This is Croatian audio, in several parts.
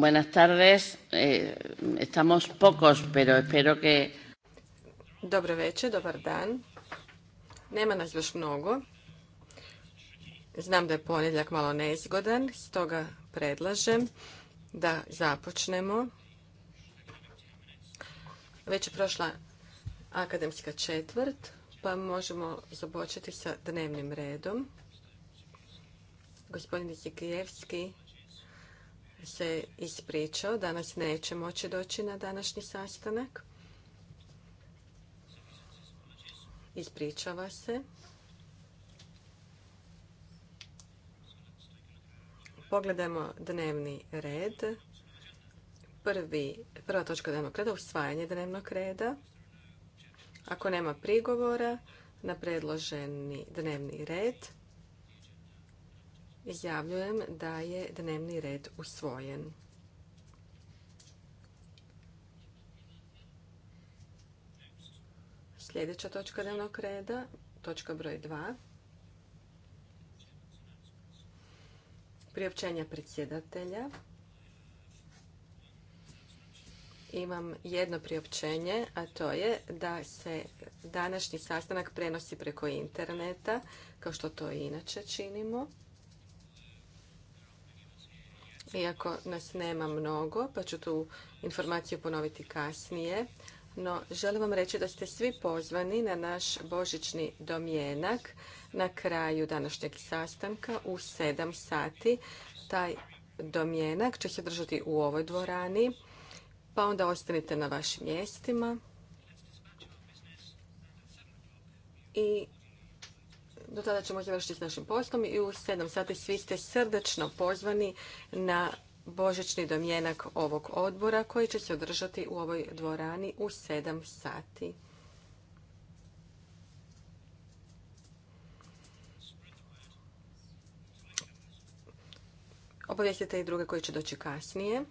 Buenas tardes. Eh, estamos pocos, pero espero que... Dobro večer, dobar dan. Nema nas još mnogo. Znam da je ponedjeljak malo nezgodan stoga predlažem da započnemo. Već je prošla akademska četvrt, pa možemo započeti sa dnevnim redom. Gospodin Zikijevski, se ispričao. Danas neće moći doći na današnji sastanak. Ispričava se. Pogledajmo dnevni red. prva točka dnevnog reda, usvajanje dnevnog reda. Ako nema prigovora na predloženi dnevni red, Izjavljujem da je dnevni red usvojen. Sljedeća točka dnevnog reda, točka broj 2. Priopćenja predsjedatelja. Imam jedno priopćenje, a to je da se današnji sastanak prenosi preko interneta, kao što to i inače činimo iako nas nema mnogo, pa ću tu informaciju ponoviti kasnije. No, želim vam reći da ste svi pozvani na naš božićni domjenak na kraju današnjeg sastanka u 7 sati. Taj domjenak će se držati u ovoj dvorani, pa onda ostanite na vašim mjestima. I do tada ćemo završiti s našim poslom i u 7 sati svi ste srdečno pozvani na božićni domjenak ovog odbora koji će se održati u ovoj dvorani u 7 sati. Obavijestite i druge koji će doći kasnije.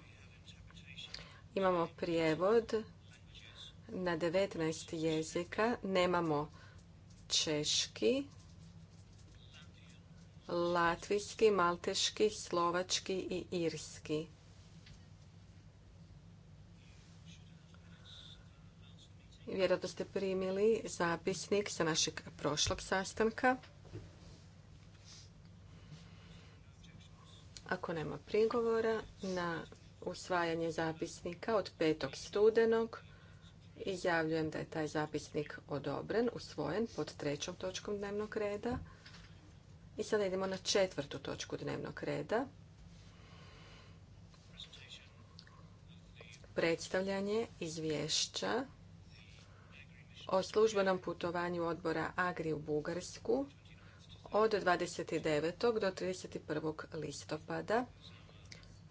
Imamo prijevod na 19 jezika. Nemamo češki, latvijski, malteški, slovački i irski. Vjerojatno ste primili zapisnik sa našeg prošlog sastanka. Ako nema prigovora na usvajanje zapisnika od 5. studenog, izjavljujem da je taj zapisnik odobren, usvojen pod trećom točkom dnevnog reda. I sada idemo na četvrtu točku dnevnog reda. Predstavljanje izvješća o službenom putovanju odbora Agri u Bugarsku od 29. do 31. listopada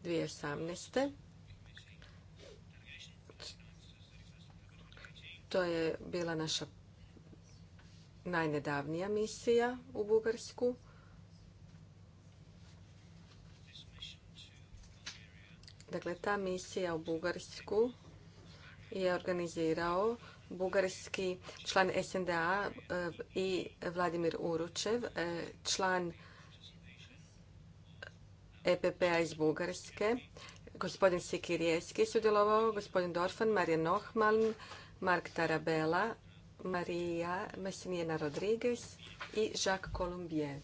2018. To je bila naša najnedavnija misija u Bugarsku. Dakle, ta misija u Bugarsku je organizirao bugarski član SNDA eh, i Vladimir Uručev, eh, član EPP-a iz Bugarske, gospodin Sikirijeski sudjelovao, gospodin Dorfan, Marija Nohman, Mark Tarabela, Marija Mesinijena Rodriguez i Jacques Colombier.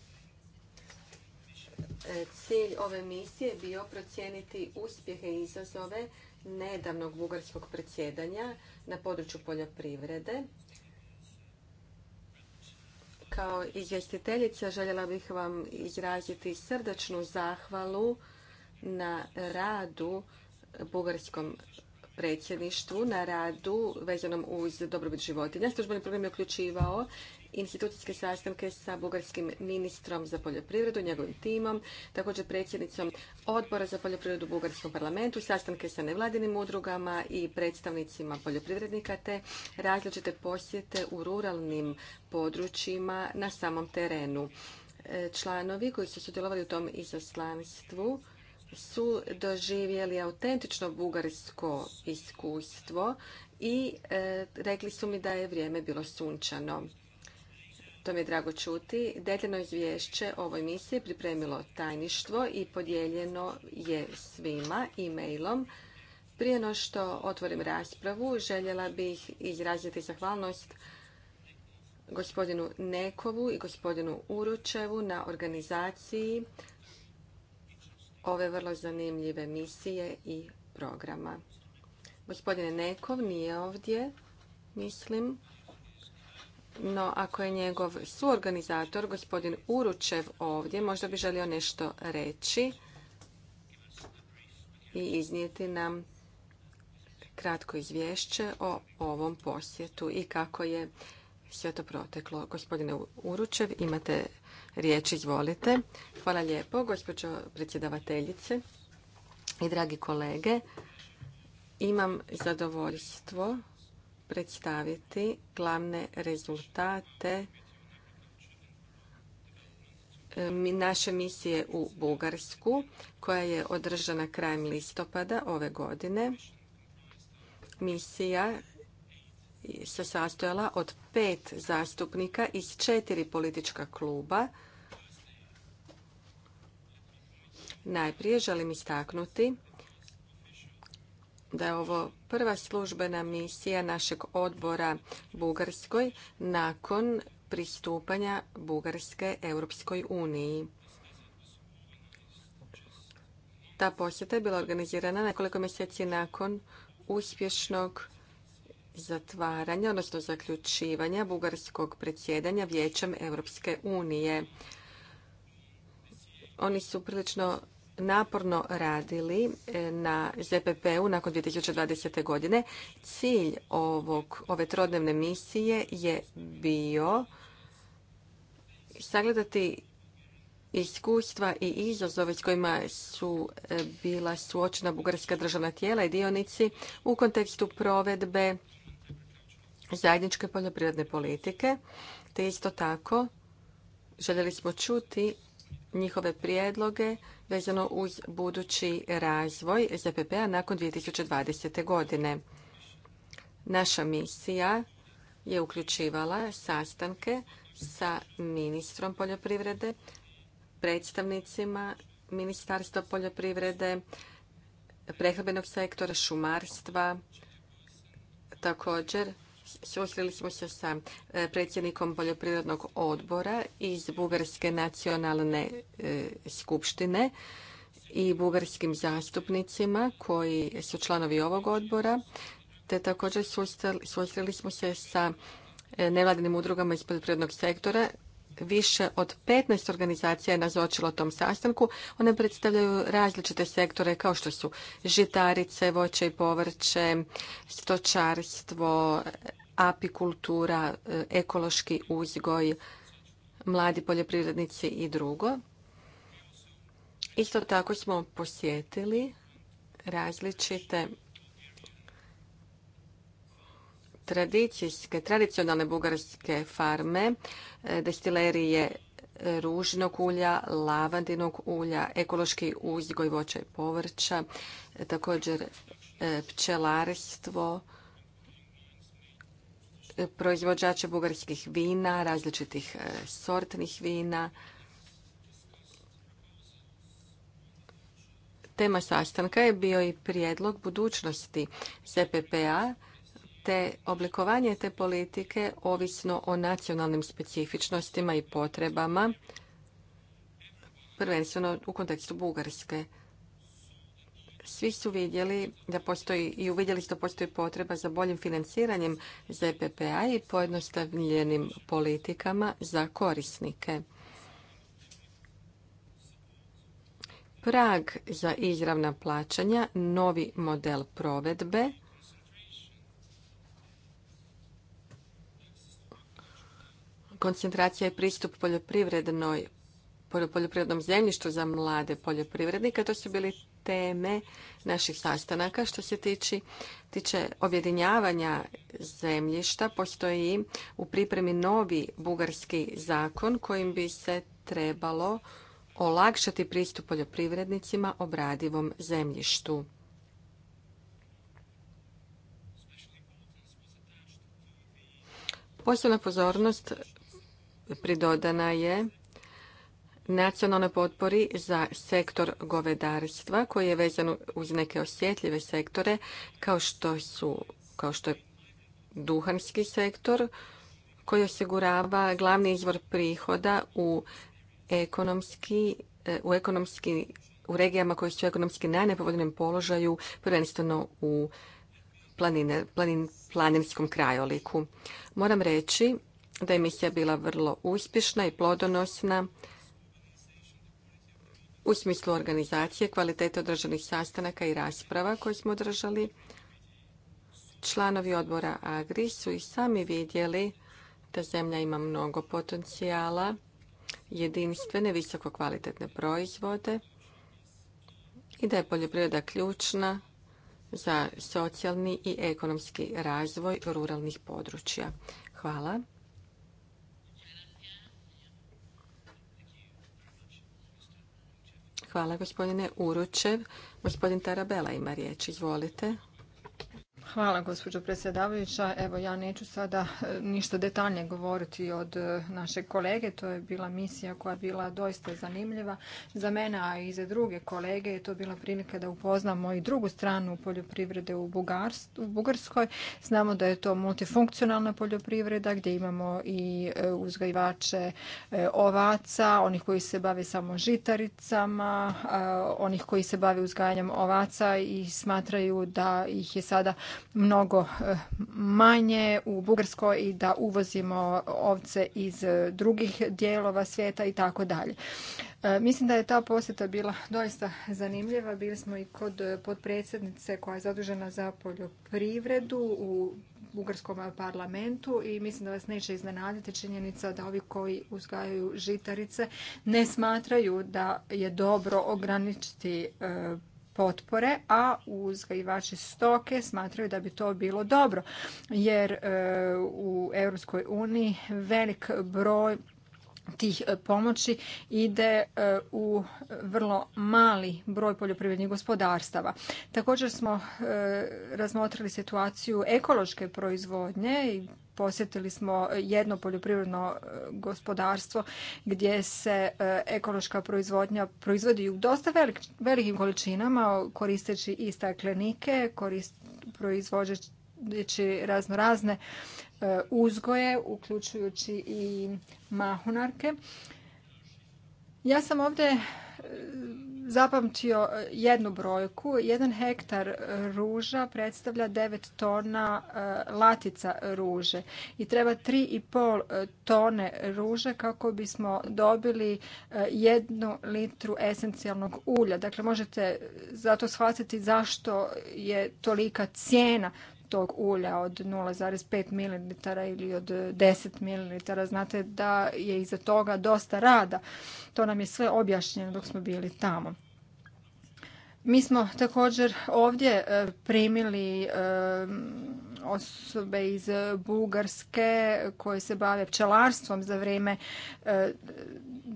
E, cilj ove misije je bio procijeniti uspjehe i izazove nedavnog bugarskog predsjedanja na području poljoprivrede. Kao izvjestiteljica željela bih vam izraziti srdačnu zahvalu na radu bugarskom predsjedništvu na radu vezanom uz dobrobit životinja. Službeni program je uključivao institucijske sastanke sa bugarskim ministrom za poljoprivredu, njegovim timom, također predsjednicom odbora za poljoprivredu u Bugarskom parlamentu, sastanke sa nevladinim udrugama i predstavnicima poljoprivrednika te različite posjete u ruralnim područjima na samom terenu. E, članovi koji su sudjelovali u tom izaslanstvu su doživjeli autentično bugarsko iskustvo i e, rekli su mi da je vrijeme bilo sunčano. To mi je drago čuti. Detaljno izvješće o ovoj misiji pripremilo tajništvo i podijeljeno je svima e-mailom. Prije no što otvorim raspravu, željela bih izraziti zahvalnost gospodinu Nekovu i gospodinu Uručevu na organizaciji ove vrlo zanimljive misije i programa. Gospodine Nekov nije ovdje, mislim. No, ako je njegov suorganizator, gospodin Uručev, ovdje, možda bi želio nešto reći i iznijeti nam kratko izvješće o ovom posjetu i kako je sve to proteklo. Gospodine Uručev, imate riječ, izvolite. Hvala lijepo, gospođo predsjedavateljice i dragi kolege. Imam zadovoljstvo predstaviti glavne rezultate naše misije u Bugarsku koja je održana krajem listopada ove godine. Misija se sastojala od pet zastupnika iz četiri politička kluba. Najprije želim istaknuti da je ovo prva službena misija našeg odbora Bugarskoj nakon pristupanja Bugarske Europskoj uniji. Ta posjeta je bila organizirana nekoliko mjeseci nakon uspješnog zatvaranja, odnosno zaključivanja bugarskog predsjedanja Vijećem Europske unije. Oni su prilično naporno radili e, na ZPP-u nakon 2020. godine. Cilj ovog, ove trodnevne misije je bio sagledati iskustva i izazove s kojima su e, bila suočena bugarska državna tijela i dionici u kontekstu provedbe zajedničke poljoprivredne politike. Te isto tako željeli smo čuti njihove prijedloge vezano uz budući razvoj ZPP-a nakon 2020. godine. Naša misija je uključivala sastanke sa ministrom poljoprivrede, predstavnicima Ministarstva poljoprivrede, prehrambenog sektora, šumarstva, također susreli smo se sa e, predsjednikom poljoprivrednog odbora iz Bugarske nacionalne e, skupštine i bugarskim zastupnicima koji su članovi ovog odbora, te također susreli smo se sa e, nevladinim udrugama iz poljoprivrednog sektora više od 15 organizacija je nazočilo tom sastanku. One predstavljaju različite sektore kao što su žitarice, voće i povrće, stočarstvo, apikultura, e, ekološki uzgoj, mladi poljoprivrednici i drugo. Isto tako smo posjetili različite tradicijske, tradicionalne bugarske farme, e, destilerije ružnog ulja, lavandinog ulja, ekološki uzgoj voća i povrća, e, također e, pčelarstvo, proizvođače bugarskih vina, različitih sortnih vina. Tema sastanka je bio i prijedlog budućnosti CPP-a te oblikovanje te politike ovisno o nacionalnim specifičnostima i potrebama, prvenstveno u kontekstu Bugarske. Svi su vidjeli da postoji i uvidjeli ste postoji potreba za boljim financiranjem ZPPA i pojednostavljenim politikama za korisnike. Prag za izravna plaćanja, novi model provedbe – koncentracija i pristup poljoprivrednoj poljoprivrednom zemljištu za mlade poljoprivrednike. To su bili teme naših sastanaka. Što se tiče, tiče objedinjavanja zemljišta, postoji u pripremi novi bugarski zakon kojim bi se trebalo olakšati pristup poljoprivrednicima obradivom zemljištu. Posebna pozornost pridodana je nacionalnoj potpori za sektor govedarstva koji je vezan uz neke osjetljive sektore kao što su kao što je duhanski sektor koji osigurava glavni izvor prihoda u ekonomski e, u ekonomski u regijama koje su u ekonomski najnepovoljnijem položaju, prvenstveno u planine, planin, planinskom krajoliku. Moram reći da je misija bila vrlo uspješna i plodonosna u smislu organizacije, kvalitete održanih sastanaka i rasprava koje smo održali. Članovi odbora Agri su i sami vidjeli da zemlja ima mnogo potencijala, jedinstvene, visoko kvalitetne proizvode i da je poljoprivreda ključna za socijalni i ekonomski razvoj ruralnih područja. Hvala. Hvala gospodine Uručev. Gospodin Tarabela ima riječ. Izvolite. Hvala gospođo predsjedavajuća. Evo ja neću sada eh, ništa detaljnije govoriti od eh, našeg kolege. To je bila misija koja je bila doista zanimljiva za mene, a i za druge kolege. Je to bila prilika da upoznamo i drugu stranu poljoprivrede u Bugarskoj. Znamo da je to multifunkcionalna poljoprivreda gdje imamo i eh, uzgajivače ovaca, onih koji se bave samo žitaricama, onih koji se bave uzgajanjem ovaca i smatraju da ih je sada mnogo eh, manje u Bugarskoj i da uvozimo ovce iz eh, drugih dijelova svijeta i tako dalje. Eh, mislim da je ta posjeta bila doista zanimljiva. Bili smo i kod potpredsjednice koja je zadužena za poljoprivredu u Bugarskom parlamentu i mislim da vas neće iznenaditi činjenica da ovi koji uzgajaju žitarice ne smatraju da je dobro ograničiti potpore, a uzgajivači stoke smatraju da bi to bilo dobro, jer e, u Europskoj uniji velik broj tih pomoći ide e, u vrlo mali broj poljoprivrednih gospodarstava. Također smo e, razmotrili situaciju ekološke proizvodnje i posjetili smo jedno poljoprivredno e, gospodarstvo gdje se e, ekološka proizvodnja proizvodi u dosta velikim količinama koristeći i staklenike, proizvođeći razno razne e, uzgoje uključujući i mahunarke ja sam ovdje e, zapamtio e, jednu brojku. Jedan hektar ruža predstavlja 9 tona e, latica ruže i treba 3,5 tone ruže kako bismo dobili jednu litru esencijalnog ulja. Dakle, možete zato shvatiti zašto je tolika cijena tog ulja od 0,5 ml ili od 10 ml. Znate da je iza toga dosta rada. To nam je sve objašnjeno dok smo bili tamo. Mi smo također ovdje e, primili e, osobe iz Bugarske koje se bave pčelarstvom za vrijeme e,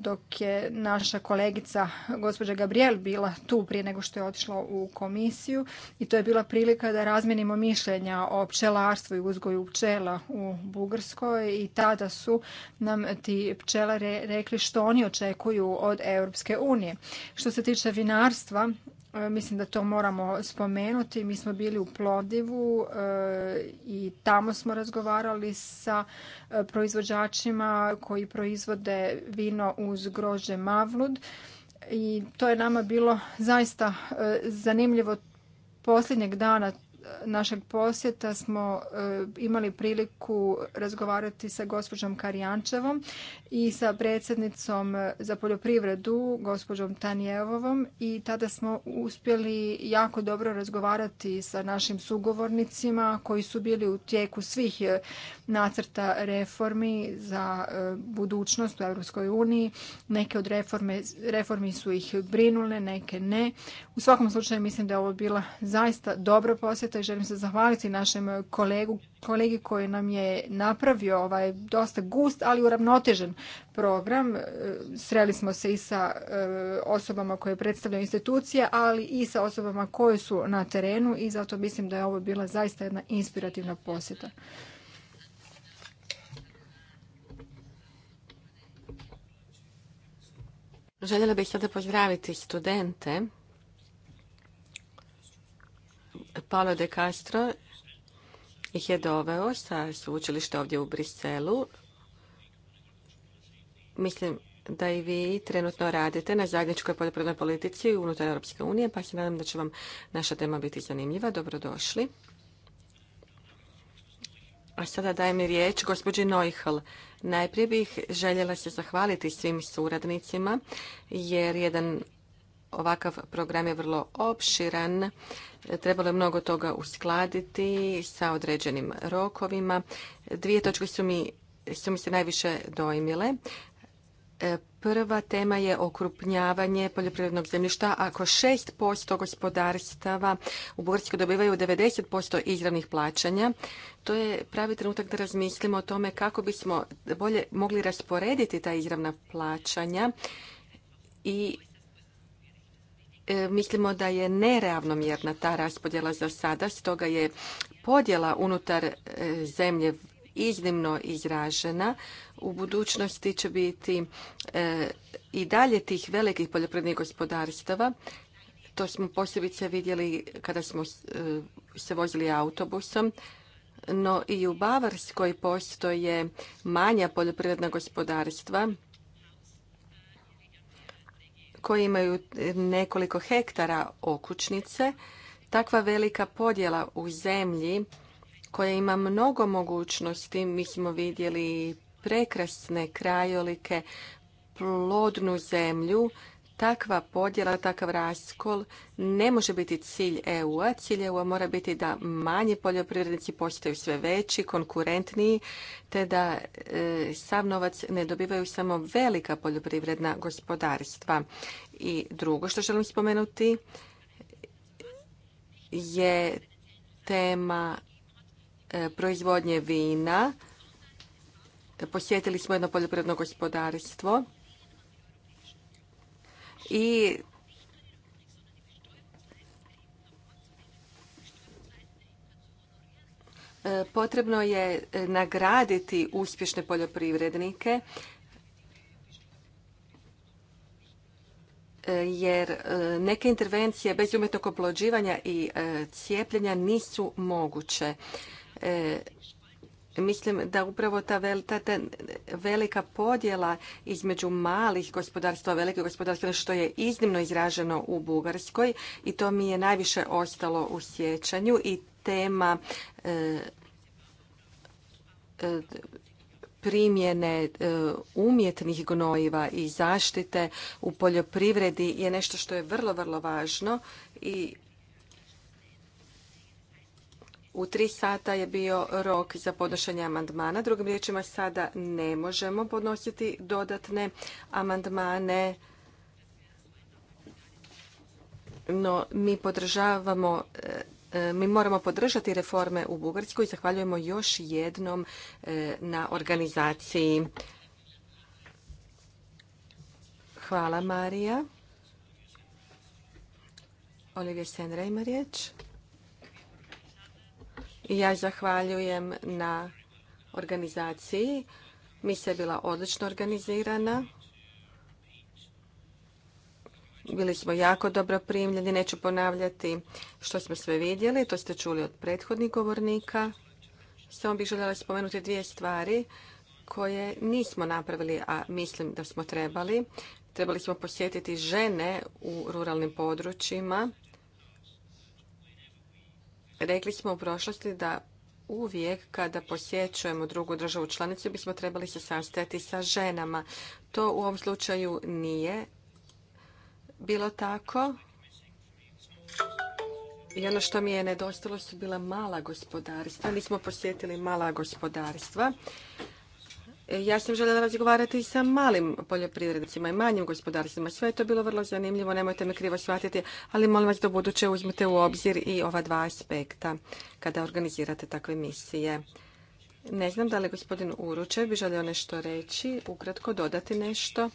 dok je naša kolegica gospođa Gabriel bila tu prije nego što je otišla u komisiju i to je bila prilika da razmenimo mišljenja o pčelarstvu i uzgoju pčela u Bugarskoj i tada su nam ti pčelare rekli što oni očekuju od Europske unije. Što se tiče vinarstva, E, mislim da to moramo spomenuti. Mi smo bili u Plodivu e, i tamo smo razgovarali sa e, proizvođačima koji proizvode vino uz grože Mavlud i to je nama bilo zaista zanimljivo posljednjeg dana našeg posjeta smo e, imali priliku razgovarati sa gospođom Karijančevom i sa predsjednicom e, za poljoprivredu, gospođom Tanjevovom i tada smo uspjeli jako dobro razgovarati sa našim sugovornicima koji su bili u tijeku svih e, nacrta reformi za budućnost u EU. Neke od reformi su ih brinule, neke ne. U svakom slučaju mislim da je ovo bila zaista dobra posjeta i želim se zahvaliti našem kolegu, kolegi koji nam je napravio ovaj dosta gust, ali uravnotežen program. E, sreli smo se i sa e, osobama koje predstavljaju institucije, ali i sa osobama koje su na terenu i zato mislim da je ovo bila zaista jedna inspirativna posjeta. Željela bih sada pozdraviti studente Paolo de Castro ih je doveo sa sveučilišta ovdje u Briselu. Mislim da i vi trenutno radite na zajedničkoj poljoprivrednoj politici unutar Europske unije, pa se nadam da će vam naša tema biti zanimljiva. Dobrodošli. A sada dajem riječ gospođi Neuhl. Najprije bih željela se zahvaliti svim suradnicima, jer jedan ovakav program je vrlo opširan. Trebalo je mnogo toga uskladiti sa određenim rokovima. Dvije točke su mi, su mi se najviše dojmile. E, prva tema je okrupnjavanje poljoprivrednog zemljišta. Ako 6% gospodarstava u Bugarskoj dobivaju 90% izravnih plaćanja, to je pravi trenutak da razmislimo o tome kako bismo bolje mogli rasporediti ta izravna plaćanja i E, mislimo da je neravnomjerna ta raspodjela za sada, stoga je podjela unutar e, zemlje iznimno izražena. U budućnosti će biti e, i dalje tih velikih poljoprivrednih gospodarstava. To smo posebice vidjeli kada smo se vozili autobusom. No i u Bavarskoj postoje manja poljoprivredna gospodarstva koji imaju nekoliko hektara okućnice, takva velika podjela u zemlji koja ima mnogo mogućnosti, mi smo vidjeli prekrasne krajolike, plodnu zemlju Takva podjela, takav raskol ne može biti cilj EU-a. Cilj EU-a mora biti da manji poljoprivrednici postaju sve veći, konkurentniji, te da e, sav novac ne dobivaju samo velika poljoprivredna gospodarstva. I drugo što želim spomenuti je tema e, proizvodnje vina. Posjetili smo jedno poljoprivredno gospodarstvo i e, potrebno je nagraditi uspješne poljoprivrednike e, jer e, neke intervencije bez umjetnog oplođivanja i cijepljenja nisu moguće. Mislim da upravo ta velika podjela između malih gospodarstva, velike gospodarstva, što je iznimno izraženo u Bugarskoj i to mi je najviše ostalo u sjećanju i tema e, e, primjene e, umjetnih gnojiva i zaštite u poljoprivredi je nešto što je vrlo, vrlo važno i u tri sata je bio rok za podnošenje amandmana. Drugim riječima sada ne možemo podnositi dodatne amandmane. No, mi podržavamo e, e, mi moramo podržati reforme u Bugarskoj i zahvaljujemo još jednom e, na organizaciji. Hvala Marija. Olivia Senra ima riječ. Ja zahvaljujem na organizaciji. Misa je bila odlično organizirana. Bili smo jako dobro primljeni, neću ponavljati što smo sve vidjeli, to ste čuli od prethodnih govornika. Samo bih željela spomenuti dvije stvari koje nismo napravili, a mislim da smo trebali. Trebali smo posjetiti žene u ruralnim područjima. Rekli smo u prošlosti da uvijek kada posjećujemo drugu državu članicu bismo trebali se sastajati sa ženama. To u ovom slučaju nije bilo tako. I ono što mi je nedostalo su bila mala gospodarstva. Nismo posjetili mala gospodarstva. Ja sam željela razgovarati i sa malim poljoprivrednicima i manjim gospodarstvima. Sve je to bilo vrlo zanimljivo, nemojte me krivo shvatiti, ali molim vas da buduće uzmete u obzir i ova dva aspekta kada organizirate takve misije. Ne znam da li gospodin Uručev bi želio nešto reći, ukratko dodati nešto.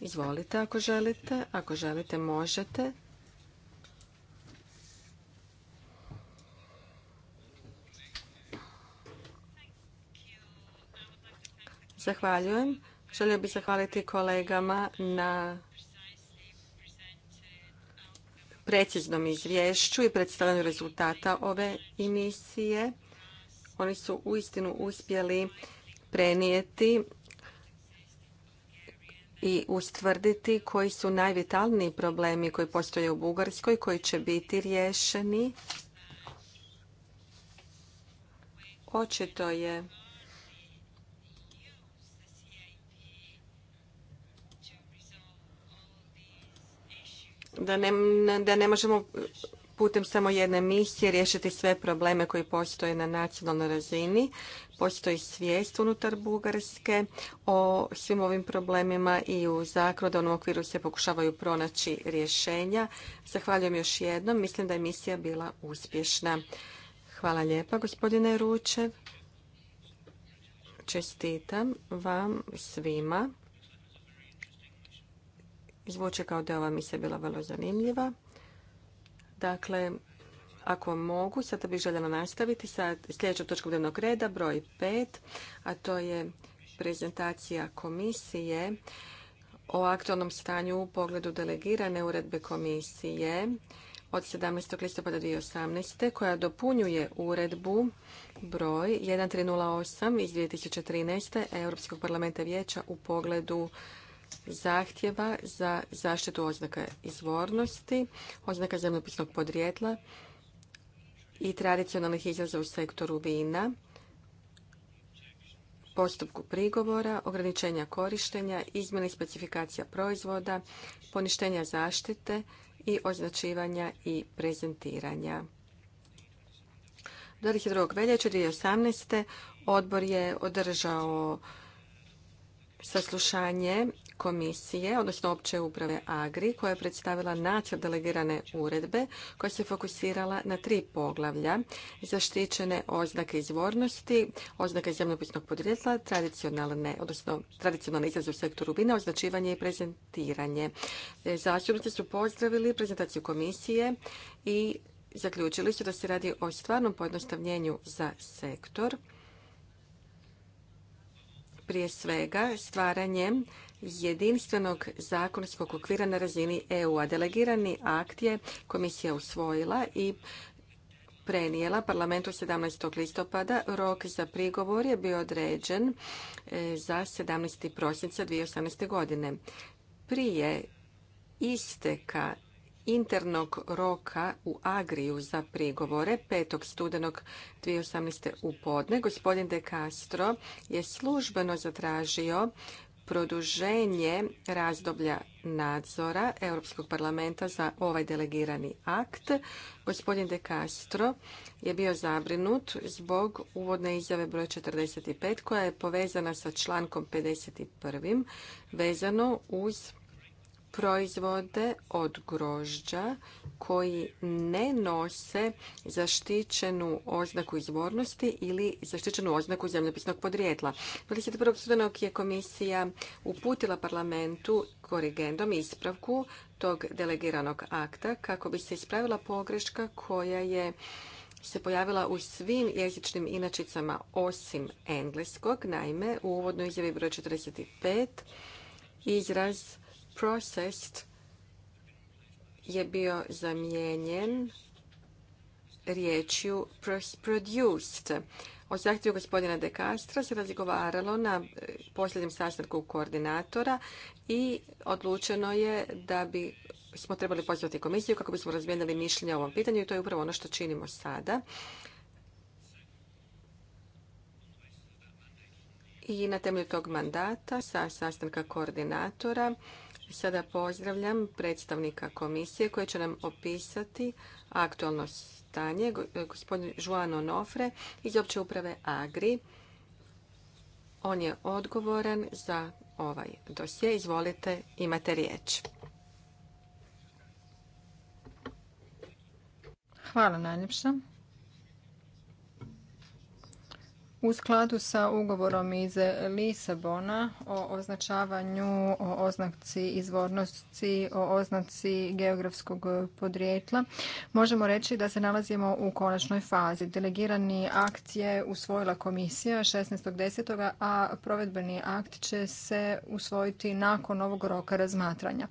Izvolite ako želite, ako želite možete. Zahvaljujem. Želio bih zahvaliti kolegama na preciznom izvješću i predstavljanju rezultata ove emisije. Oni su uistinu uspjeli prenijeti i ustvrditi koji su najvitalniji problemi koji postoje u Bugarskoj, koji će biti rješeni. Očito je da ne, da ne možemo putem samo jedne misije riješiti sve probleme koji postoje na nacionalnoj razini. Postoji svijest unutar Bugarske o svim ovim problemima i u zakonodavnom okviru se pokušavaju pronaći rješenja. Zahvaljujem još jednom. Mislim da je misija bila uspješna. Hvala lijepa, gospodine Ručev. Čestitam vam svima. Zvuči kao da je ova misija bila vrlo zanimljiva. Dakle, ako mogu, sada bih željela nastaviti sa sljedećom točkom dnevnog reda, broj 5, a to je prezentacija komisije o aktualnom stanju u pogledu delegirane uredbe komisije od 17. listopada 2018. koja dopunjuje uredbu broj 1308 iz 2013. Europskog parlamenta vijeća u pogledu zahtjeva za zaštitu oznaka izvornosti, oznaka zemljopisnog podrijetla i tradicionalnih izraza u sektoru vina, postupku prigovora, ograničenja korištenja, izmjene specifikacija proizvoda, poništenja zaštite i označivanja i prezentiranja. 22. veljače 2018. odbor je održao saslušanje komisije, odnosno opće uprave Agri, koja je predstavila nacrt delegirane uredbe koja se fokusirala na tri poglavlja. Zaštićene oznake izvornosti, oznake zemljopisnog podrijetla, tradicionalne, odnosno tradicionalne izraze u sektoru vina, označivanje i prezentiranje. Zastupnici su pozdravili prezentaciju komisije i zaključili su da se radi o stvarnom pojednostavljenju za sektor prije svega stvaranjem jedinstvenog zakonskog okvira na razini EU-a. Delegirani akt je komisija usvojila i prenijela parlamentu 17. listopada. Rok za prigovor je bio određen e, za 17. prosinca 2018. godine. Prije isteka internog roka u Agriju za prigovore 5. studenog 2018. u podne, gospodin De Castro je službeno zatražio produženje razdoblja nadzora Europskog parlamenta za ovaj delegirani akt. Gospodin De Castro je bio zabrinut zbog uvodne izjave broj 45 koja je povezana sa člankom 51. vezano uz proizvode od grožđa koji ne nose zaštićenu oznaku izvornosti ili zaštićenu oznaku zemljopisnog podrijetla. 21. studenog je komisija uputila parlamentu korigendom ispravku tog delegiranog akta kako bi se ispravila pogreška koja je se pojavila u svim jezičnim inačicama osim engleskog. Naime, u uvodnoj izjavi broj 45 izraz processed je bio zamijenjen riječju produced. O zahtjevu gospodina De Castro se razgovaralo na eh, posljednjem sastanku koordinatora i odlučeno je da bi smo trebali pozvati komisiju kako bismo razmijenili mišljenje o ovom pitanju i to je upravo ono što činimo sada. I na temelju tog mandata sa sastanka koordinatora Sada pozdravljam predstavnika komisije koji će nam opisati aktualno stanje, e, gospodin Žuano Nofre iz opće uprave Agri. On je odgovoran za ovaj dosje. Izvolite, imate riječ. Hvala najljepša. U skladu sa ugovorom iz Lisabona o označavanju, o oznaci izvornosti, o oznaci geografskog podrijetla, možemo reći da se nalazimo u konačnoj fazi. Delegirani akt je usvojila komisija 16.10. a provedbeni akt će se usvojiti nakon ovog roka razmatranja.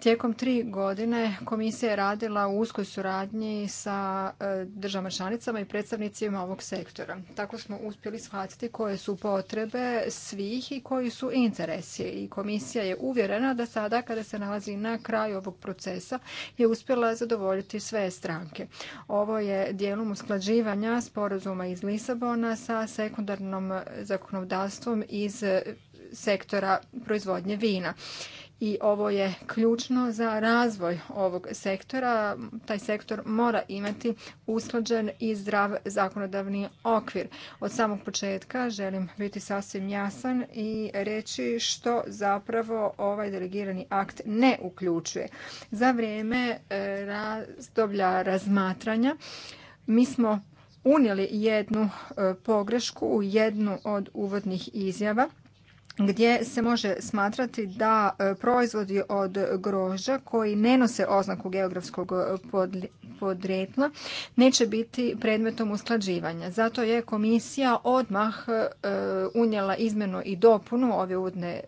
Tijekom tri godine komisija je radila u uskoj suradnji sa e, državama članicama i predstavnicima ovog sektora. Tako smo uspjeli shvatiti koje su potrebe svih i koji su interesi. I komisija je uvjerena da sada kada se nalazi na kraju ovog procesa je uspjela zadovoljiti sve stranke. Ovo je dijelom usklađivanja sporazuma iz Lisabona sa sekundarnom zakonodavstvom iz sektora proizvodnje vina i ovo je ključno za razvoj ovog sektora. Taj sektor mora imati usklađen i zdrav zakonodavni okvir. Od samog početka želim biti sasvim jasan i reći što zapravo ovaj delegirani akt ne uključuje. Za vrijeme e, razdoblja razmatranja mi smo unijeli jednu e, pogrešku u jednu od uvodnih izjava gdje se može smatrati da e, proizvodi od grožđa koji ne nose oznaku geografskog e, podrijetla neće biti predmetom usklađivanja. Zato je komisija odmah e, unijela izmjenu i dopunu ove uvodne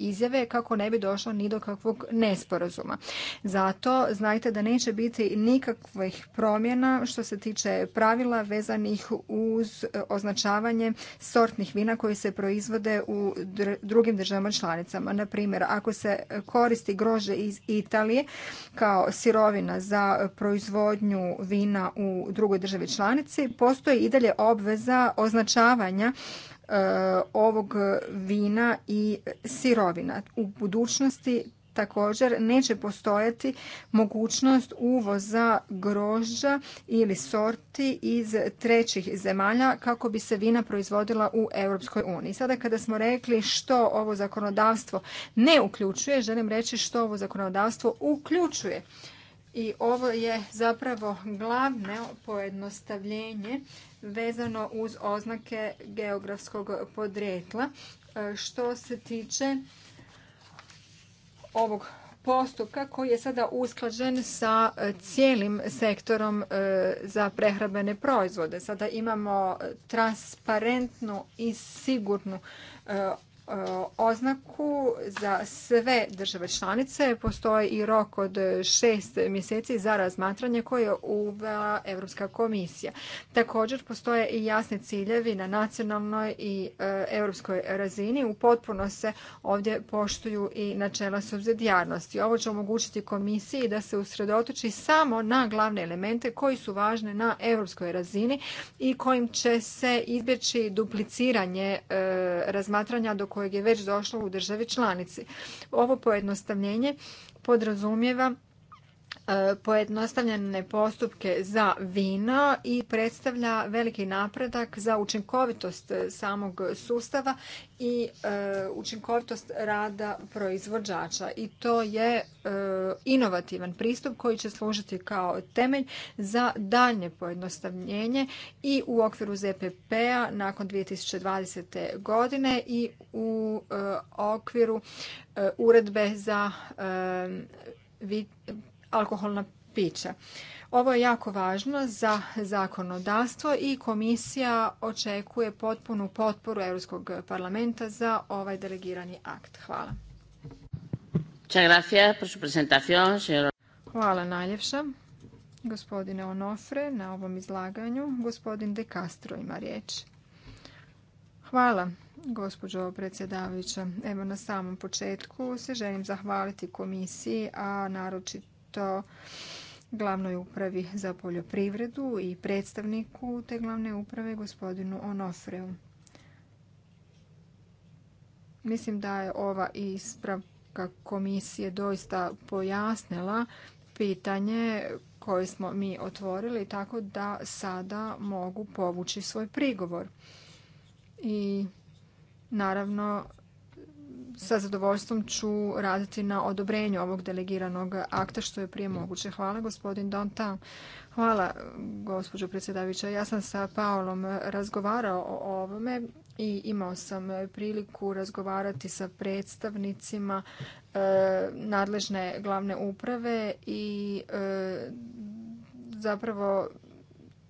izjave kako ne bi došlo ni do kakvog nesporazuma. Zato znajte da neće biti nikakvih promjena što se tiče pravila vezanih uz e, označavanje sortnih vina koji se proizvode u drugim državama članicama. Na primjer, ako se koristi grože iz Italije kao sirovina za proizvodnju vina u drugoj državi članici, postoji i dalje obveza označavanja Eh, ovog vina i sirovina. U budućnosti također neće postojati mogućnost uvoza grožđa ili sorti iz trećih zemalja kako bi se vina proizvodila u Europskoj uniji. Sada kada smo rekli što ovo zakonodavstvo ne uključuje, želim reći što ovo zakonodavstvo uključuje. I ovo je zapravo glavno pojednostavljenje vezano uz oznake geografskog podrijetla. E, što se tiče ovog postupka koji je sada usklađen sa e, cijelim sektorom e, za prehrambene proizvode. Sada imamo transparentnu i sigurnu E, oznaku za sve države članice. Postoji i rok od šest mjeseci za razmatranje koje je uvela Europska komisija. Također postoje i jasni ciljevi na nacionalnoj i e, europskoj razini. U potpuno se ovdje poštuju i načela subsidijarnosti. Ovo će omogućiti komisiji da se usredotoči samo na glavne elemente koji su važne na europskoj razini i kojim će se izbjeći dupliciranje e, razmatranja do kojeg je već došlo u državi članici. Ovo pojednostavljenje podrazumijeva E, pojednostavljene postupke za vino i predstavlja veliki napredak za učinkovitost e, samog sustava i e, učinkovitost rada proizvođača. I to je inovativan pristup koji će služiti kao temelj za dalje pojednostavljenje i u okviru ZPP-a nakon 2020. godine i u okviru uredbe za alkoholna pića. Ovo je jako važno za zakonodavstvo i komisija očekuje potpunu potporu Europskog parlamenta za ovaj delegirani akt. Hvala. Hvala najljepša. Gospodine Onofre, na ovom izlaganju. Gospodin De Castro ima riječ. Hvala, gospođo predsjedavajuća. Evo na samom početku se želim zahvaliti komisiji, a naročito to glavnoj upravi za poljoprivredu i predstavniku te glavne uprave gospodinu Onofreu. Mislim da je ova ispravka komisije doista pojasnila pitanje koje smo mi otvorili tako da sada mogu povući svoj prigovor. I naravno sa zadovoljstvom ću raditi na odobrenju ovog delegiranog akta što je prije mhm. moguće. Hvala gospodin Donta. Hvala gospođo predsjedavića. Ja sam sa Paolom razgovarao o ovome i imao sam priliku razgovarati sa predstavnicima e, nadležne glavne uprave i e, zapravo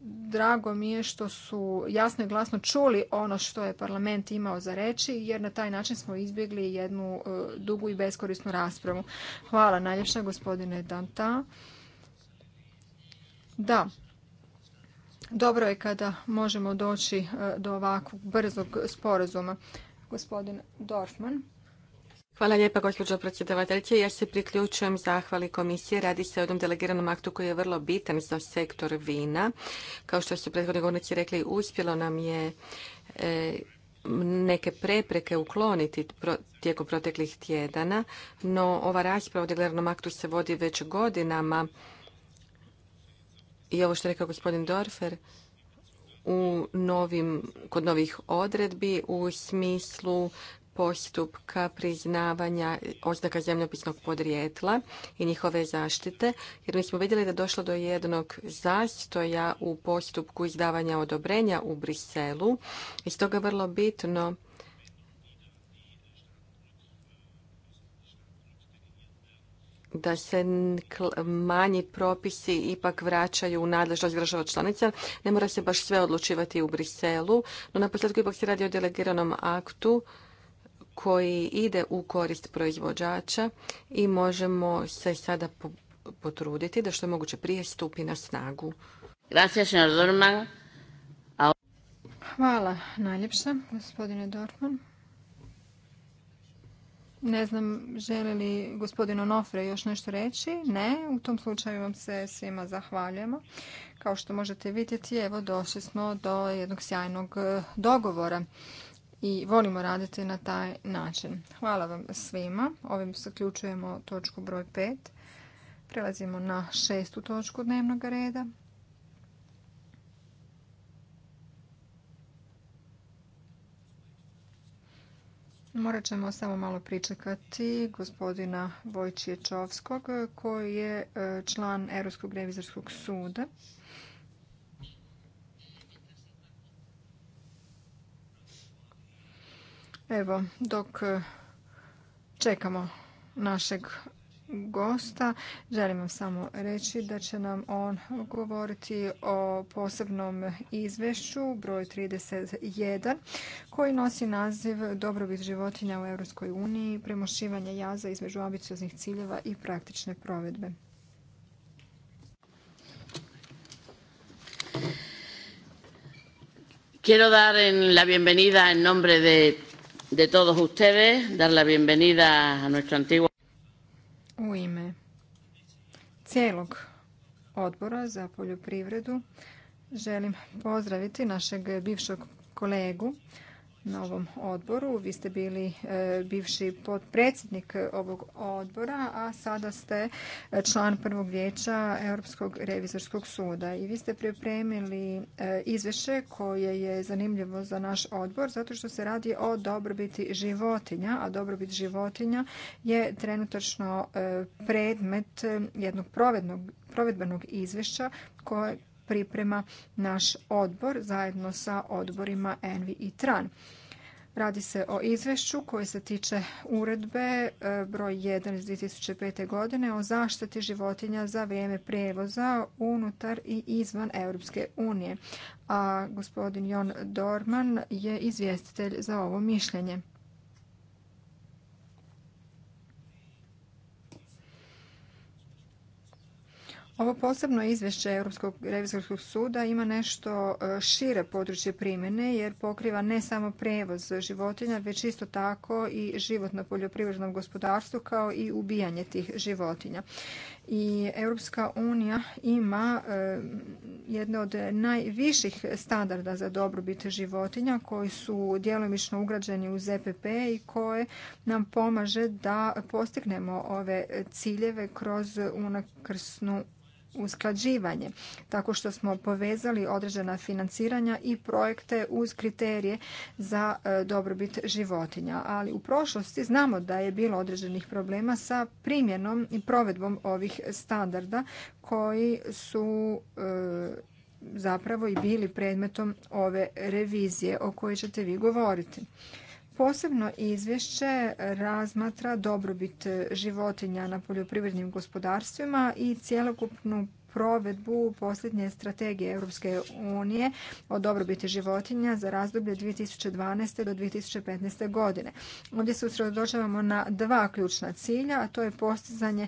drago mi je što su jasno i glasno čuli ono što je parlament imao za reći jer na taj način smo izbjegli jednu e, dugu i beskorisnu raspravu. Hvala najljepša gospodine Danta. Da, dobro je kada možemo doći e, do ovakvog brzog sporazuma. Gospodin Dorfman. Hvala lijepa, gospođo predsjedavateljice. Ja se priključujem zahvali komisije. Radi se o jednom delegiranom aktu koji je vrlo bitan za sektor vina. Kao što su prethodni govornici rekli, uspjelo nam je e, neke prepreke ukloniti tijekom proteklih tjedana, no ova rasprava o delegiranom aktu se vodi već godinama i ovo što je rekao gospodin Dorfer, u novim, kod novih odredbi u smislu postupka priznavanja oznaka zemljopisnog podrijetla i njihove zaštite, jer mi smo vidjeli da je došlo do jednog zastoja u postupku izdavanja odobrenja u Briselu i stoga je vrlo bitno da se manji propisi ipak vraćaju u nadležnost država članica. Ne mora se baš sve odlučivati u Briselu, no na posljedku ipak se radi o delegiranom aktu koji ide u korist proizvođača i možemo se sada potruditi da što je moguće prije stupi na snagu. Hvala najljepša, gospodine Ne znam, želi li gospodin Nofre još nešto reći? Ne, u tom slučaju vam se svima zahvaljujemo. Kao što možete vidjeti, evo došli smo do jednog sjajnog eh, dogovora i volimo raditi na taj način. Hvala vam svima. Ovim zaključujemo točku broj 5. Prelazimo na šestu točku dnevnog reda. Morat ćemo samo malo pričekati gospodina Čovskog, koji je e, član Europskog revizorskog suda. Evo, dok e, čekamo našeg gosta, želim vam samo reći da će nam on govoriti o posebnom izvješću broj 31 koji nosi naziv Dobrobit životinja u Europskoj uniji, premošivanje jaza između ambicioznih ciljeva i praktične provedbe. Quiero dar la bienvenida en nombre de de todos ustedes, dar la bienvenida a nuestro antiguo... U ime cijelog odbora za poljoprivredu želim pozdraviti našeg bivšeg kolegu na ovom odboru. Vi ste bili e, bivši potpredsjednik ovog odbora, a sada ste e, član prvog vijeća Europskog revizorskog suda. I vi ste pripremili e, izvješće koje je zanimljivo za naš odbor zato što se radi o dobrobiti životinja, a dobrobit životinja je trenutačno predmet jednog provedbenog izvješća koje priprema naš odbor zajedno sa odborima Envi i Tran. Radi se o izvješću koje se tiče uredbe e, broj 1 iz 2005. godine o zaštiti životinja za vrijeme prijevoza unutar i izvan Europske unije. A gospodin Jon Dorman je izvjestitelj za ovo mišljenje. Ovo posebno izvješće Europskog revizorskog suda ima nešto e, šire područje primjene jer pokriva ne samo prevoz životinja, već isto tako i život na poljoprivrednom gospodarstvu kao i ubijanje tih životinja. I Europska unija ima e, jedno od najviših standarda za dobrobit životinja koji su djelomično ugrađeni u ZPP i koje nam pomaže da postignemo ove ciljeve kroz unakrsnu usklađivanje tako što smo povezali određena financiranja i projekte uz kriterije za e, dobrobit životinja. Ali u prošlosti znamo da je bilo određenih problema sa primjenom i provedbom ovih standarda koji su e, zapravo i bili predmetom ove revizije o kojoj ćete vi govoriti. Posebno izvješće razmatra dobrobit životinja na poljoprivrednim gospodarstvima i cjelokupnu provedbu posljednje strategije Europske unije o dobrobiti životinja za razdoblje 2012. do 2015. godine. Ovdje se usredočavamo na dva ključna cilja, a to je postizanje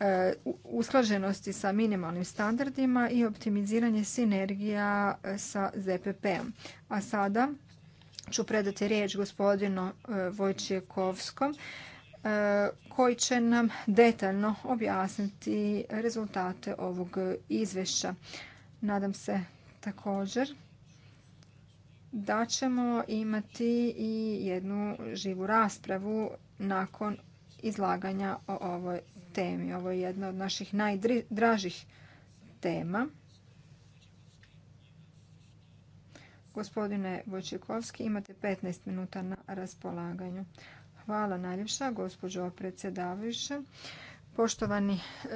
e, usklaženosti sa minimalnim standardima i optimiziranje sinergija e, sa ZPP-om. A sada ću predati riječ gospodinu e, Vojčijekovskom e, koji će nam detaljno objasniti rezultate ovog izvješća. Nadam se također da ćemo imati i jednu živu raspravu nakon izlaganja o ovoj temi. Ovo je jedna od naših najdražih tema. Gospodine Vojčekovski, imate 15 minuta na raspolaganju. Hvala najljepša, gospođo predsjedavajuća. Poštovani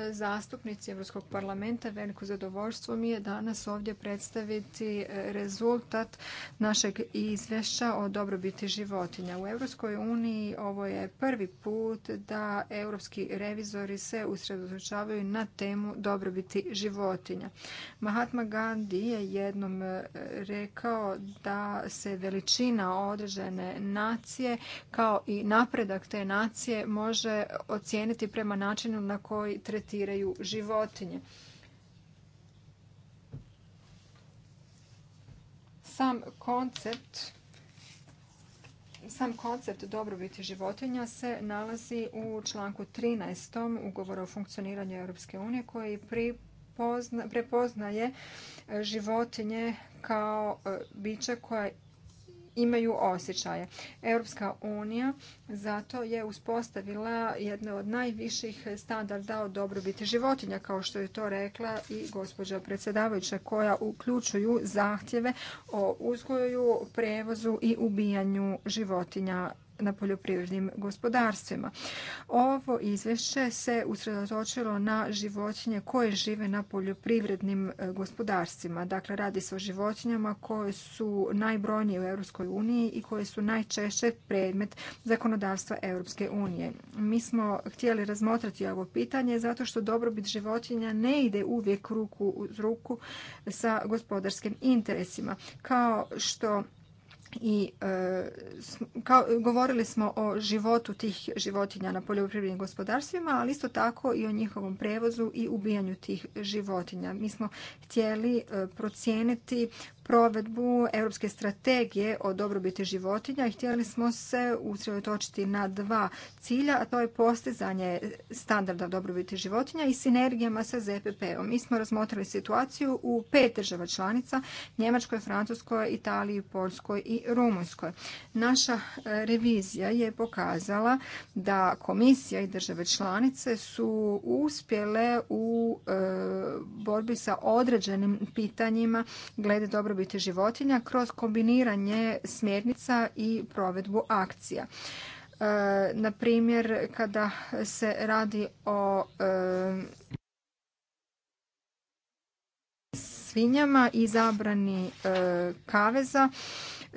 e, zastupnici Europskog parlamenta, veliko zadovoljstvo mi je danas ovdje predstaviti e, rezultat našeg izvješća o dobrobiti životinja. U Europskoj uniji ovo je prvi put da europski revizori se usredotočavaju na temu dobrobiti životinja. Mahatma Gandhi je jednom e, rekao da se veličina određene nacije kao i napredak te nacije može ocijeniti prema načinu na koji tretiraju životinje. Sam koncept sam koncept dobrobiti životinja se nalazi u članku 13. ugovora o funkcioniranju Europske unije koji prepoznaje životinje kao e, biće koja imaju osjećaje. Europska unija zato je uspostavila jedno od najviših standarda o dobrobiti životinja, kao što je to rekla i gospođa predsjedavajuća, koja uključuju zahtjeve o uzgoju, prevozu i ubijanju životinja na poljoprivrednim gospodarstvima. Ovo izvješće se usredotočilo na životinje koje žive na poljoprivrednim e, gospodarstvima. Dakle, radi se o životinjama koje su najbrojnije u Europskoj uniji i koje su najčešće predmet zakonodavstva Europske unije. Mi smo htjeli razmotrati ovo pitanje zato što dobrobit životinja ne ide uvijek ruku uz ruku sa gospodarskim interesima. Kao što i e, kao, govorili smo o životu tih životinja na poljoprivrednim gospodarstvima, ali isto tako i o njihovom prevozu i ubijanju tih životinja. Mi smo htjeli e, procijeniti provedbu Europske strategije o dobrobiti životinja i htjeli smo se usredotočiti na dva cilja, a to je postizanje standarda dobrobiti životinja i sinergijama sa ZPP-om. Mi smo razmotrili situaciju u pet država članica, Njemačkoj, Francuskoj, Italiji, Poljskoj i Rumunjskoj. Naša revizija je pokazala da komisija i države članice su uspjele u e, borbi sa određenim pitanjima glede dobrobiti biti životinja kroz kombiniranje smjernica i provedbu akcija. E, na primjer, kada se radi o e, svinjama i zabrani e, kaveza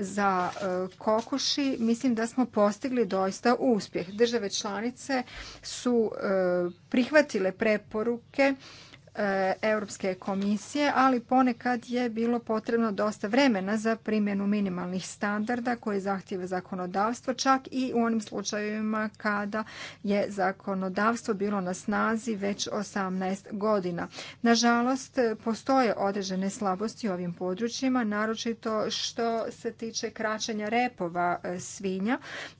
za kokoši, mislim da smo postigli doista uspjeh. Države članice su prihvatile preporuke E, Europske komisije, ali ponekad je bilo potrebno dosta vremena za primjenu minimalnih standarda koje zahtjeva zakonodavstvo, čak i u onim slučajevima kada je zakonodavstvo bilo na snazi već 18 godina. Nažalost, postoje određene slabosti u ovim područjima, naročito što se tiče kraćenja repova e, svinja,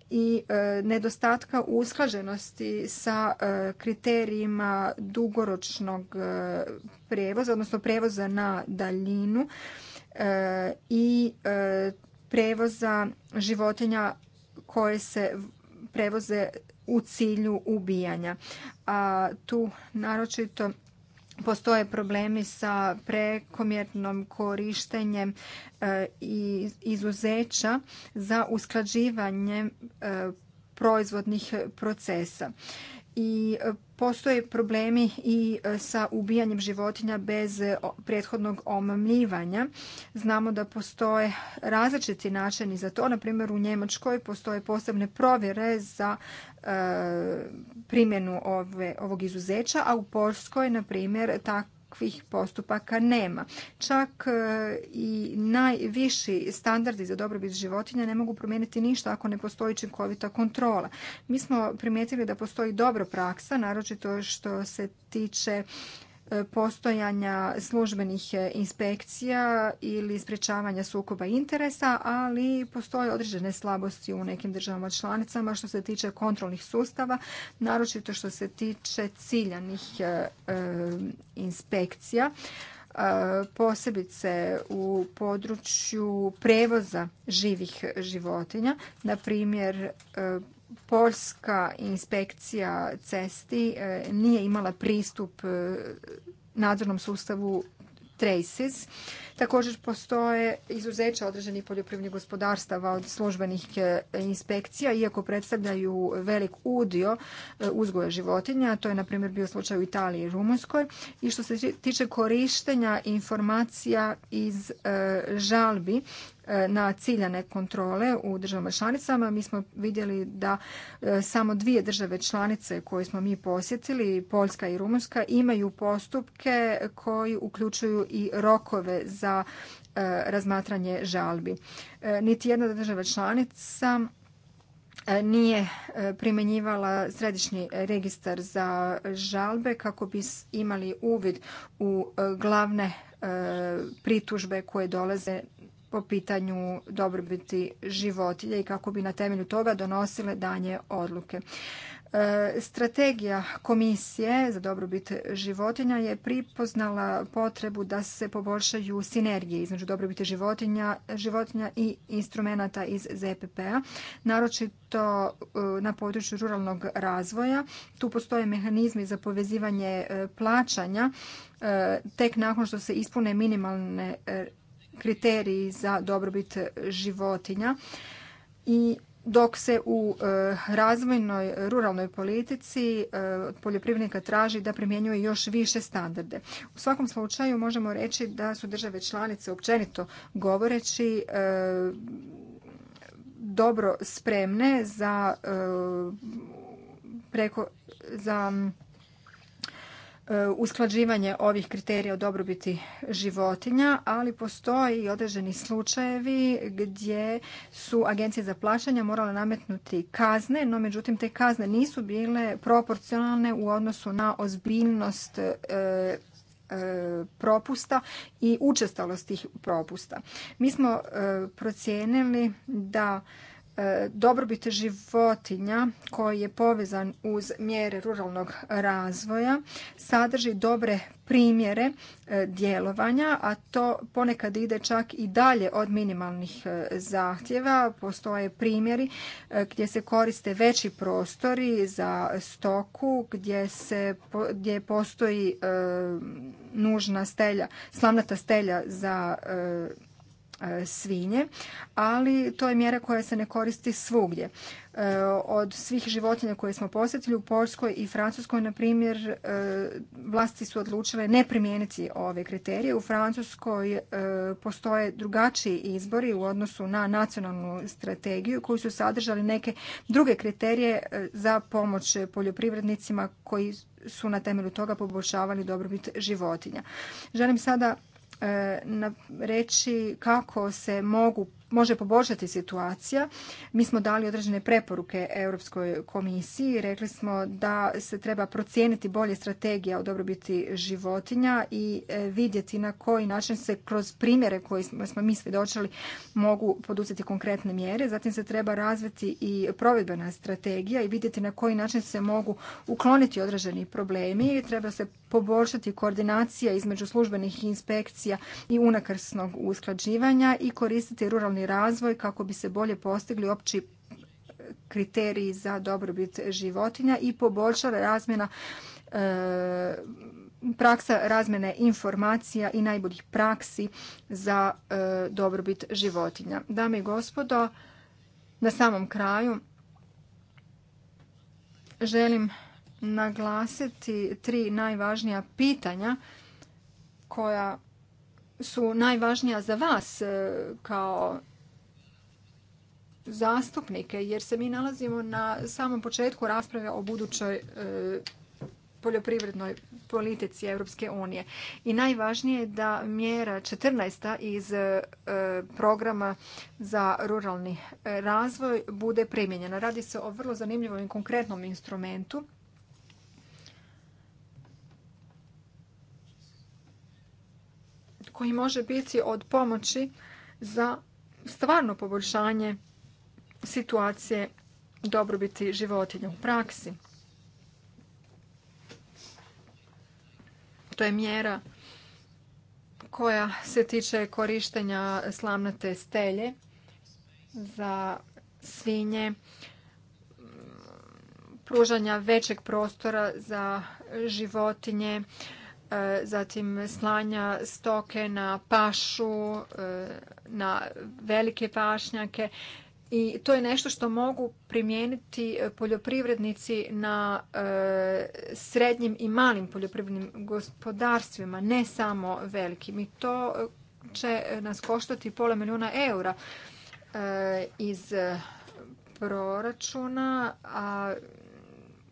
i e, nedostatka usklađenosti sa e, kriterijima dugoročnog e, prevoza, odnosno prevoza na daljinu i prevoza životinja koje se prevoze u cilju ubijanja. A tu naročito postoje problemi sa prekomjernom korištenjem e, i izuzeća za usklađivanje e, proizvodnih procesa i e, postoje problemi i e, sa ubijanjem životinja bez e, prethodnog omamljivanja. Znamo da postoje različiti načini za to. Naprimjer, u Njemačkoj postoje posebne provjere za primjenu ovog izuzeća, a u Poljskoj, na primjer, takvih postupaka nema. Čak e, i najviši standardi za dobrobit životinja ne mogu promijeniti ništa ako ne postoji činkovita kontrola. Mi smo primijetili da postoji dobro praksa, naročito što se tiče postojanja službenih inspekcija ili sprječavanja sukoba interesa, ali postoje određene slabosti u nekim državama članicama što se tiče kontrolnih sustava, naročito što se tiče ciljanih e, e, inspekcija e, posebice u području prevoza živih životinja, na primjer Poljska inspekcija cesti e, nije imala pristup e, nadzornom sustavu traces. Također postoje izuzeća određenih poljoprivrednih gospodarstava od službenih e, inspekcija, iako predstavljaju velik udio uzgoja životinja. To je, na primjer, bio slučaj u Italiji i Rumunjskoj. I što se tiče korištenja informacija iz žalbi, E, na ciljane kontrole u državama članicama. Mi smo vidjeli da e, samo dvije države članice koje smo mi posjetili, Poljska i Rumunjska, imaju postupke koji uključuju i rokove za e, razmatranje žalbi. Niti jedna država članica nije primjenjivala središnji registar za žalbe kako bi imali uvid u glavne pritužbe koje dolaze po pitanju dobrobiti životinja i kako bi na temelju toga donosile danje odluke. E, strategija komisije za dobrobit životinja je pripoznala potrebu da se poboljšaju sinergije između dobrobiti životinja, životinja i instrumenata iz ZPP-a, naročito e, na području ruralnog razvoja. Tu postoje mehanizmi za povezivanje e, plaćanja tek nakon što se ispune minimalne kriteriji za dobrobit životinja i dok se u e, razvojnoj ruralnoj politici e, od poljoprivrednika traži da primjenjuje još više standarde. U svakom slučaju možemo reći da su države članice općenito govoreći e, dobro spremne za preko za E, usklađivanje ovih kriterija o dobrobiti životinja, ali postoji i određeni slučajevi gdje su agencije za plaćanja morale nametnuti kazne, no međutim te kazne nisu bile proporcionalne u odnosu na ozbiljnost e, e, propusta i učestalost tih propusta. Mi smo procijenili da E, dobrobit životinja koji je povezan uz mjere ruralnog razvoja sadrži dobre primjere e, djelovanja, a to ponekad ide čak i dalje od minimalnih e, zahtjeva. Postoje primjeri gdje se koriste veći prostori za stoku, gdje, se, gdje postoji nužna stelja, slamnata stelja za E, svinje, ali to je mjera koja se ne koristi svugdje. E, od svih životinja koje smo posjetili u Poljskoj i Francuskoj, na primjer, e, vlasti su odlučile ne primijeniti ove kriterije. U Francuskoj postoje drugačiji izbori u odnosu na nacionalnu strategiju koji su sadržali neke druge kriterije za pomoć poljoprivrednicima koji su na temelju toga poboljšavali dobrobit životinja. Želim sada E, reći kako se mogu može poboljšati situacija. Mi smo dali određene preporuke Europskoj komisiji rekli smo da se treba procijeniti bolje strategija o dobrobiti životinja i e, vidjeti na koji način se kroz primjere koje smo mi svjedočili mogu poduzeti konkretne mjere. Zatim se treba razviti i provedbena strategija i vidjeti na koji način se mogu ukloniti određeni problemi. Treba se poboljšati koordinacija između službenih inspekcija i unakrsnog usklađivanja i koristiti ruralni razvoj kako bi se bolje postigli opći kriteriji za dobrobit životinja i poboljšala razmjena e, praksa razmjene informacija i najboljih praksi za e, dobrobit životinja. Dame i gospodo, na samom kraju želim naglasiti tri najvažnija pitanja koja su najvažnija za vas e, kao zastupnike jer se mi nalazimo na samom početku rasprave o budućoj e, poljoprivrednoj politici Europske unije. I najvažnije je da mjera 14. iz e, programa za ruralni e, razvoj bude primjenjena. Radi se o vrlo zanimljivom i konkretnom instrumentu koji može biti od pomoći za stvarno poboljšanje situacije dobrobiti životinja u praksi. To je mjera koja se tiče korištenja slamnate stelje za svinje, pružanja većeg prostora za životinje, e, zatim slanja stoke na pašu, e, na velike pašnjake i to je nešto što mogu primijeniti e, poljoprivrednici na e, srednjim i malim poljoprivrednim gospodarstvima, ne samo velikim. I to e, će nas koštati pola milijuna eura iz proračuna, a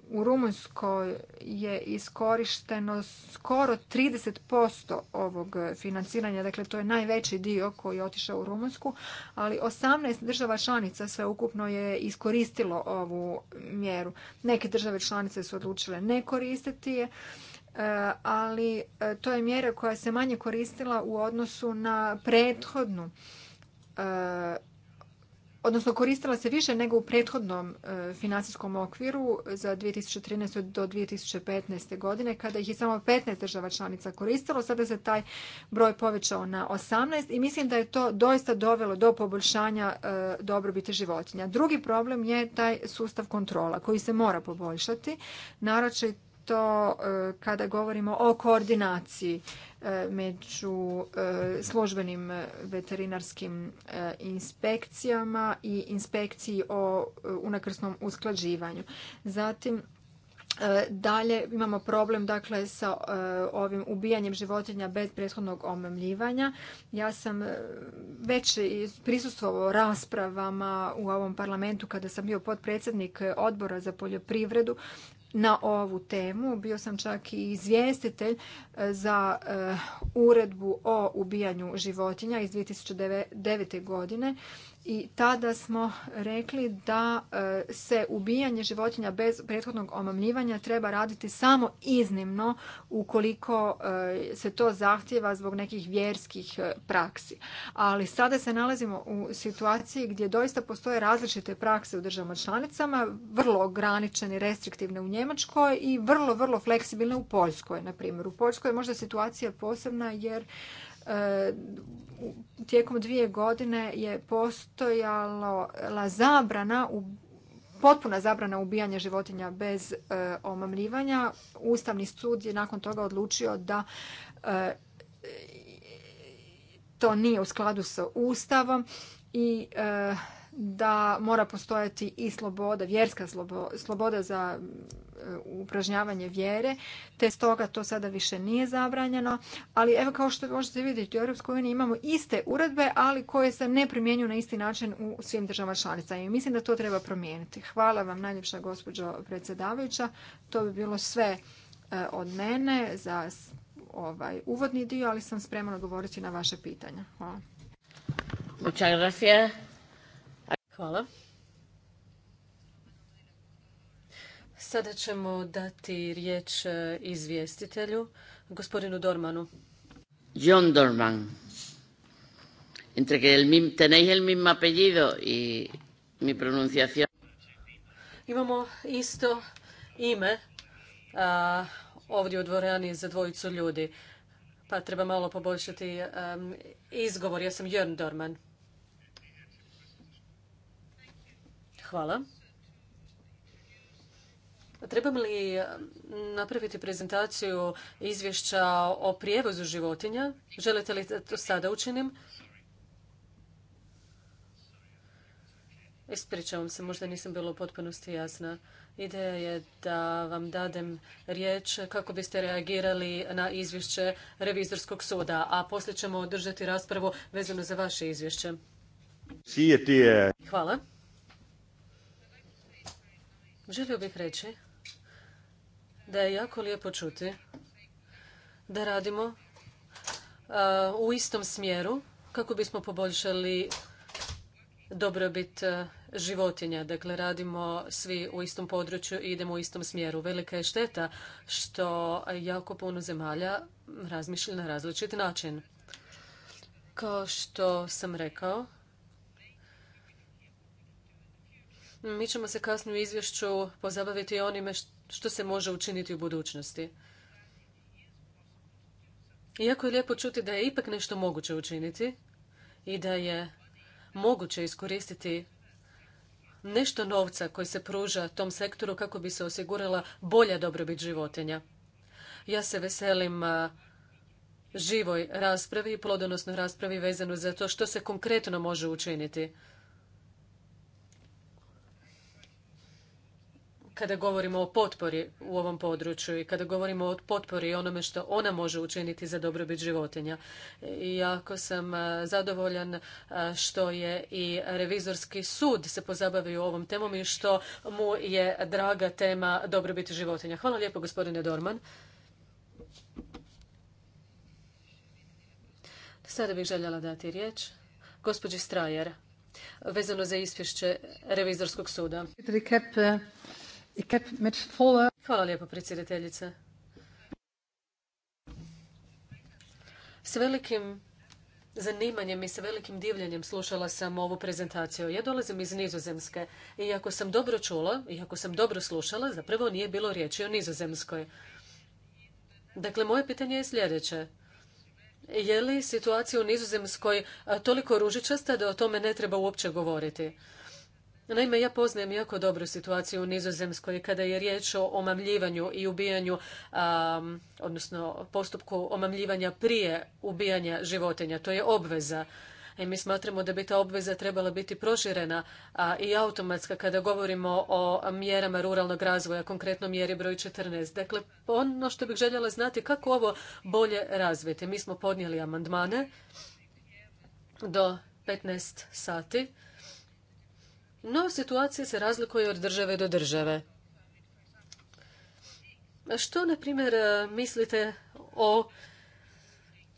u Rumunjskoj je iskorišteno skoro 30% ovog financiranja, dakle to je najveći dio koji je otišao u Rumunjsku, ali 18 država članica ukupno je iskoristilo ovu mjeru. Neke države članice su odlučile ne koristiti je, e, ali e, to je mjera koja se manje koristila u odnosu na prethodnu e, odnosno koristila se više nego u prethodnom e, financijskom okviru za 2013. do 2015. godine kada ih je samo 15 država članica koristilo. Sada se taj broj povećao na 18 i mislim da je to doista dovelo do poboljšanja e, dobrobiti životinja. Drugi problem je taj sustav kontrola koji se mora poboljšati, naročito to e, kada govorimo o koordinaciji e, među e, službenim veterinarskim inspekcijama i inspekciji o unakrsnom usklađivanju. Zatim Dalje imamo problem dakle sa ovim ubijanjem životinja bez prethodnog omamljivanja. Ja sam već prisustvovao raspravama u ovom parlamentu kada sam bio potpredsjednik odbora za poljoprivredu na ovu temu. Bio sam čak i izvjestitelj e, za e, uredbu o ubijanju životinja iz 2009. godine i tada smo rekli da e, se ubijanje životinja bez prethodnog omamljivanja treba raditi samo iznimno ukoliko e, se to zahtjeva zbog nekih vjerskih e, praksi. Ali sada se nalazimo u situaciji gdje doista postoje različite prakse u državama članicama, vrlo ograničene, restriktivne u Njemačkoj i vrlo, vrlo fleksibilne u Poljskoj, na primjer. U Poljskoj je možda situacija posebna jer E, tijekom dvije godine je postojala zabrana potpuna zabrana ubijanja životinja bez e, omamljivanja. Ustavni sud je nakon toga odlučio da e, to nije u skladu sa Ustavom i da mora postojati i sloboda, vjerska sloboda za upražnjavanje vjere, te stoga to sada više nije zabranjeno. Ali evo kao što možete vidjeti u EU imamo iste uredbe, ali koje se ne primjenjuju na isti način u svim državama članicama. I mislim da to treba promijeniti. Hvala vam najljepša gospođo predsjedavajuća. To bi bilo sve e, od mene za ovaj uvodni dio, ali sam spremna odgovoriti na vaše pitanja. Hvala. Hvala. Sada ćemo dati riječ e, izvjestitelju, gospodinu Dormanu. John Dorman. Entre que el, tenéis el mismo apellido y mi pronunciación. Imamo isto ime ovdje u dvorani za dvojicu ljudi, pa treba malo poboljšati izgovor. Ja sam Jörn Dorman. Hvala. Trebam li eh, napraviti prezentaciju izvješća o prijevozu životinja? Želite li to sada učinim? Ispričavam se, možda nisam bilo u potpunosti jasna. Ideja je da vam dadem riječ kako biste reagirali na izvješće revizorskog suda, a poslije ćemo održati raspravu vezano za vaše izvješće. Hvala. Želio bih reći da je jako lijepo čuti da radimo uh, u istom smjeru kako bismo poboljšali dobrobit uh, životinja. Dakle, radimo svi u istom području i idemo u istom smjeru. Velika je šteta što jako puno zemalja razmišlja na različit način. Kao što sam rekao, mi ćemo se kasnije u izvješću pozabaviti onime što što se može učiniti u budućnosti. Iako je lijepo čuti da je ipak nešto moguće učiniti i da je moguće iskoristiti nešto novca koji se pruža tom sektoru kako bi se osigurala bolja dobrobit životinja. Ja se veselim živoj raspravi i plodonosnoj raspravi vezano za to što se konkretno može učiniti kada govorimo o potpori u ovom području i kada govorimo o potpori i onome što ona može učiniti za dobrobit životinja. I jako sam e, zadovoljan e, što je i revizorski sud se pozabavio ovom temom i što mu je draga tema dobrobit životinja. Hvala lijepo gospodine Dorman. Sada bih željela dati riječ gospođi Strajer vezano za izvješće revizorskog suda. Hvala lijepo, predsjedateljice. S velikim zanimanjem i sa velikim divljenjem slušala sam ovu prezentaciju. Ja dolazim iz Nizozemske i ako sam dobro čula, i ako sam dobro slušala, zapravo nije bilo riječi o Nizozemskoj. Dakle, moje pitanje je sljedeće. Je li situacija u Nizozemskoj toliko ružičasta da o tome ne treba uopće govoriti? Naime, ja poznajem jako dobru situaciju u Nizozemskoj kada je riječ o omamljivanju i ubijanju, odnosno postupku omamljivanja prije ubijanja životinja. To je obveza. I mi smatramo da bi ta obveza trebala biti proširena i automatska kada govorimo o mjerama ruralnog razvoja, konkretno mjeri broj 14. Dakle, ono što bih željela znati kako ovo bolje razviti. Mi smo podnijeli amandmane do 15 sati. No, situacija se razlikuje od države do države. Što, na primjer, mislite o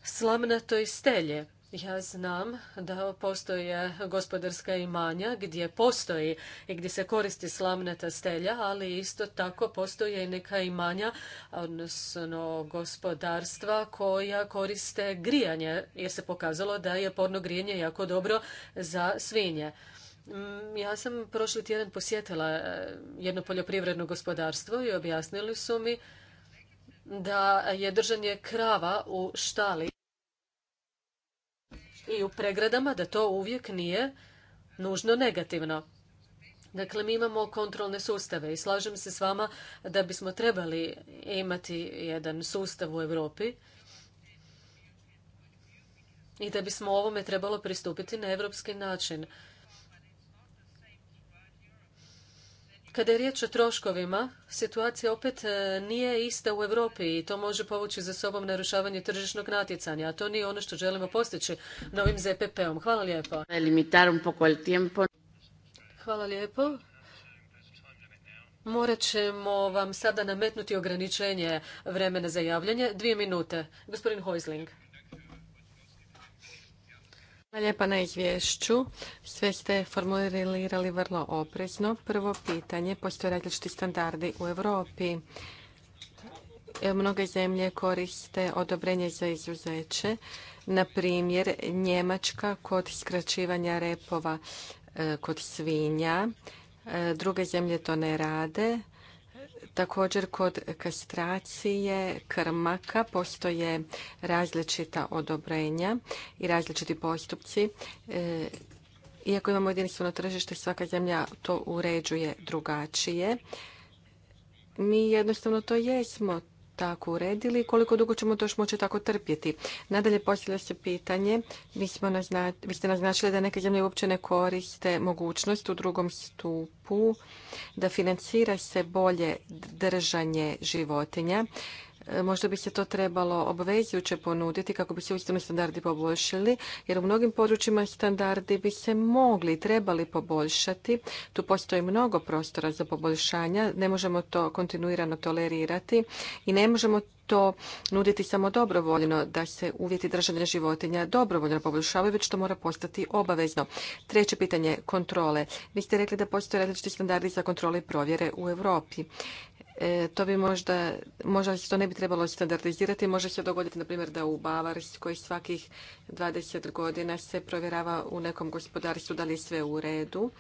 slamnatoj stelji? Ja znam da postoje gospodarska imanja gdje postoji i gdje se koristi slamnata stelja, ali isto tako postoje i neka imanja, odnosno gospodarstva koja koriste grijanje, jer se pokazalo da je porno grijanje jako dobro za svinje. Mm, ja sam prošli tjedan posjetila e, jedno poljoprivredno gospodarstvo i objasnili su mi da je držanje krava u štali i u pregradama da to uvijek nije nužno negativno. Dakle, mi imamo kontrolne sustave i slažem se s vama da bismo trebali imati jedan sustav u Europi i da bismo ovome trebalo pristupiti na europski način. Kada je riječ o troškovima, situacija opet e, nije ista u Europi i to može povući za sobom narušavanje tržišnog natjecanja, a to nije ono što želimo postići novim ZPP-om. Hvala lijepo. Hvala lijepo. Morat ćemo vam sada nametnuti ograničenje vremena za javljanje. Dvije minute. Gospodin Hojzling. Hvala lijepa na izvješću. Sve ste formulirali vrlo oprezno. Prvo pitanje, postoje različiti standardi u Europi. E, mnoge zemlje koriste odobrenje za izuzeće. Na primjer, Njemačka kod skraćivanja repova e, kod svinja. E, druge zemlje to ne rade. Također kod kastracije krmaka postoje različita odobrenja i različiti postupci. E, iako imamo jedinstveno tržište, svaka zemlja to uređuje drugačije. Mi jednostavno to jesmo tako uredili i koliko dugo ćemo to još moći tako trpjeti. Nadalje postavlja se pitanje, vi, vi ste naznačili da neke zemlje uopće ne koriste mogućnost u drugom stupu da financira se bolje držanje životinja. Možda bi se to trebalo obvezujuće ponuditi kako bi se uistinu standardi poboljšali, jer u mnogim područjima standardi bi se mogli i trebali poboljšati. Tu postoji mnogo prostora za poboljšanja, ne možemo to kontinuirano tolerirati i ne možemo to nuditi samo dobrovoljno, da se uvjeti držanja životinja dobrovoljno poboljšavaju, već to mora postati obavezno. Treće pitanje, kontrole. Vi ste rekli da postoje različiti standardi za kontrole i provjere u Europi. E, to bi možda, možda se to ne bi trebalo standardizirati, može se dogoditi na primjer da u Bavarskoj svakih 20 godina se provjerava u nekom gospodarstvu da li je sve u redu.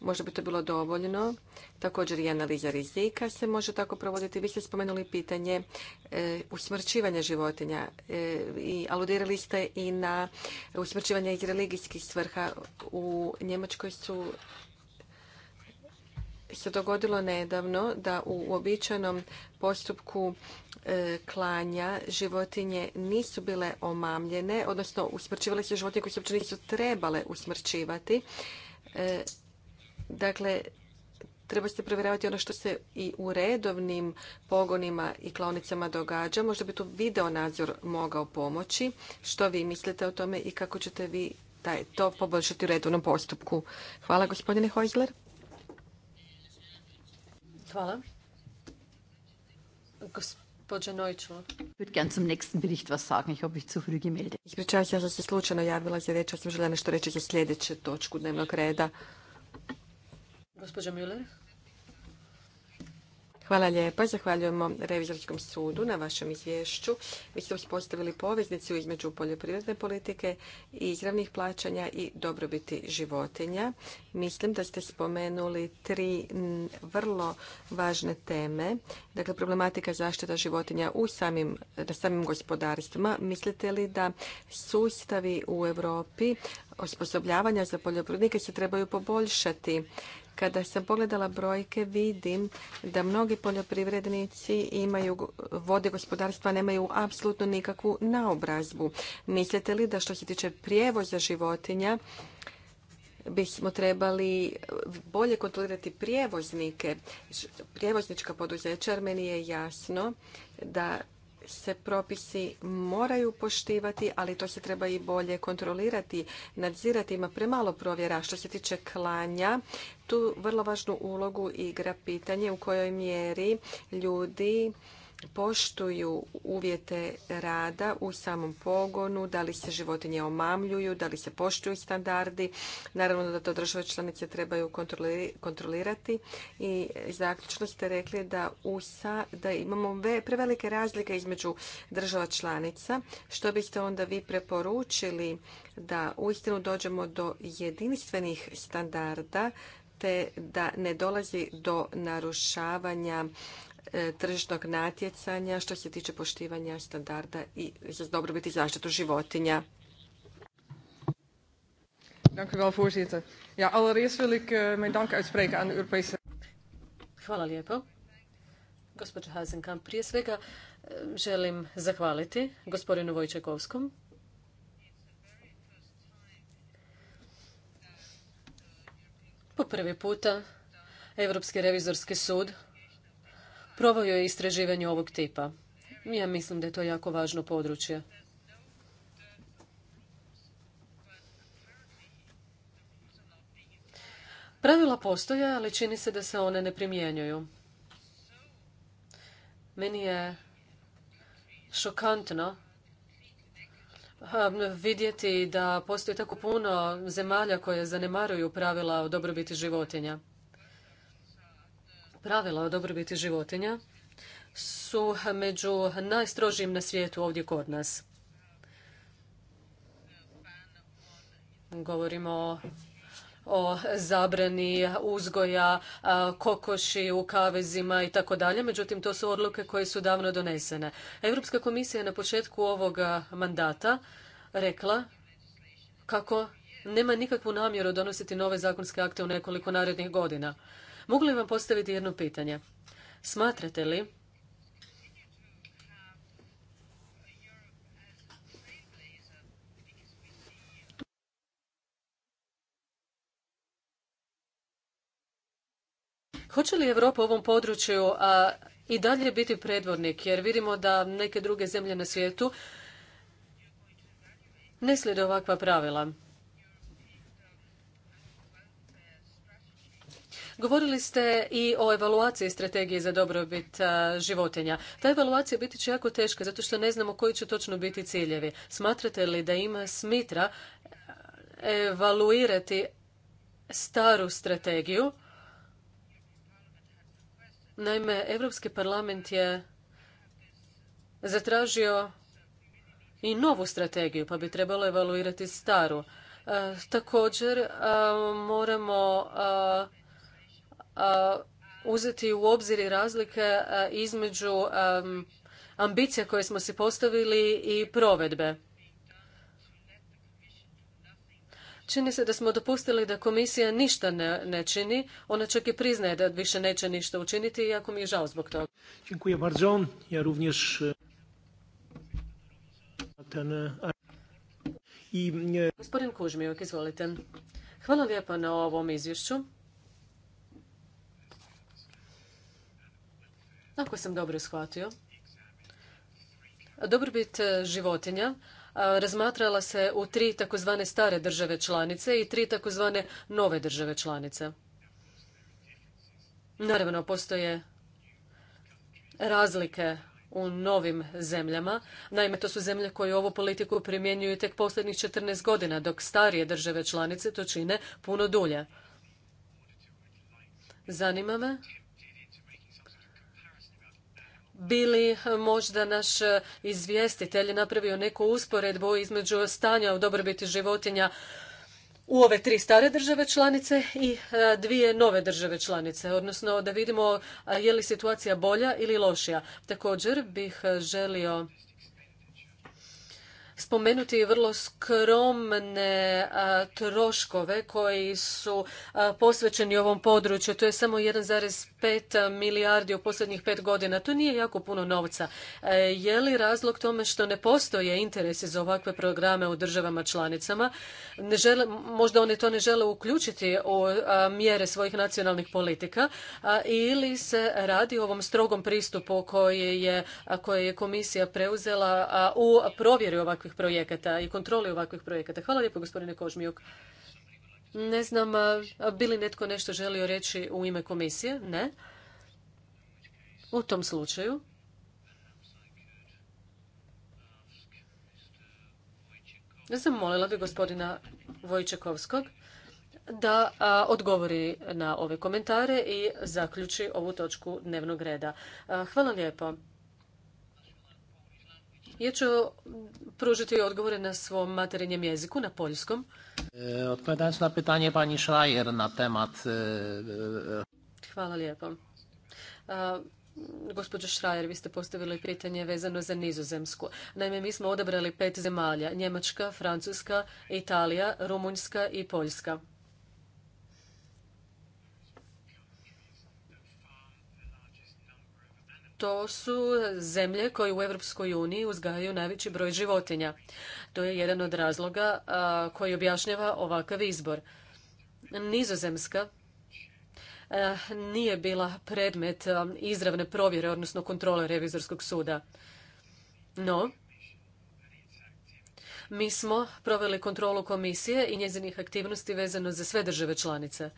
Možda bi to bilo dovoljno. Također i analiza rizika se može tako provoditi. Vi ste spomenuli pitanje e, usmrćivanja životinja e, i aludirali ste i na usmrćivanje iz religijskih svrha. U Njemačkoj su se dogodilo nedavno da u uobičajenom postupku e, klanja životinje nisu bile omamljene, odnosno usmrčivale se životinje koje se uopće nisu trebale usmrčivati. E, dakle, treba se provjeravati ono što se i u redovnim pogonima i klaonicama događa. Možda bi tu video nadzor mogao pomoći. Što vi mislite o tome i kako ćete vi taj, to poboljšati u redovnom postupku? Hvala gospodine Hojzler. Hvala. Gospođa Nojčula. Ispričavam se, ja sam se slučajno javila za riječ, ja sam željela nešto reći za sljedeću točku dnevnog reda. Gospođa Müller. Hvala lijepa. Zahvaljujemo Revizorskom sudu na vašem izvješću. Vi ste uspostavili poveznicu između poljoprivredne politike i izravnih plaćanja i dobrobiti životinja. Mislim da ste spomenuli tri vrlo važne teme. Dakle, problematika zaštita životinja u samim, na samim gospodarstvima. Mislite li da sustavi u Europi osposobljavanja za poljoprivrednike se trebaju poboljšati? Kada sam pogledala brojke vidim da mnogi poljoprivrednici imaju vode gospodarstva nemaju apsolutno nikakvu naobrazbu. Mislite li da što se tiče prijevoza životinja bismo trebali bolje kontrolirati prijevoznike, prijevoznička poduzeća, jer meni je jasno da se propisi moraju poštivati, ali to se treba i bolje kontrolirati, nadzirati, ima premalo provjera. Što se tiče klanja, tu vrlo važnu ulogu igra pitanje u kojoj mjeri ljudi poštuju uvjete rada u samom pogonu, da li se životinje omamljuju, da li se poštuju standardi. Naravno da to države članice trebaju kontrolirati. I zaključno ste rekli da, USA, da imamo prevelike razlike između država članica. Što biste onda vi preporučili da uistinu dođemo do jedinstvenih standarda te da ne dolazi do narušavanja E, tržišnog natjecanja što se tiče poštivanja standarda i za dobrobiti zaštitu životinja. Hvala lijepo. Gospodin Hazenkamp, prije svega eh, želim zahvaliti gospodinu Vojčekovskom po prvi puta Europski revizorski sud proveo je istraživanje ovog tipa. Ja mislim da je to jako važno područje. Pravila postoje, ali čini se da se one ne primjenjuju. Meni je šokantno vidjeti da postoji tako puno zemalja koje zanemaruju pravila o dobrobiti životinja. Pravila o dobrobiti životinja su među najstrožijim na svijetu ovdje kod nas. Govorimo o zabrani uzgoja kokoši u kavezima i tako dalje. Međutim, to su odluke koje su davno donesene. Europska komisija je na početku ovog mandata rekla kako nema nikakvu namjeru donositi nove zakonske akte u nekoliko narednih godina. Mogu li vam postaviti jedno pitanje? Smatrate li Hoće li Europa u ovom području i dalje biti predvornik? Jer vidimo da neke druge zemlje na svijetu ne slijede ovakva pravila. Govorili ste i o evaluaciji strategije za dobrobit životinja. Ta evaluacija biti će jako teška zato što ne znamo koji će točno biti ciljevi. Smatrate li da ima smitra evaluirati staru strategiju? Naime, Europski parlament je zatražio i novu strategiju, pa bi trebalo evaluirati staru. također, moramo uzeti u obzir i razlike između ambicija koje smo si postavili i provedbe. Čini se da smo dopustili da komisija ništa ne, čini. Ona čak i priznaje da više neće ništa učiniti, iako mi je žao zbog toga. Gospodin izvolite. Hvala lijepo na ovom izvješću. Ako sam dobro shvatio, dobrobit e, životinja e, razmatrala se u tri takozvane stare države članice i tri takozvane nove države članice. Naravno, postoje razlike u novim zemljama. Naime, to su zemlje koje ovu politiku primjenjuju tek posljednjih 14 godina, dok starije države članice to čine puno dulje. Zanima me bili možda naš izvjestitelj napravio neku usporedbu između stanja u dobrobiti životinja u ove tri stare države članice i e, dvije nove države članice, odnosno da vidimo je li situacija bolja ili lošija. Također bih želio spomenuti vrlo skromne troškove koji su posvećeni ovom području. To je samo jedan 5 milijardi u posljednjih pet godina. To nije jako puno novca. E, je li razlog tome što ne postoje interesi za ovakve programe u državama članicama? Ne žele, možda oni to ne žele uključiti u e, mjere svojih nacionalnih politika ili se radi o ovom strogom pristupu koji je, je komisija preuzela u provjeri ovakvih projekata i kontroli ovakvih projekata. Hvala lijepo gospodine Kožmijuk. Ne znam, bi li netko nešto želio reći u ime komisije? Ne. U tom slučaju. Ja sam molila bi gospodina Vojčekovskog da odgovori na ove komentare i zaključi ovu točku dnevnog reda. hvala lijepo. Ja ću pružiti odgovore na svom materinjem jeziku, na poljskom. E, na pitanje pani Šrajer na temat... E, e, Hvala lijepo. Gospođo Šrajer, vi ste postavili pitanje vezano za nizozemsku. Naime, mi smo odabrali pet zemalja. Njemačka, Francuska, Italija, Rumunjska i Poljska. to su zemlje koje u Europskoj uniji uzgajaju najveći broj životinja. To je jedan od razloga koji objašnjava ovakav izbor. Nizozemska nije bila predmet izravne provjere, odnosno kontrole revizorskog suda. No, mi smo proveli kontrolu komisije i njezinih aktivnosti vezano za sve države članice.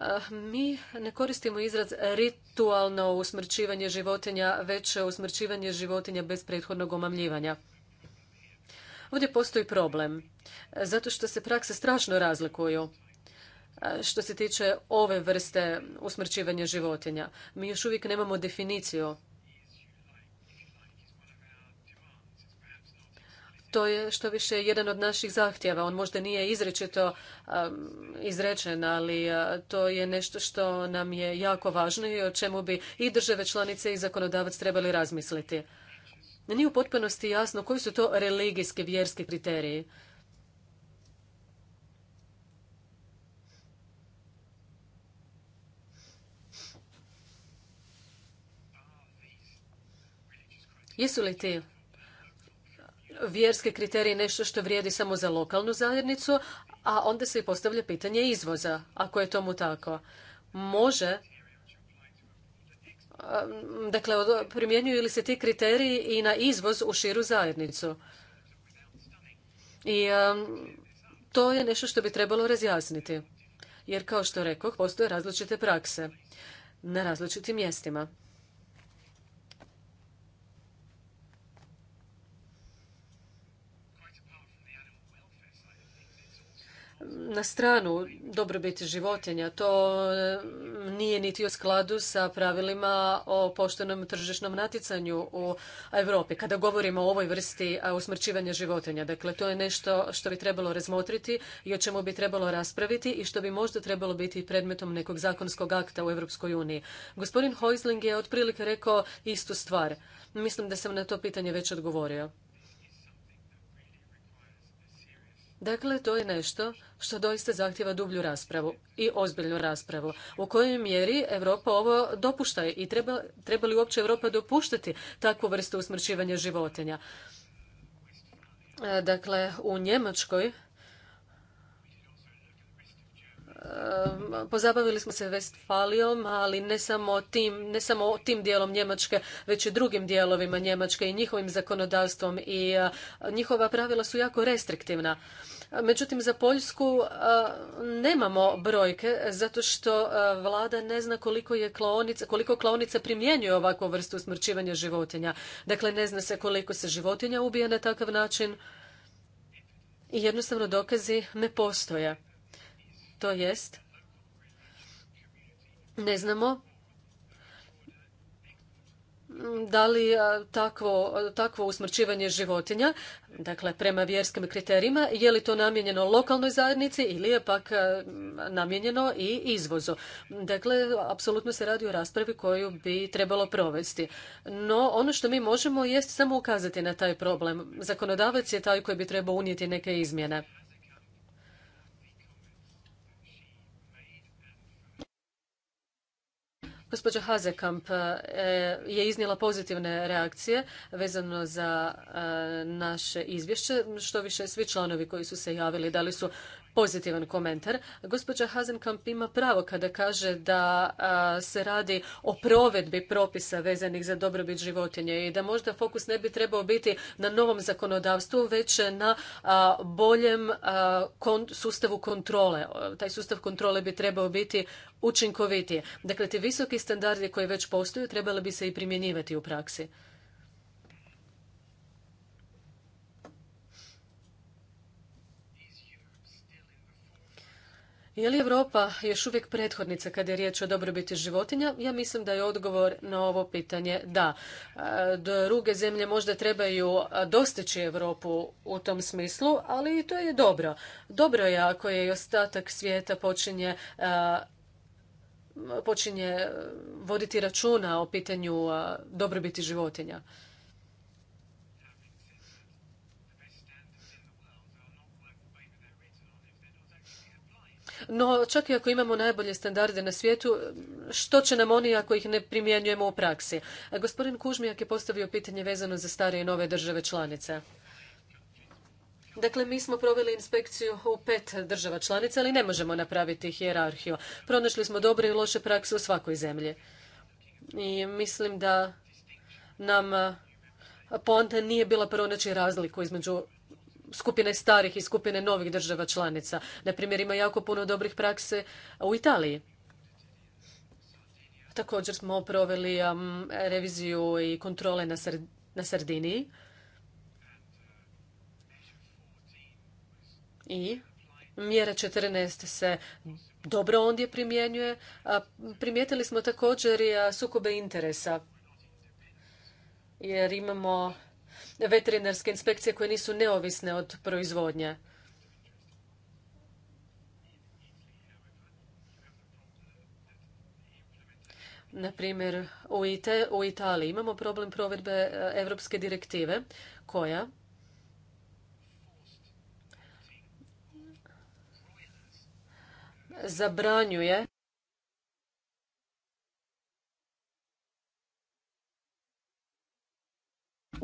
Eh, mi ne koristimo izraz ritualno usmrćivanje životinja, već usmrćivanje životinja bez prethodnog omamljivanja. Ovdje postoji problem, eh, zato što se prakse strašno razlikuju eh, što se tiče ove vrste usmrćivanja životinja. Mi još uvijek nemamo definiciju to je što više jedan od naših zahtjeva. On možda nije izrečito izrečen, ali e, to je nešto što nam je jako važno i o čemu bi i države članice i zakonodavac trebali razmisliti. Nije u potpunosti jasno koji su to religijski, vjerski kriteriji. Jesu li ti vjerski kriteriji nešto što vrijedi samo za lokalnu zajednicu, a onda se i postavlja pitanje izvoza, ako je tomu tako. Može um, Dakle, primjenjuju li se ti kriteriji i na izvoz u širu zajednicu? I um, to je nešto što bi trebalo razjasniti. Jer, kao što rekoh, postoje različite prakse na različitim mjestima. na stranu dobrobiti životinja. To mm, nije niti u skladu sa pravilima o poštenom tržišnom natjecanju u Europi. Kada govorimo o ovoj vrsti usmrćivanja životinja, dakle to je nešto što bi trebalo razmotriti i o čemu bi trebalo raspraviti i što bi možda trebalo biti predmetom nekog zakonskog akta u Europskoj uniji. Gospodin Hojsling je otprilike rekao istu stvar. Mislim da sam na to pitanje već odgovorio. Dakle, to je nešto što doista zahtjeva dublju raspravu i ozbiljnu raspravu. U kojoj mjeri Europa ovo dopušta i treba, li uopće Europa dopuštati takvu vrstu usmrćivanja životinja? E, dakle, u Njemačkoj e, pozabavili smo se Westfalijom, ali ne samo tim, ne samo tim dijelom Njemačke, već i drugim dijelovima Njemačke i njihovim zakonodavstvom i e, njihova pravila su jako restriktivna. Međutim, za Poljsku e, nemamo brojke zato što e, vlada ne zna koliko je klaonica, koliko klaonica primjenjuje ovakvu vrstu smrčivanja životinja. Dakle, ne zna se koliko se životinja ubija na takav način i jednostavno dokazi ne postoje. To jest, ne znamo Mm, da li takvo, takvo usmrćivanje životinja, dakle prema vjerskim kriterijima, je li to namijenjeno lokalnoj zajednici ili je pak namijenjeno i izvozu. Dakle, apsolutno se radi o raspravi koju bi trebalo provesti. No, ono što mi možemo jest samo ukazati na taj problem. Zakonodavac je taj koji bi trebao unijeti neke izmjene. Gospođa Hazekamp e, je iznijela pozitivne reakcije vezano za e, naše izvješće, što više svi članovi koji su se javili da li su pozitivan komentar. Gospođa Hazenkamp ima pravo kada kaže da se radi o provedbi propisa vezanih za dobrobit životinje i da možda fokus ne bi trebao biti na novom zakonodavstvu, već na boljem sustavu kontrole. Taj sustav kontrole bi trebao biti učinkovitije. Dakle, ti visoki standardi koji već postoju trebali bi se i primjenjivati u praksi. Je li Europa još uvijek prethodnica kada je riječ o dobrobiti životinja? Ja mislim da je odgovor na ovo pitanje da. E, druge zemlje možda trebaju e, dostići Europu u tom smislu, ali i to je dobro. Dobro je ako je i ostatak svijeta počinje e, počinje voditi računa o pitanju dobrobiti životinja. No, čak i ako imamo najbolje standarde na svijetu, što će nam oni ako ih ne primjenjujemo u praksi? gospodin Kužmijak je postavio pitanje vezano za stare i nove države članice. Dakle, mi smo proveli inspekciju u pet država članica, ali ne možemo napraviti hijerarhiju. Pronašli smo dobre i loše prakse u svakoj zemlji. I mislim da nam poanta nije bila pronaći razliku između skupine starih i skupine novih država članica. Na primjer, ima jako puno dobrih prakse u Italiji. Također smo proveli um, reviziju i kontrole na, Sardiniji. I mjera 14 se dobro ondje primjenjuje. primijetili smo također i sukobe interesa. Jer imamo veterinarske inspekcije koje nisu neovisne od proizvodnje. na primjer u, IT, u Italiji imamo problem provedbe europske direktive koja zabranjuje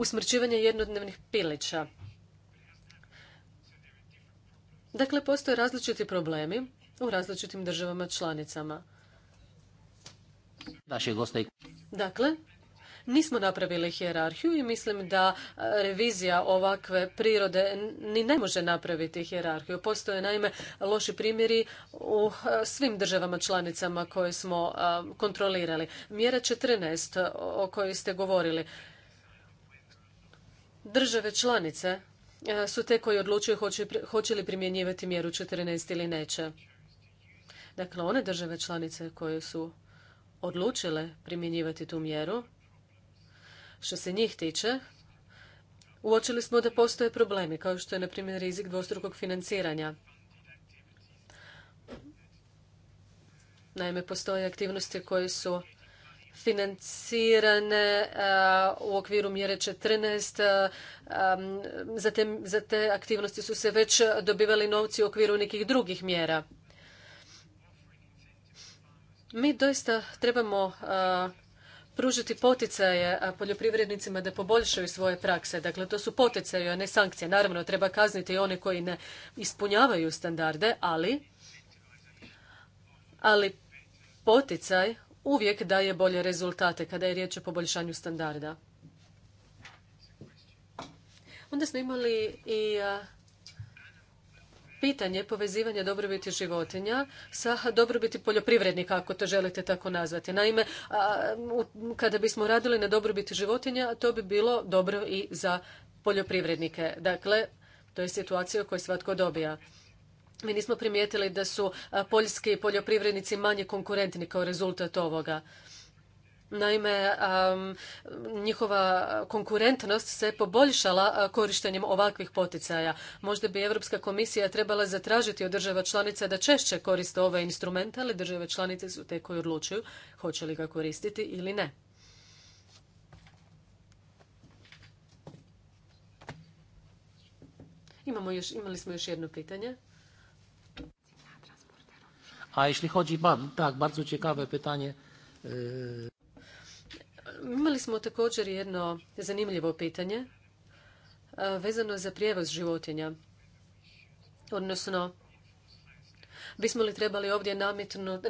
usmrćivanje jednodnevnih pilića. Dakle, postoje različiti problemi u različitim državama članicama. Dakle, nismo napravili hijerarhiju i mislim da e, revizija ovakve prirode ni ne može napraviti hijerarhiju. Postoje naime loši primjeri u e, svim državama članicama koje smo e, kontrolirali. Mjera 14 o kojoj ste govorili, Države članice e, su te koji odlučuju hoće li primjenjivati mjeru 14 ili neće. Dakle, one države članice koje su odlučile primjenjivati tu mjeru, što se njih tiče, uočili smo da postoje problemi, kao što je, na primjer, rizik dvostrukog financiranja. Naime, postoje aktivnosti koje su financirane e, u okviru mjere 14. E, za te, aktivnosti su se već dobivali novci u okviru nekih drugih mjera. Mi doista trebamo e, pružiti poticaje poljoprivrednicima da poboljšaju svoje prakse. Dakle, to su poticaje, a ne sankcije. Naravno, treba kazniti i one koji ne ispunjavaju standarde, ali, ali poticaj uvijek daje bolje rezultate kada je riječ o poboljšanju standarda. Onda smo imali i pitanje povezivanja dobrobiti životinja sa dobrobiti poljoprivrednika, ako to želite tako nazvati. Naime, kada bismo radili na dobrobiti životinja, to bi bilo dobro i za poljoprivrednike. Dakle, to je situacija u svatko dobija mi nismo primijetili da su poljski poljoprivrednici manje konkurentni kao rezultat ovoga. Naime, njihova konkurentnost se poboljšala korištenjem ovakvih poticaja. Možda bi Europska komisija trebala zatražiti od država članica da češće koriste ove instrumente, ali države članice su te koje odlučuju hoće li ga koristiti ili ne. Imamo imali smo još jedno pitanje. A jeśli chodzi, tak, bardzo ciekawe pytanie. Imali smo također jedno zanimljivo pitanje vezano za prijevoz životinja, odnosno bismo li trebali ovdje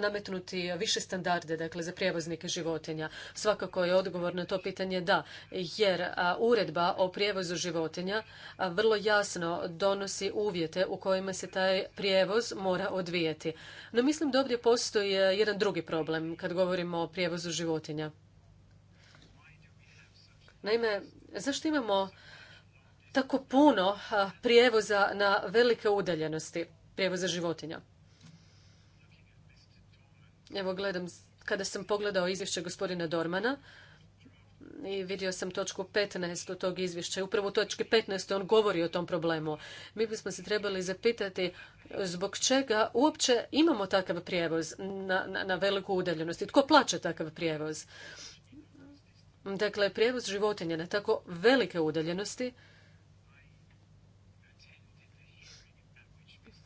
nametnuti više standarde dakle, za prijevoznike životinja? Svakako je odgovor na to pitanje da, jer uredba o prijevozu životinja vrlo jasno donosi uvjete u kojima se taj prijevoz mora odvijati. No mislim da ovdje postoji jedan drugi problem kad govorimo o prijevozu životinja. Naime, zašto imamo tako puno prijevoza na velike udaljenosti, prijevoza životinja? Evo gledam, kada sam pogledao izvješće gospodina Dormana i vidio sam točku 15 tog izvješća. Upravo u točki 15 on govori o tom problemu. Mi bismo se trebali zapitati zbog čega uopće imamo takav prijevoz na, na, na veliku udaljenost tko plaća takav prijevoz. Dakle, prijevoz životinja na tako velike udaljenosti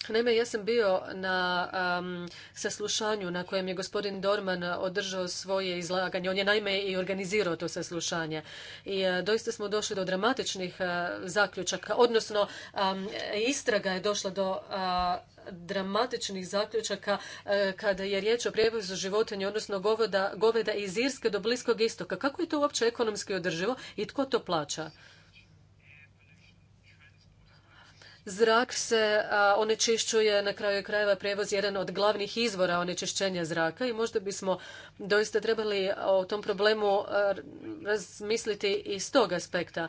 Naime, ja sam bio na saslušanju na kojem je gospodin Dorman održao svoje izlaganje. On je naime i organizirao to saslušanje. I e, doista smo došli do dramatičnih e, zaključaka, odnosno istraga je došla do e, dramatičnih zaključaka kada je riječ o prijevozu životinja, odnosno goveda, goveda iz Irske do Bliskog istoka. Kako je to uopće ekonomski održivo i tko to plaća? Zrak se onečišćuje, na kraju krajeva prijevoz jedan od glavnih izvora onečišćenja zraka i možda bismo doista trebali o tom problemu razmisliti i s tog aspekta.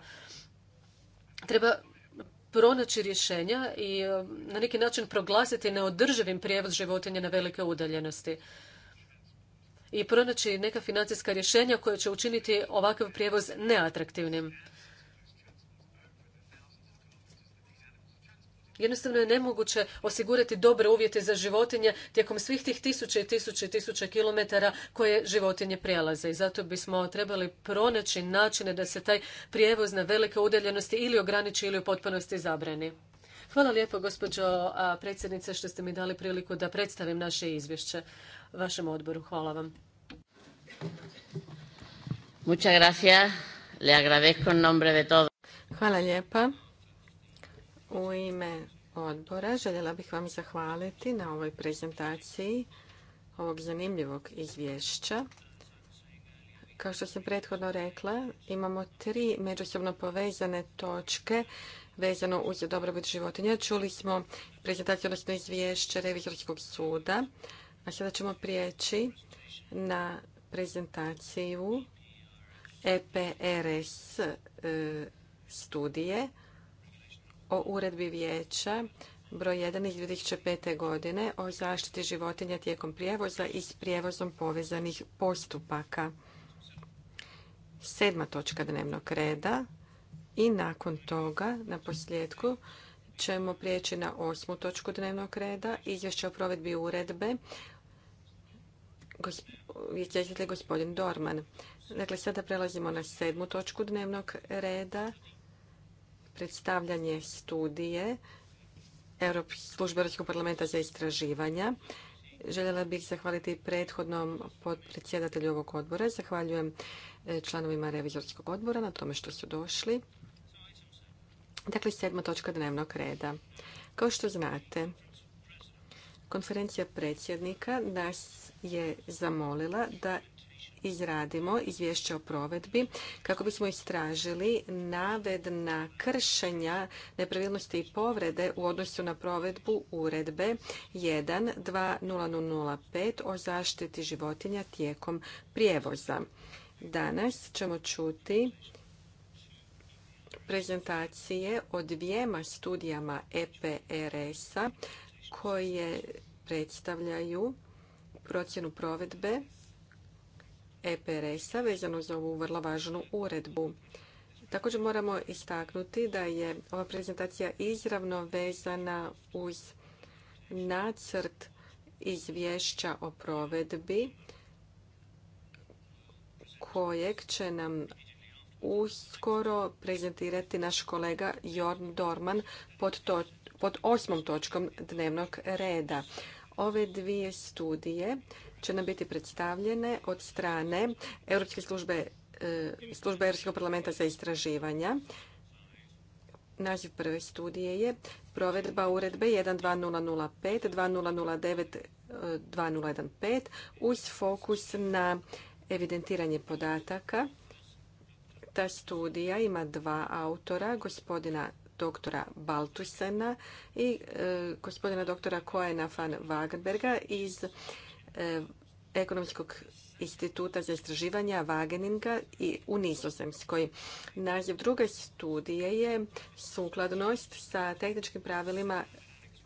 Treba pronaći rješenja i na neki način proglasiti neodrživim prijevoz životinja na velike udaljenosti i pronaći neka financijska rješenja koja će učiniti ovakav prijevoz neatraktivnim. Jednostavno je nemoguće osigurati dobre uvjete za životinje tijekom svih tih tisuće i tisuće i kilometara koje životinje prelaze. I zato bismo trebali pronaći načine da se taj prijevoz na velike udaljenosti ili ograniči ili u potpunosti zabrani. Hvala lijepo, gospođo predsjednice, što ste mi dali priliku da predstavim naše izvješće vašem odboru. Hvala vam. lijepa. U ime odbora željela bih vam zahvaliti na ovoj prezentaciji ovog zanimljivog izvješća. Kao što sam prethodno rekla, imamo tri međusobno povezane točke vezano uz dobrobit životinja. Čuli smo prezentaciju, odnosno izvješće Revizorskog suda, a sada ćemo prijeći na prezentaciju EPRS e, studije o uredbi vijeća broj 1 iz 2005. godine o zaštiti životinja tijekom prijevoza i s prijevozom povezanih postupaka. Sedma točka dnevnog reda i nakon toga na posljedku ćemo prijeći na osmu točku dnevnog reda izvješće o provedbi uredbe izvjestitelj gospodin Dorman. Dakle, sada prelazimo na sedmu točku dnevnog reda predstavljanje studije Službe Europskog parlamenta za istraživanja. Željela bih zahvaliti prethodnom predsjedatelju ovog odbora. Zahvaljujem e, članovima revizorskog odbora na tome što su došli. Dakle, sedma točka dnevnog reda. Kao što znate, konferencija predsjednika nas je zamolila da izradimo izvješće o provedbi kako bismo istražili navedna kršenja nepravilnosti i povrede u odnosu na provedbu uredbe 1.2.0005 o zaštiti životinja tijekom prijevoza. Danas ćemo čuti prezentacije o dvijema studijama EPRS-a e e koje predstavljaju procjenu provedbe eprs vezano za ovu vrlo važnu uredbu. Također moramo istaknuti da je ova prezentacija izravno vezana uz nacrt izvješća o provedbi kojeg će nam uskoro prezentirati naš kolega Jorn Dorman pod, pod osmom točkom dnevnog reda. Ove dvije studije će nam biti predstavljene od strane Europske službe, e, službe Europskog parlamenta za istraživanja. Naziv prve studije je provedba uredbe 12005, 2009, 2015 uz fokus na evidentiranje podataka. Ta studija ima dva autora, gospodina doktora Baltusena i e, gospodina doktora Koena van Wagenberga iz Eh, ekonomskog instituta za istraživanja Wageninga i u Nizozemskoj. Naziv druge studije je sukladnost sa tehničkim pravilima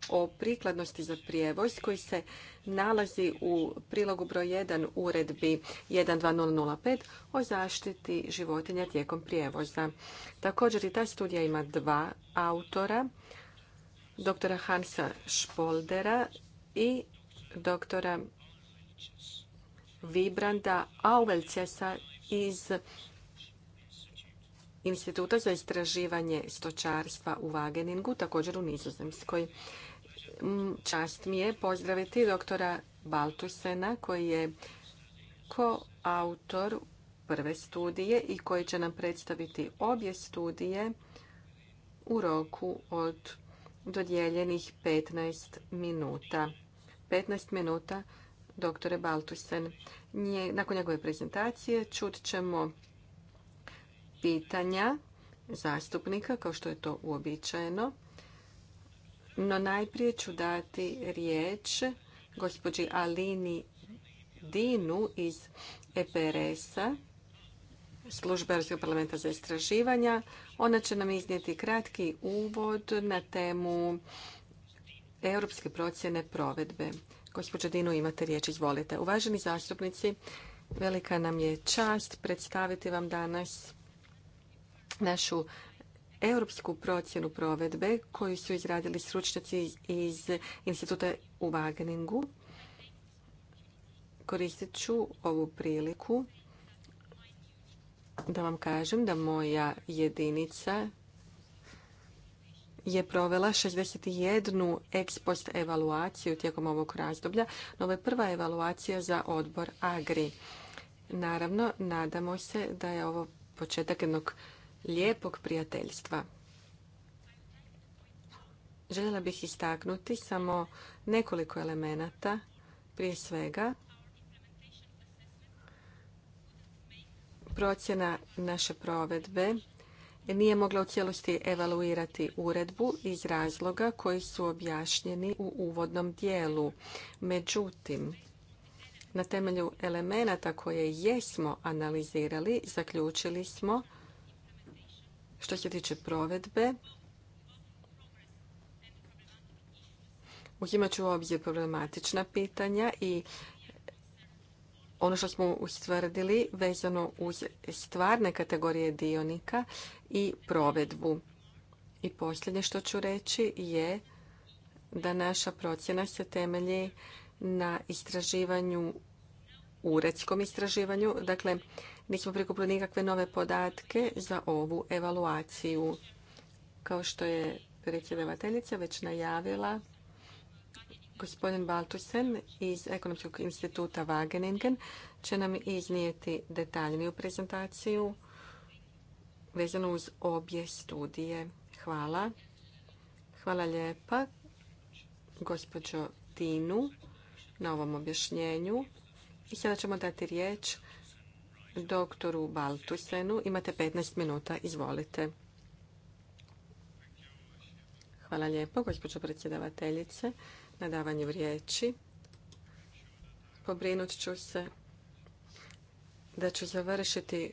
o prikladnosti za prijevoz koji se nalazi u prilogu broj 1 uredbi 12005 o zaštiti životinja tijekom prijevoza. Također i ta studija ima dva autora, doktora Hansa Špoldera i doktora Vibranda Auvelcesa iz Instituta za istraživanje stočarstva u Wageningu, također u Nizozemskoj. Čast mi je pozdraviti doktora Baltusena koji je koautor prve studije i koji će nam predstaviti obje studije u roku od dodijeljenih 15 minuta. 15 minuta doktore Baltusen. Nakon njegove prezentacije čut ćemo pitanja zastupnika, kao što je to uobičajeno. No najprije ću dati riječ gospođi Alini Dinu iz EPRS-a, Službe Europskog parlamenta za istraživanja. Ona će nam iznijeti kratki uvod na temu europske procjene provedbe. Gospođo imate riječ, izvolite. Uvaženi zastupnici, velika nam je čast predstaviti vam danas našu europsku procjenu provedbe koju su izradili stručnjaci iz instituta u Wageningu. Koristit ću ovu priliku da vam kažem da moja jedinica je provela 61 ex post evaluaciju tijekom ovog razdoblja, no ovo je prva evaluacija za odbor Agri. Naravno, nadamo se da je ovo početak jednog lijepog prijateljstva. Željela bih istaknuti samo nekoliko elemenata. Prije svega, procjena naše provedbe nije mogla u cijelosti evaluirati uredbu iz razloga koji su objašnjeni u uvodnom dijelu. Međutim, na temelju elemenata koje jesmo analizirali, zaključili smo što se tiče provedbe, uzimat ću u obzir problematična pitanja i ono što smo ustvrdili vezano uz stvarne kategorije dionika i provedbu. I posljednje što ću reći je da naša procjena se temelji na istraživanju, uredskom istraživanju. Dakle, nismo prikupili nikakve nove podatke za ovu evaluaciju. Kao što je predsjedavateljica već najavila, gospodin Baltusen iz Ekonomskog instituta Wageningen će nam iznijeti detaljniju prezentaciju vezano uz obje studije. Hvala. Hvala lijepa gospođo Tinu na ovom objašnjenju. I sada ćemo dati riječ doktoru Baltusenu. Imate 15 minuta, izvolite. Hvala lijepo, gospođo predsjedavateljice, na davanju riječi. Pobrinut ću se da ću završiti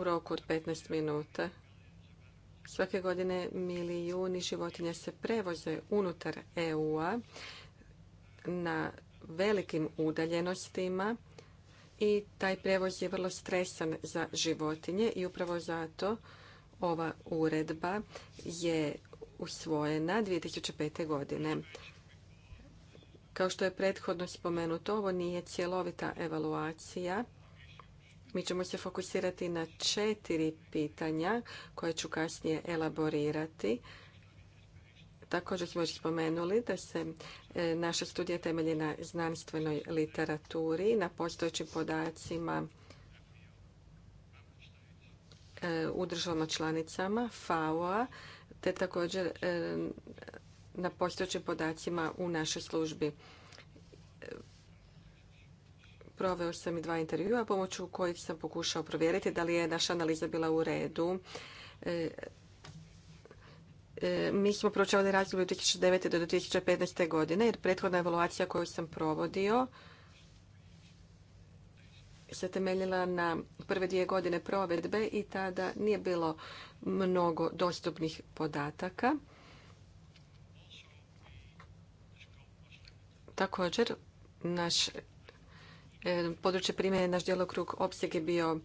u roku od 15 minuta. Svake godine milijuni životinja se prevoze unutar EU-a na velikim udaljenostima i taj prevoz je vrlo stresan za životinje i upravo zato ova uredba je usvojena 2005. godine. Kao što je prethodno spomenuto, ovo nije cjelovita evaluacija mi ćemo se fokusirati na četiri pitanja koje ću kasnije elaborirati. Također smo još spomenuli da se e, naša studija temelji na znanstvenoj literaturi, na postojećim podacima e, u državama članicama FAO-a, te također e, na postojećim podacima u našoj službi proveo sam i dva intervjua pomoću kojih sam pokušao provjeriti da li je naša analiza bila u redu. E, e, mi smo proučavali razdoblje od 2009. do 2015. godine jer prethodna evaluacija koju sam provodio se temeljila na prve dvije godine provedbe i tada nije bilo mnogo dostupnih podataka. Također, naš E, područje primjene naš djelokrug opseg je bio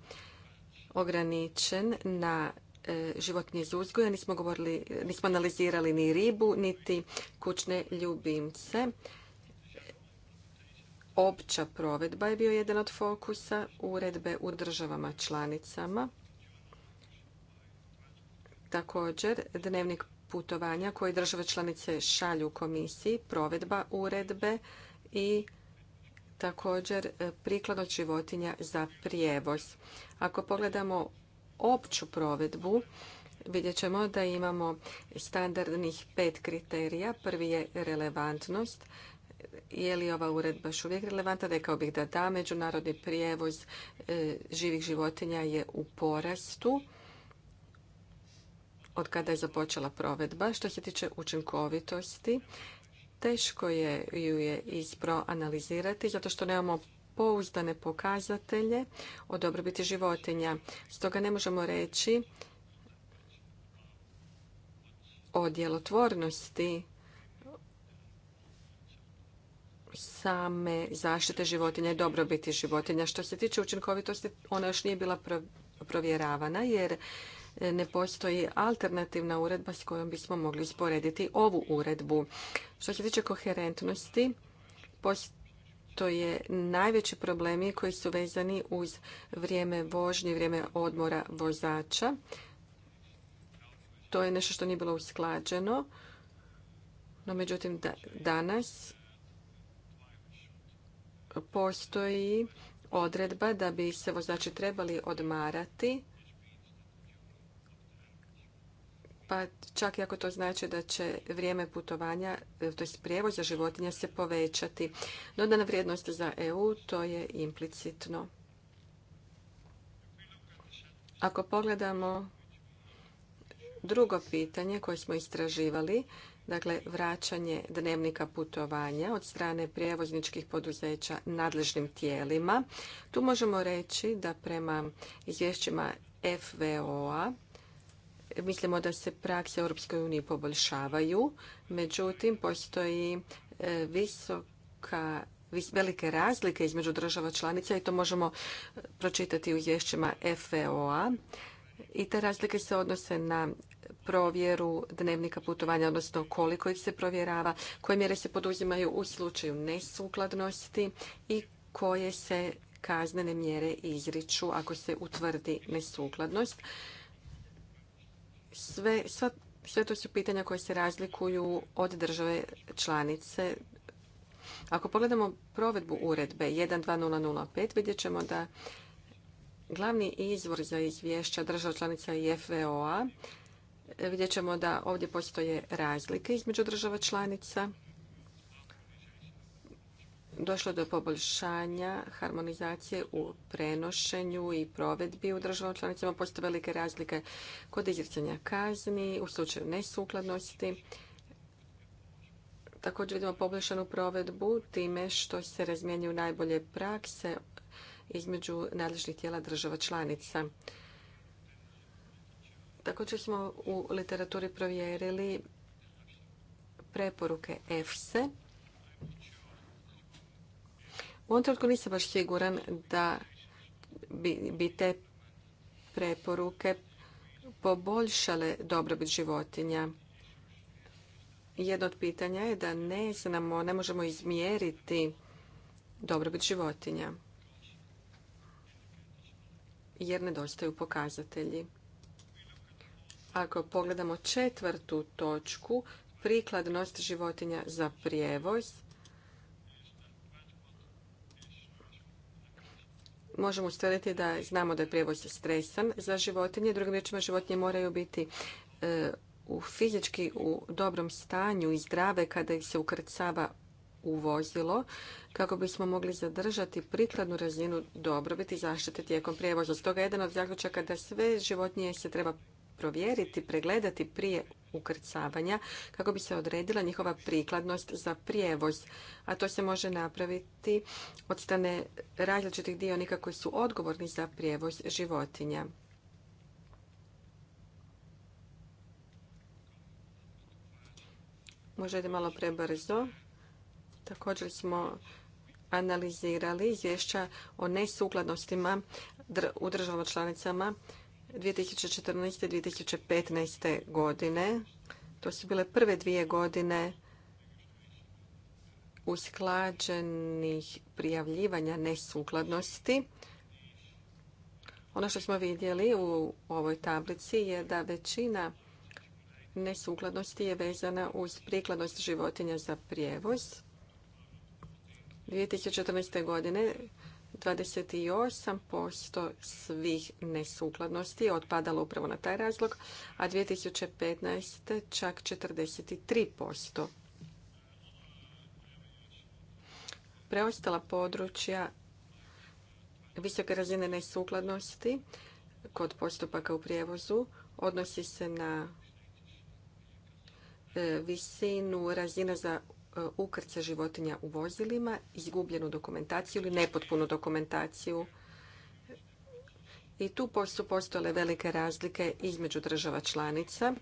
ograničen na e, životinje iz uzgoja. Nismo, nismo analizirali ni ribu, niti kućne ljubimce. Opća provedba je bio jedan od fokusa uredbe u državama članicama. Također, dnevnik putovanja koji države članice šalju komisiji, provedba uredbe i također e, prikladnost životinja za prijevoz. Ako pogledamo opću provedbu, vidjet ćemo da imamo standardnih pet kriterija. Prvi je relevantnost. Je li ova uredba još uvijek relevantna? Rekao bih da da. Međunarodni prijevoz e, živih životinja je u porastu od kada je započela provedba. Što se tiče učinkovitosti, teško je ju je analizirati zato što nemamo pouzdane pokazatelje o dobrobiti životinja. Stoga ne možemo reći o djelotvornosti same zaštite životinja i dobrobiti životinja. Što se tiče učinkovitosti, ona još nije bila provjeravana jer ne postoji alternativna uredba s kojom bismo mogli usporediti ovu uredbu. Što se tiče koherentnosti, je najveći problemi koji su vezani uz vrijeme vožnje, vrijeme odmora vozača. To je nešto što nije bilo usklađeno, no međutim danas postoji odredba da bi se vozači trebali odmarati pa čak i ako to znači da će vrijeme putovanja, e, to je prijevoza životinja, se povećati. Dodana vrijednost za EU to je implicitno. Ako pogledamo drugo pitanje koje smo istraživali, dakle vraćanje dnevnika putovanja od strane prijevozničkih poduzeća nadležnim tijelima, tu možemo reći da prema izvješćima FVO-a Mislimo da se prakse u EU poboljšavaju, međutim postoji e, visoka velike razlike između država članica i to možemo e, pročitati u izvješćima foa e I te razlike se odnose na provjeru dnevnika putovanja, odnosno koliko ih se provjerava, koje mjere se poduzimaju u slučaju nesukladnosti i koje se kaznene mjere izriču ako se utvrdi nesukladnost sve, to su pitanja koje se razlikuju od države članice. Ako pogledamo provedbu uredbe 1.2.0.0.5, vidjet ćemo da glavni izvor za izvješća država članica i FVOA, vidjet ćemo da ovdje postoje razlike između država članica – došlo do poboljšanja harmonizacije u prenošenju i provedbi u državama članicama. Postoje velike razlike kod izricanja kazni u slučaju nesukladnosti. Također vidimo poboljšanu provedbu time što se razmjenjuju najbolje prakse između nadležnih tijela država članica. Također smo u literaturi provjerili preporuke EFSE u ovom trenutku nisam baš siguran da bi, te preporuke poboljšale dobrobit životinja. Jedno od pitanja je da ne znamo, ne možemo izmjeriti dobrobit životinja jer nedostaju pokazatelji. Ako pogledamo četvrtu točku, prikladnost životinja za prijevoz, možemo ustvrditi da znamo da je prijevoz stresan za životinje. Drugim riječima, životinje moraju biti e, u fizički u dobrom stanju i zdrave kada ih se ukrcava u vozilo kako bismo mogli zadržati prikladnu razinu dobrobiti i zaštite tijekom prijevoza. Stoga jedan od zaključaka da sve životinje se treba provjeriti, pregledati prije ukrcavanja kako bi se odredila njihova prikladnost za prijevoz. A to se može napraviti od strane različitih dionika koji su odgovorni za prijevoz životinja. Možda ide malo prebrzo. Također smo analizirali izvješća o nesukladnostima u državama članicama 2014. i 2015. godine. To su bile prve dvije godine usklađenih prijavljivanja nesukladnosti. Ono što smo vidjeli u ovoj tablici je da većina nesukladnosti je vezana uz prikladnost životinja za prijevoz. 2014. godine 28% svih nesukladnosti je otpadalo upravo na taj razlog, a 2015. čak 43%. Preostala područja visoke razine nesukladnosti kod postupaka u prijevozu odnosi se na e, visinu razina za E, ukrca životinja u vozilima, izgubljenu dokumentaciju ili nepotpunu dokumentaciju. I tu su postojale velike razlike između država članica.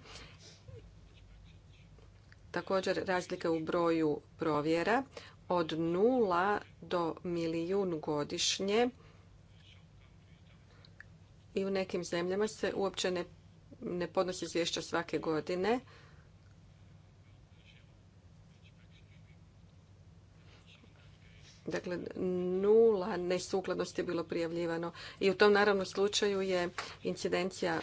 Također razlike u broju provjera od nula do milijun godišnje. I u nekim zemljama se uopće ne, ne podnosi izvješća svake godine. Dakle, nula nesukladnosti je bilo prijavljivano i u tom naravno slučaju je incidencija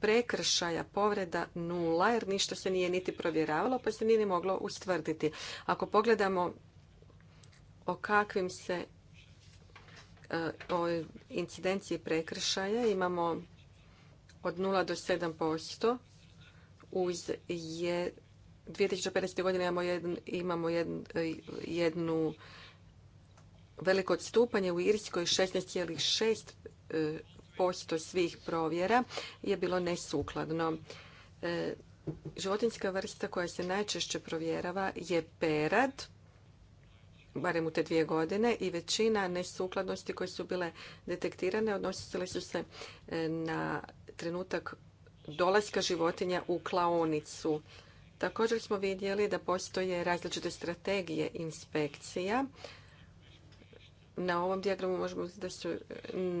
prekršaja povreda nula jer ništa se nije niti provjeravalo pa se nije ni moglo ustvrditi. Ako pogledamo o kakvim se eh, o incidenciji prekršaja imamo od nula do 7% uz je 2015. godine imamo, eh, jednu veliko odstupanje u Irskoj 16,6% e, svih provjera je bilo nesukladno. E, Životinska vrsta koja se najčešće provjerava je perad, barem u te dvije godine, i većina nesukladnosti koje su bile detektirane odnosile su se e, na trenutak dolaska životinja u klaonicu. Također smo vidjeli da postoje različite strategije inspekcija na ovom dijagramu možemo uzeti da su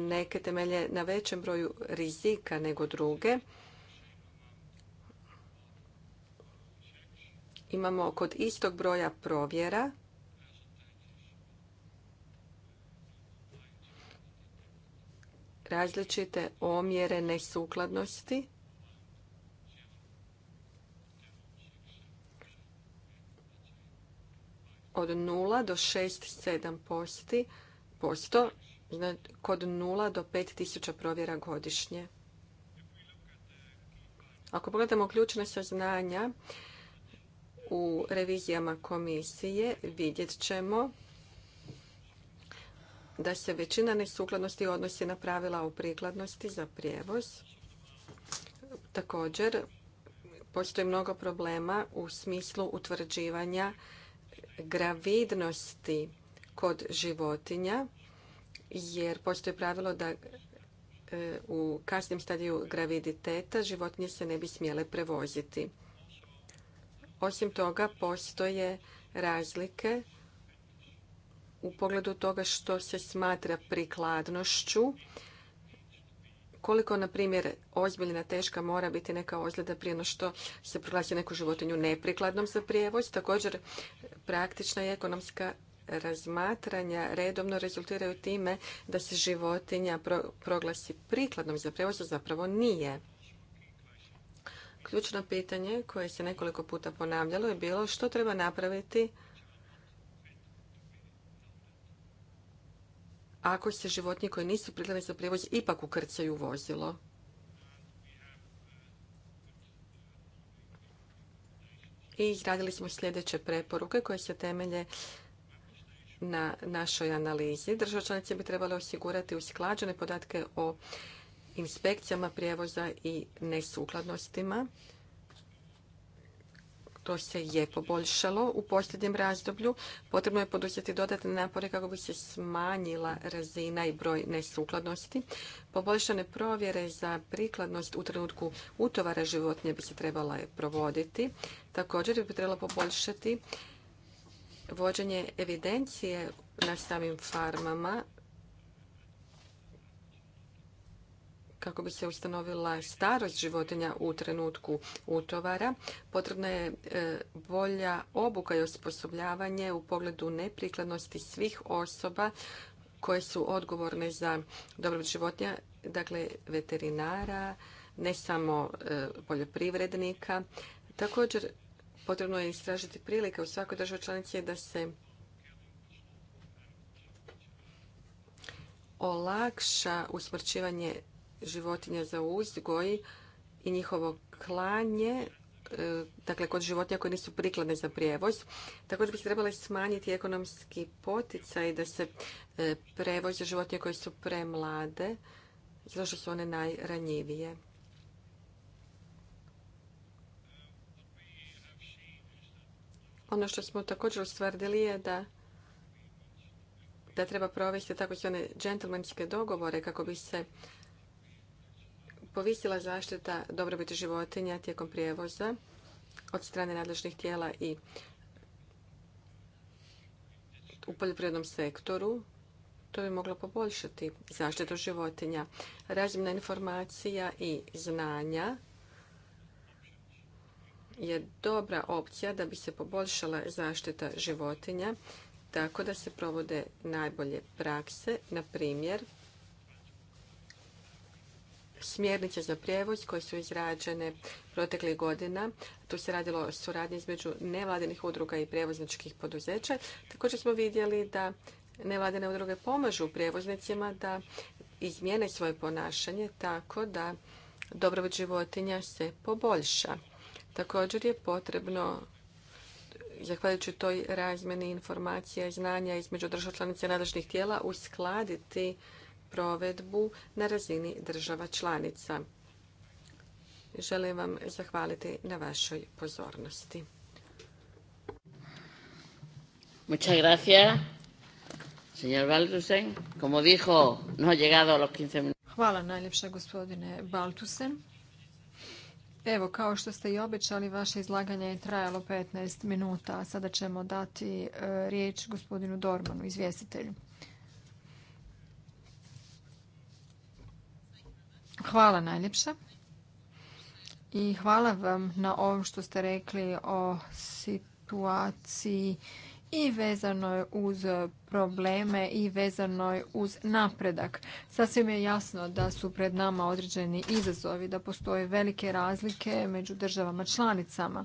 neke temelje na većem broju rizika nego druge. Imamo kod istog broja provjera različite omjere nesukladnosti. Od 0 do 6-7 posti 5%, kod 0 do 5000 provjera godišnje. Ako pogledamo ključna saznanja u revizijama komisije, vidjet ćemo da se većina nesukladnosti odnosi na pravila o prikladnosti za prijevoz. Također, postoji mnogo problema u smislu utvrđivanja gravidnosti kod životinja, jer postoji pravilo da e, u kasnijem stadiju graviditeta životinje se ne bi smjele prevoziti. Osim toga, postoje razlike u pogledu toga što se smatra prikladnošću. Koliko, na primjer, ozbiljna teška mora biti neka ozljeda prije no što se proglasi neku životinju neprikladnom za prijevoz. Također, praktična i ekonomska razmatranja redovno rezultiraju time da se životinja proglasi prikladnom za prijevoz a zapravo nije. Ključno pitanje koje se nekoliko puta ponavljalo je bilo što treba napraviti ako se životinje koje nisu prikladne za prijevoz ipak ukrcaju u vozilo. I izradili smo sljedeće preporuke koje se temelje na našoj analizi. Država članice bi trebale osigurati usklađene podatke o inspekcijama prijevoza i nesukladnostima. To se je poboljšalo u posljednjem razdoblju. Potrebno je poduzeti dodatne napore kako bi se smanjila razina i broj nesukladnosti. Poboljšane provjere za prikladnost u trenutku utovara životinje bi se trebala provoditi. Također bi trebalo poboljšati vođenje evidencije na samim farmama kako bi se ustanovila starost životinja u trenutku utovara. Potrebna je e, bolja obuka i osposobljavanje u pogledu neprikladnosti svih osoba koje su odgovorne za dobrobit životinja, dakle veterinara, ne samo e, poljoprivrednika. Također Potrebno je istražiti prilike u svakoj državi članici da se olakša usmrćivanje životinja za uzgoj i njihovo klanje, e, dakle kod životinja koje nisu prikladne za prijevoz. Također bi se trebali smanjiti ekonomski poticaj da se e, prevoze životinje koje su premlade, zato što su one najranjivije. Ono što smo također ustvrdili je da da treba provesti one džentlmanske dogovore kako bi se povisila zaštita dobrobiti životinja tijekom prijevoza od strane nadležnih tijela i u poljoprivrednom sektoru. To bi moglo poboljšati zaštitu životinja. Razimna informacija i znanja je dobra opcija da bi se poboljšala zaštita životinja tako da se provode najbolje prakse, na primjer smjernice za prijevoz koje su izrađene proteklih godina. Tu se radilo o suradnji između nevladinih udruga i prijevozničkih poduzeća. Također smo vidjeli da nevladine udruge pomažu prijevoznicima da izmijene svoje ponašanje tako da dobrobit životinja se poboljša. Također je potrebno zahvaljujući toj razmjeni informacija i znanja između država članica i nadležnih tijela uskladiti provedbu na razini država članica. Želim vam zahvaliti na vašoj pozornosti. Muchas gracias, señor Como dijo, no llegado a los 15 minutos. Hvala najljepša gospodine Baltusen. Evo, kao što ste i obećali, vaše izlaganje je trajalo 15 minuta, sada ćemo dati e, riječ gospodinu Dormanu, izvjestitelju. Hvala najljepše. I hvala vam na ovom što ste rekli o situaciji i vezanoj uz probleme i vezano uz napredak. Sasvim je jasno da su pred nama određeni izazovi, da postoje velike razlike među državama članicama.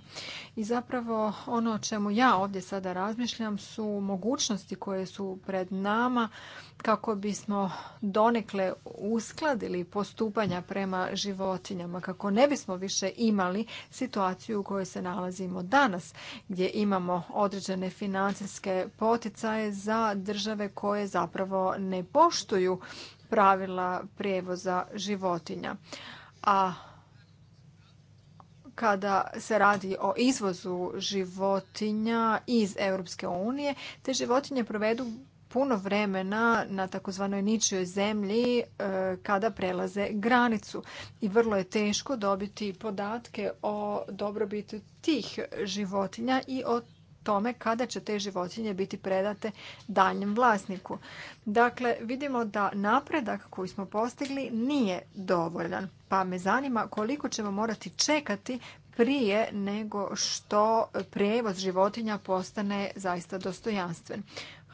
I zapravo ono o čemu ja ovdje sada razmišljam su mogućnosti koje su pred nama kako bismo donekle uskladili postupanja prema životinjama, kako ne bismo više imali situaciju u kojoj se nalazimo danas, gdje imamo određene financijske poticaje za države koje zapravo ne poštuju pravila prijevoza životinja. A kada se radi o izvozu životinja iz Europske unije, te životinje provedu puno vremena na takozvanoj ničoj zemlji e, kada prelaze granicu i vrlo je teško dobiti podatke o dobrobiti tih životinja i o tome kada će te životinje biti predate daljem vlasniku. Dakle, vidimo da napredak koji smo postigli nije dovoljan, pa me zanima koliko ćemo morati čekati prije nego što prijevoz životinja postane zaista dostojanstven.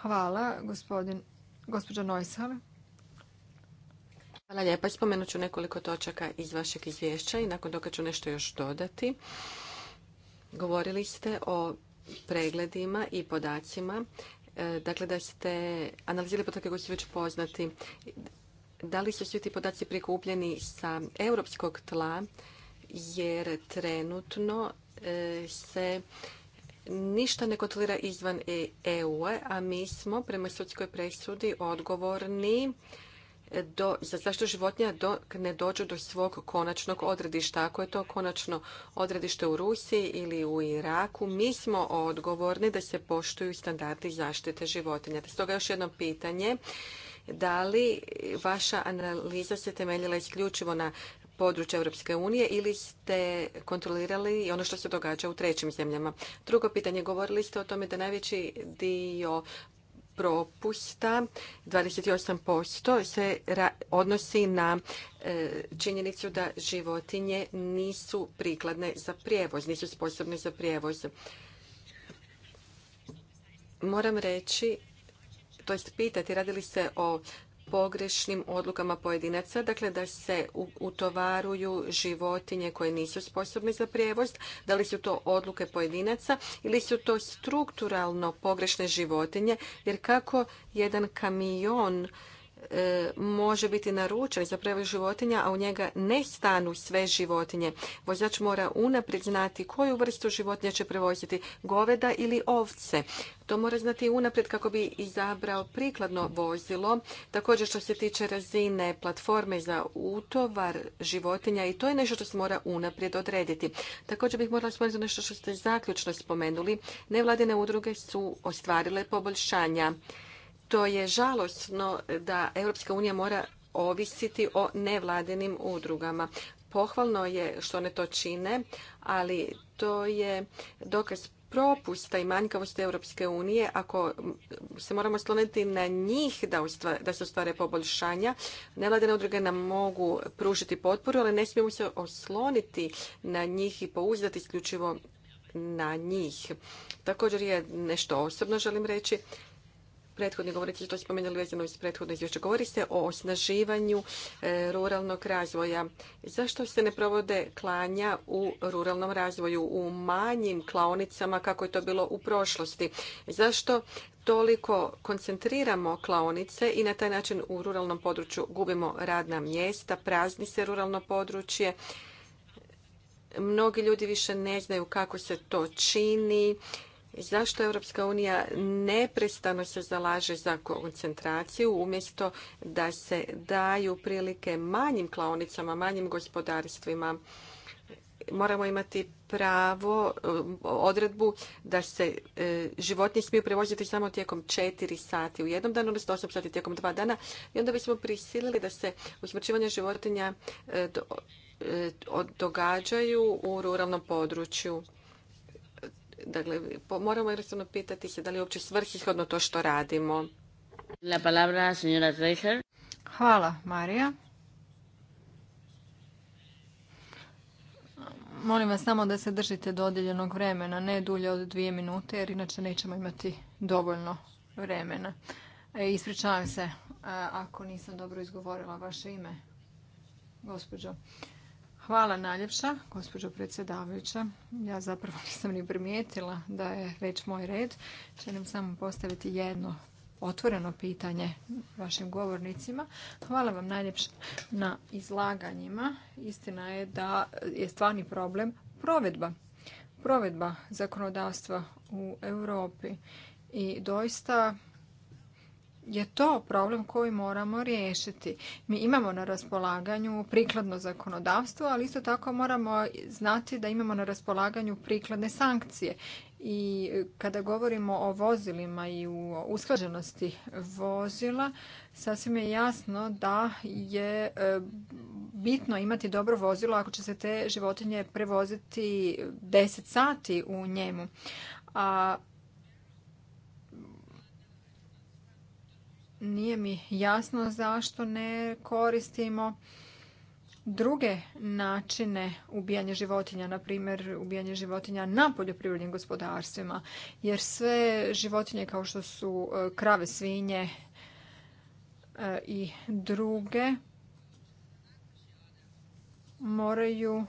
Hvala, gospodin, gospođa Nojsal. Hvala lijepa. Spomenut ću nekoliko točaka iz vašeg izvješća i nakon toga ću nešto još dodati. Govorili ste o pregledima i podacima, e, dakle da ste analizirali podatke koji su već poznati, da li su svi ti podaci prikupljeni sa europskog tla, jer trenutno e, se ništa ne kontrolira izvan e- EU-a, a mi smo prema sudskoj presudi odgovorni do, za zašto životinja ne dođu do svog konačnog odredišta. Ako je to konačno odredište u Rusiji ili u Iraku, mi smo odgovorni da se poštuju standardi zaštite životinja. Stoga još jedno pitanje. Da li vaša analiza se temeljila isključivo na području Europske unije ili ste kontrolirali ono što se događa u trećim zemljama? Drugo pitanje, govorili ste o tome da najveći dio propusta 28% se odnosi na e, činjenicu da životinje nisu prikladne za prijevoz, nisu sposobne za prijevoz. Moram reći, to jest pitati, radi li se o pogrešnim odlukama pojedinaca, dakle da se utovaruju životinje koje nisu sposobne za prijevoz, da li su to odluke pojedinaca ili su to strukturalno pogrešne životinje, jer kako jedan kamion E, može biti naručen za prevoz životinja, a u njega ne stanu sve životinje. Vozač mora unaprijed znati koju vrstu životinja će prevoziti, goveda ili ovce. To mora znati unaprijed kako bi izabrao prikladno vozilo. Također što se tiče razine platforme za utovar životinja i to je nešto što se mora unaprijed odrediti. Također bih morala spomenuti nešto što ste zaključno spomenuli. Nevladine udruge su ostvarile poboljšanja što je žalostno da Europska unija mora ovisiti o nevladinim udrugama. Pohvalno je što ne to čine, ali to je dokaz propusta i manjkavosti Europske unije, ako se moramo sloniti na njih da, se ostvare poboljšanja, Nevladene udruge nam mogu pružiti potporu, ali ne smijemo se osloniti na njih i pouzdati isključivo na njih. Također je nešto osobno želim reći prethodni što to spomenuli vezano iz prethodno izvješće. Govori se o osnaživanju e, ruralnog razvoja. Zašto se ne provode klanja u ruralnom razvoju, u manjim klaonicama kako je to bilo u prošlosti? Zašto toliko koncentriramo klaonice i na taj način u ruralnom području gubimo radna mjesta, prazni se ruralno područje? Mnogi ljudi više ne znaju kako se to čini Zašto Europska unija neprestano se zalaže za koncentraciju umjesto da se daju prilike manjim klaonicama, manjim gospodarstvima? Moramo imati pravo, um, odredbu da se e, životinje smiju prevoziti samo tijekom četiri sati u jednom danu, odnosno osam sati tijekom dva dana i onda bismo prisilili da se usmrćivanje životinja e, e, događaju u ruralnom području. Dakle, moramo jednostavno pitati se da li je uopće svrhishodno to što radimo. La palabra, Hvala, Marija. Molim vas samo da se držite dodijeljenog vremena, ne dulje od dvije minute, jer inače nećemo imati dovoljno vremena. E, ispričavam se ako nisam dobro izgovorila vaše ime, gospođo. Hvala najljepša, gospođo predsjedavajuća. Ja zapravo nisam ni primijetila da je već moj red. Želim samo postaviti jedno otvoreno pitanje vašim govornicima. Hvala vam najljepša na izlaganjima. Istina je da je stvarni problem provedba. Provedba zakonodavstva u Europi. I doista je to problem koji moramo riješiti. Mi imamo na raspolaganju prikladno zakonodavstvo, ali isto tako moramo znati da imamo na raspolaganju prikladne sankcije. I kada govorimo o vozilima i u usklađenosti vozila, sasvim je jasno da je e, bitno imati dobro vozilo ako će se te životinje prevoziti 10 sati u njemu. A Nije mi jasno zašto ne koristimo druge načine ubijanja životinja, na primjer ubijanje životinja na poljoprivrednim gospodarstvima, jer sve životinje kao što su e, krave, svinje e, i druge moraju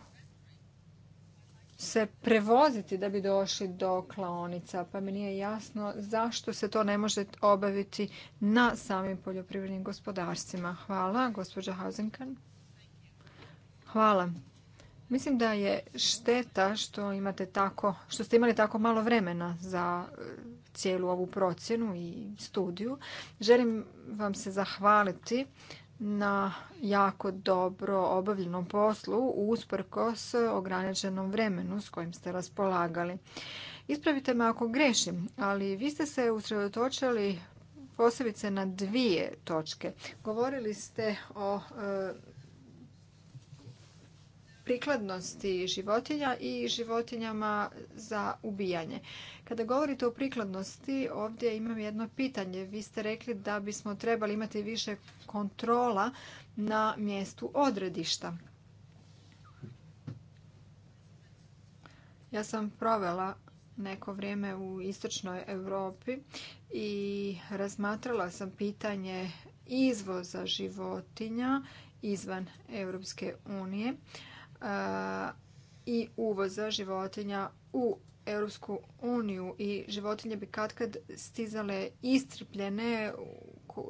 se prevoziti da bi došli do klaonica, pa mi nije jasno zašto se to ne može obaviti na samim poljoprivrednim gospodarstvima. Hvala, gospođa Hausenkan. Hvala. Mislim da je šteta što imate tako, što ste imali tako malo vremena za e, cijelu ovu procjenu i studiju. Želim vam se zahvaliti na jako dobro obavljenom poslu usprkos ograničenom vremenu s kojim ste raspolagali. Ispravite me ako grešim, ali vi ste se usredotočili posebice na dvije točke. Govorili ste o e, prikladnosti životinja i životinjama za ubijanje. Kada govorite o prikladnosti, ovdje imam jedno pitanje. Vi ste rekli da bismo trebali imati više kontrola na mjestu odredišta. Ja sam provela neko vrijeme u istočnoj Europi i razmatrala sam pitanje izvoza životinja izvan Europske unije i uvoza životinja u Europsku uniju i životinje bi katkad stizale iscrpljene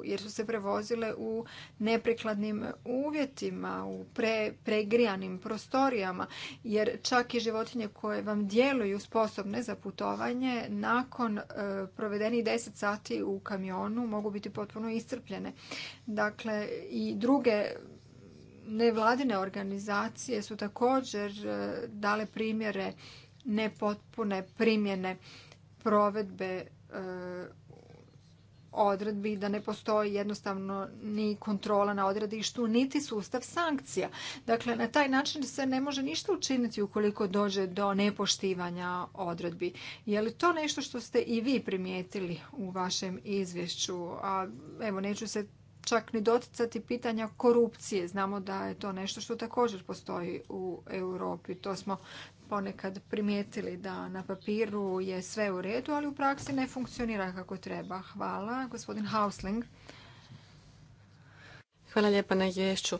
jer su se prevozile u neprikladnim uvjetima, u pregrijanim prostorijama, jer čak i životinje koje vam djeluju sposobne za putovanje, nakon e, provedenih 10 sati u kamionu mogu biti potpuno iscrpljene. Dakle, i druge Nevladine organizacije su također e, dale primjere nepotpune primjene provedbe e, odredbi da ne postoji jednostavno ni kontrola na odredištu niti sustav sankcija. Dakle, na taj način se ne može ništa učiniti ukoliko dođe do nepoštivanja odredbi. Je li to nešto što ste i vi primijetili u vašem izvješću? A evo neću se čak ni doticati pitanja korupcije. Znamo da je to nešto što također postoji u Europi. To smo ponekad primijetili da na papiru je sve u redu, ali u praksi ne funkcionira kako treba. Hvala. Gospodin Hausling. Hvala lijepa na izvješću.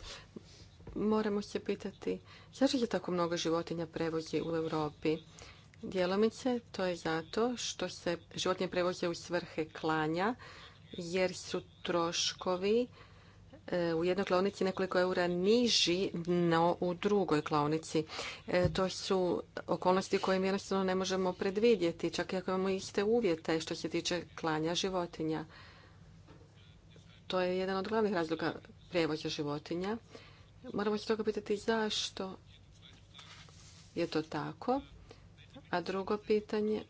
Moramo se pitati, zašto je tako mnogo životinja prevozi u Europi? Djelomice to je zato što se životinje prevoze u svrhe klanja, jer su troškovi e, u jednoj klaonici nekoliko eura niži no u drugoj klaonici. E, to su okolnosti koje mi jednostavno ne možemo predvidjeti, čak i ako imamo iste uvjete što se tiče klanja životinja. To je jedan od glavnih razloga prijevoza životinja. Moramo se toga pitati zašto je to tako. A drugo pitanje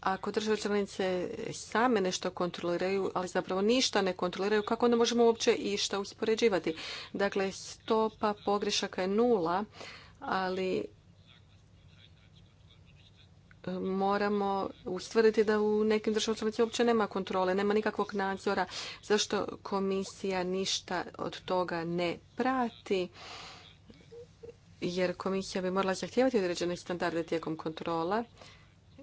ako države članice same nešto kontroliraju, ali zapravo ništa ne kontroliraju, kako onda možemo uopće išta uspoređivati? Dakle, stopa pogrešaka je nula, ali e, moramo ustvrditi da u nekim državama članicama uopće nema kontrole, nema nikakvog nadzora. Zašto komisija ništa od toga ne prati? Jer komisija bi morala zahtijevati određene standarde tijekom kontrola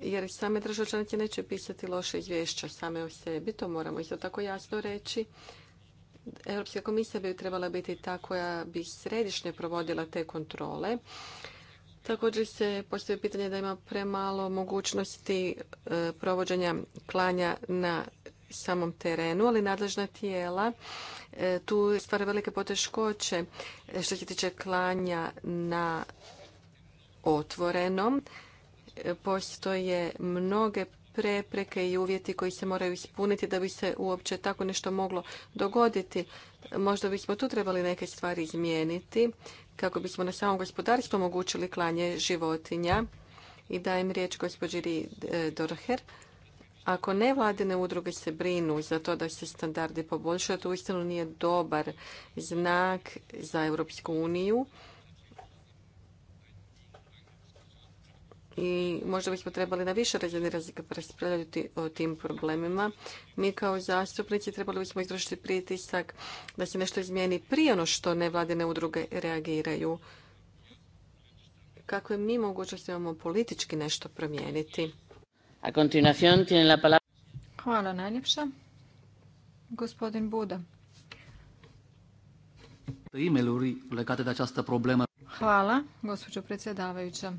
jer same države članice neće pisati loše izvješća same o sebi, to moramo isto tako jasno reći. Europska komisija bi trebala biti ta koja bi središnje provodila te kontrole. Također se postoji pitanje da ima premalo mogućnosti e, provođenja klanja na samom terenu, ali nadležna tijela e, tu stvara velike poteškoće e, što se tiče klanja na otvorenom postoje mnoge prepreke i uvjeti koji se moraju ispuniti da bi se uopće tako nešto moglo dogoditi. Možda bismo tu trebali neke stvari izmijeniti kako bismo na samom gospodarstvu omogućili klanje životinja. I dajem riječ gospođi e, Dorher. Ako nevladine udruge se brinu za to da se standardi poboljšaju, to uistinu nije dobar znak za Europsku uniju i možda bismo trebali na više razine raspravljati o tim problemima. Mi kao zastupnici trebali bismo izvršiti pritisak da se nešto izmijeni prije ono što nevladine udruge reagiraju. Kakve mi mogućnosti imamo politički nešto promijeniti? A continuación tiene la palabra. Hvala najljepša. Gospodin Buda. Hvala, gospođo predsjedavajuća.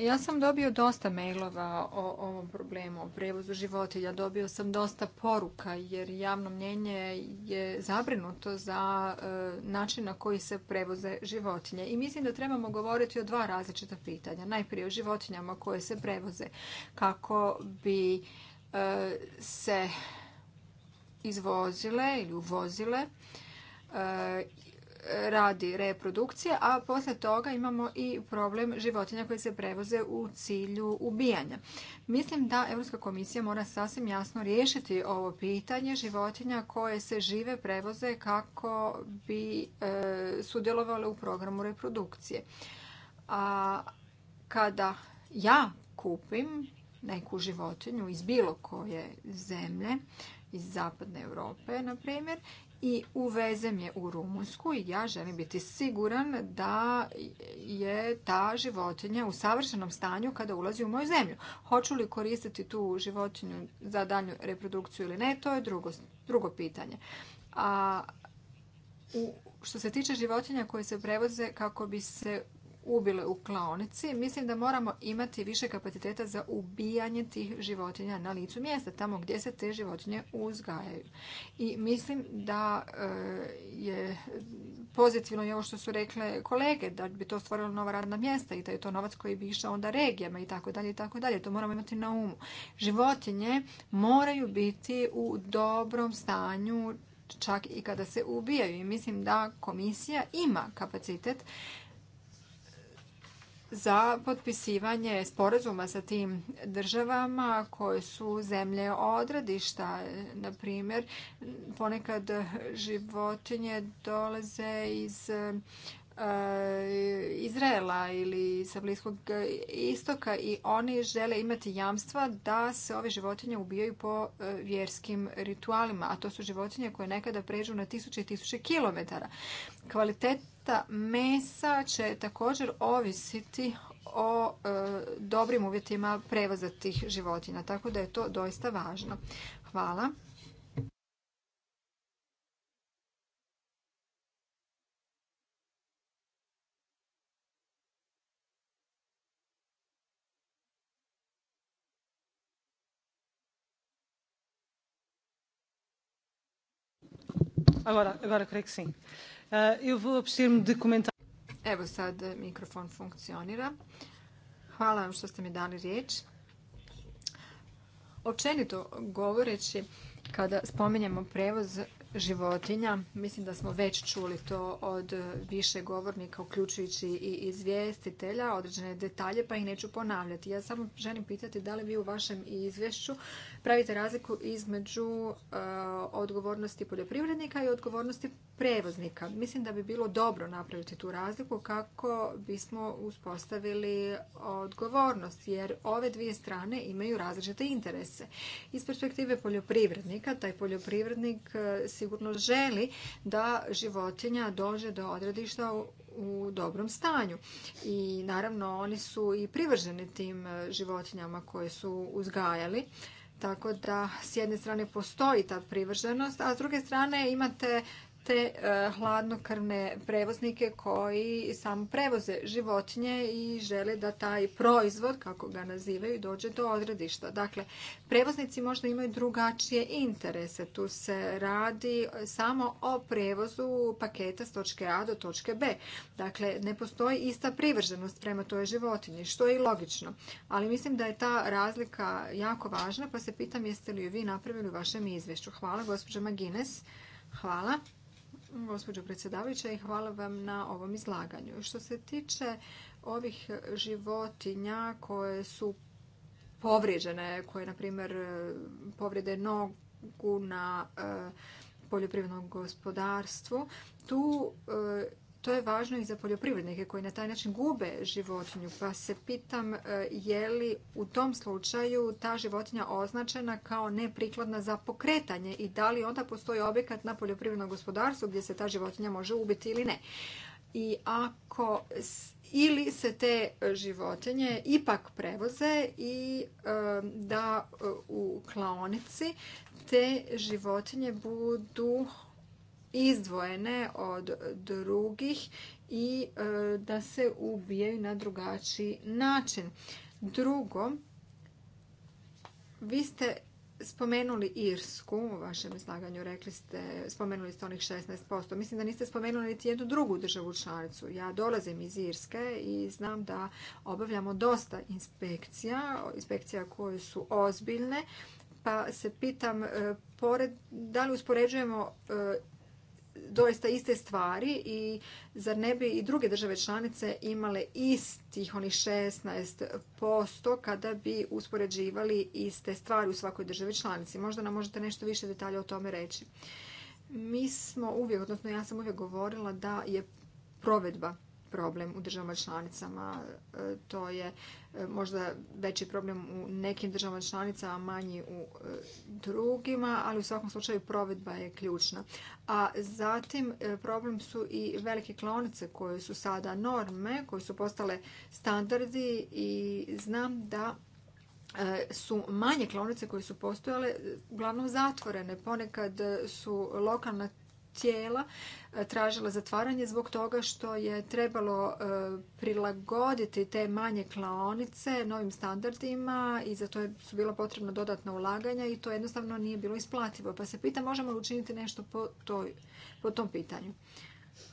Ja sam dobio dosta mailova o ovom problemu, o prevozu životinja. Dobio sam dosta poruka jer javno mnjenje je zabrinuto za e, način na koji se prevoze životinje. I mislim da trebamo govoriti o dva različita pitanja. Najprije o životinjama koje se prevoze kako bi e, se izvozile ili uvozile e, radi reprodukcije, a posle toga imamo i problem životinja koje se prevoze u cilju ubijanja. Mislim da Europska komisija mora sasvim jasno riješiti ovo pitanje životinja koje se žive prevoze kako bi e, sudjelovale u programu reprodukcije. A kada ja kupim neku životinju iz bilo koje zemlje, iz zapadne Europe, na primjer, i uvezem je u Rumunsku i ja želim biti siguran da je ta životinja u savršenom stanju kada ulazi u moju zemlju. Hoću li koristiti tu životinju za dalju reprodukciju ili ne, to je drugo, drugo pitanje. A u, što se tiče životinja koje se prevoze kako bi se ubile u klaonici, mislim da moramo imati više kapaciteta za ubijanje tih životinja na licu mjesta, tamo gdje se te životinje uzgajaju. I mislim da e, je pozitivno i ovo što su rekle kolege, da bi to stvorilo nova radna mjesta i da je to novac koji bi išao onda regijama i tako dalje i tako dalje. To moramo imati na umu. Životinje moraju biti u dobrom stanju čak i kada se ubijaju i mislim da komisija ima kapacitet za potpisivanje sporazuma sa tim državama koje su zemlje odradišta, Na ponekad životinje dolaze iz Eh, Izraela ili sa Bliskog eh, istoka i oni žele imati jamstva da se ove životinje ubijaju po eh, vjerskim ritualima, a to su životinje koje nekada pređu na tisuće i tisuće kilometara. Kvaliteta mesa će također ovisiti o dobrim uvjetima prevoza tih životinja, tako da je to doista važno. Hvala. Agora, agora eh, Evo sad eh, mikrofon funkcionira. Hvala vam što ste mi dali riječ. Općenito govoreći, kada spominjemo prevoz, životinja. Mislim da smo već čuli to od više govornika, uključujući i izvjestitelja, određene detalje, pa ih neću ponavljati. Ja samo želim pitati da li vi u vašem izvješću pravite razliku između e, odgovornosti poljoprivrednika i odgovornosti prevoznika. Mislim da bi bilo dobro napraviti tu razliku kako bismo uspostavili odgovornost, jer ove dvije strane imaju različite interese. Iz perspektive poljoprivrednika, taj poljoprivrednik e, sigurno želi da životinja dođe do odredišta u dobrom stanju. I naravno oni su i privrženi tim e, životinjama koje su uzgajali. Tako da s jedne strane postoji ta privrženost, a s druge strane imate te e, hladnokrvne prevoznike koji samo prevoze životinje i žele da taj proizvod, kako ga nazivaju, dođe do odredišta. Dakle, prevoznici možda imaju drugačije interese. Tu se radi samo o prevozu paketa s točke A do točke B. Dakle, ne postoji ista privrženost prema toj životinji, što je i logično. Ali mislim da je ta razlika jako važna, pa se pitam jeste li ju vi napravili u vašem izvješću. Hvala, gospođa Magines. Hvala gospođo predsjedavajuća i hvala vam na ovom izlaganju. Što se tiče ovih životinja koje su povrijeđene, koje na primjer povrede nogu na eh, poljoprivrednom gospodarstvu, tu eh, to je važno i za poljoprivrednike koji na taj način gube životinju, pa se pitam e, je li u tom slučaju ta životinja označena kao neprikladna za pokretanje i da li onda postoji objekat na poljoprivrednom gospodarstvu gdje se ta životinja može ubiti ili ne. I ako ili se te životinje ipak prevoze i e, da e, u klaonici te životinje budu izdvojene od drugih i e, da se ubijaju na drugačiji način. Drugo, vi ste spomenuli Irsku u vašem izlaganju, rekli ste, spomenuli ste onih 16%. Mislim da niste spomenuli niti jednu drugu državu članicu. Ja dolazim iz Irske i znam da obavljamo dosta inspekcija, inspekcija koje su ozbiljne, pa se pitam, e, da li uspoređujemo e, doista iste stvari i zar ne bi i druge države članice imale istih onih 16% kada bi uspoređivali iste stvari u svakoj državi članici? Možda nam možete nešto više detalja o tome reći. Mi smo uvijek, odnosno ja sam uvijek govorila da je provedba problem u državama članicama. E, to je e, možda veći problem u nekim državama članicama, manji u e, drugima, ali u svakom slučaju provedba je ključna. A zatim problem su i velike klonice koje su sada norme, koje su postale standardi i znam da su manje klonice koje su postojale uglavnom zatvorene. Ponekad su lokalna tijela e, tražila zatvaranje zbog toga što je trebalo e, prilagoditi te manje klaonice novim standardima i za to su bila potrebna dodatna ulaganja i to jednostavno nije bilo isplativo. Pa se pita možemo li učiniti nešto po, tom pitanju.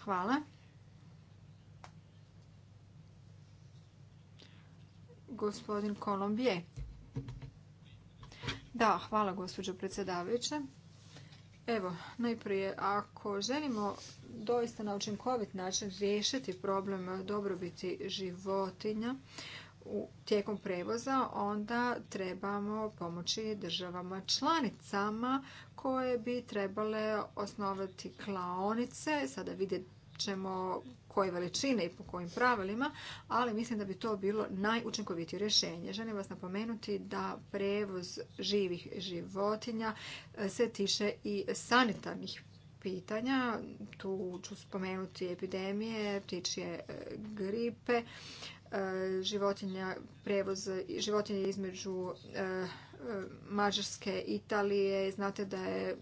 Hvala. Gospodin Kolombije. Da, hvala gospođo predsjedavajuća. Evo, najprije, ako želimo doista na učinkovit način riješiti problem dobrobiti životinja u tijekom prevoza, onda trebamo pomoći državama članicama koje bi trebale osnovati klaonice. Sada vidjet ćemo koje veličine i po kojim pravilima, ali mislim da bi to bilo najučinkovitije rješenje. Želim vas napomenuti da prevoz živih životinja e, se tiše i sanitarnih pitanja. Tu ću spomenuti epidemije, ptičje e, gripe, e, životinja, prevoz životinje između Mađarske, Italije. Znate da je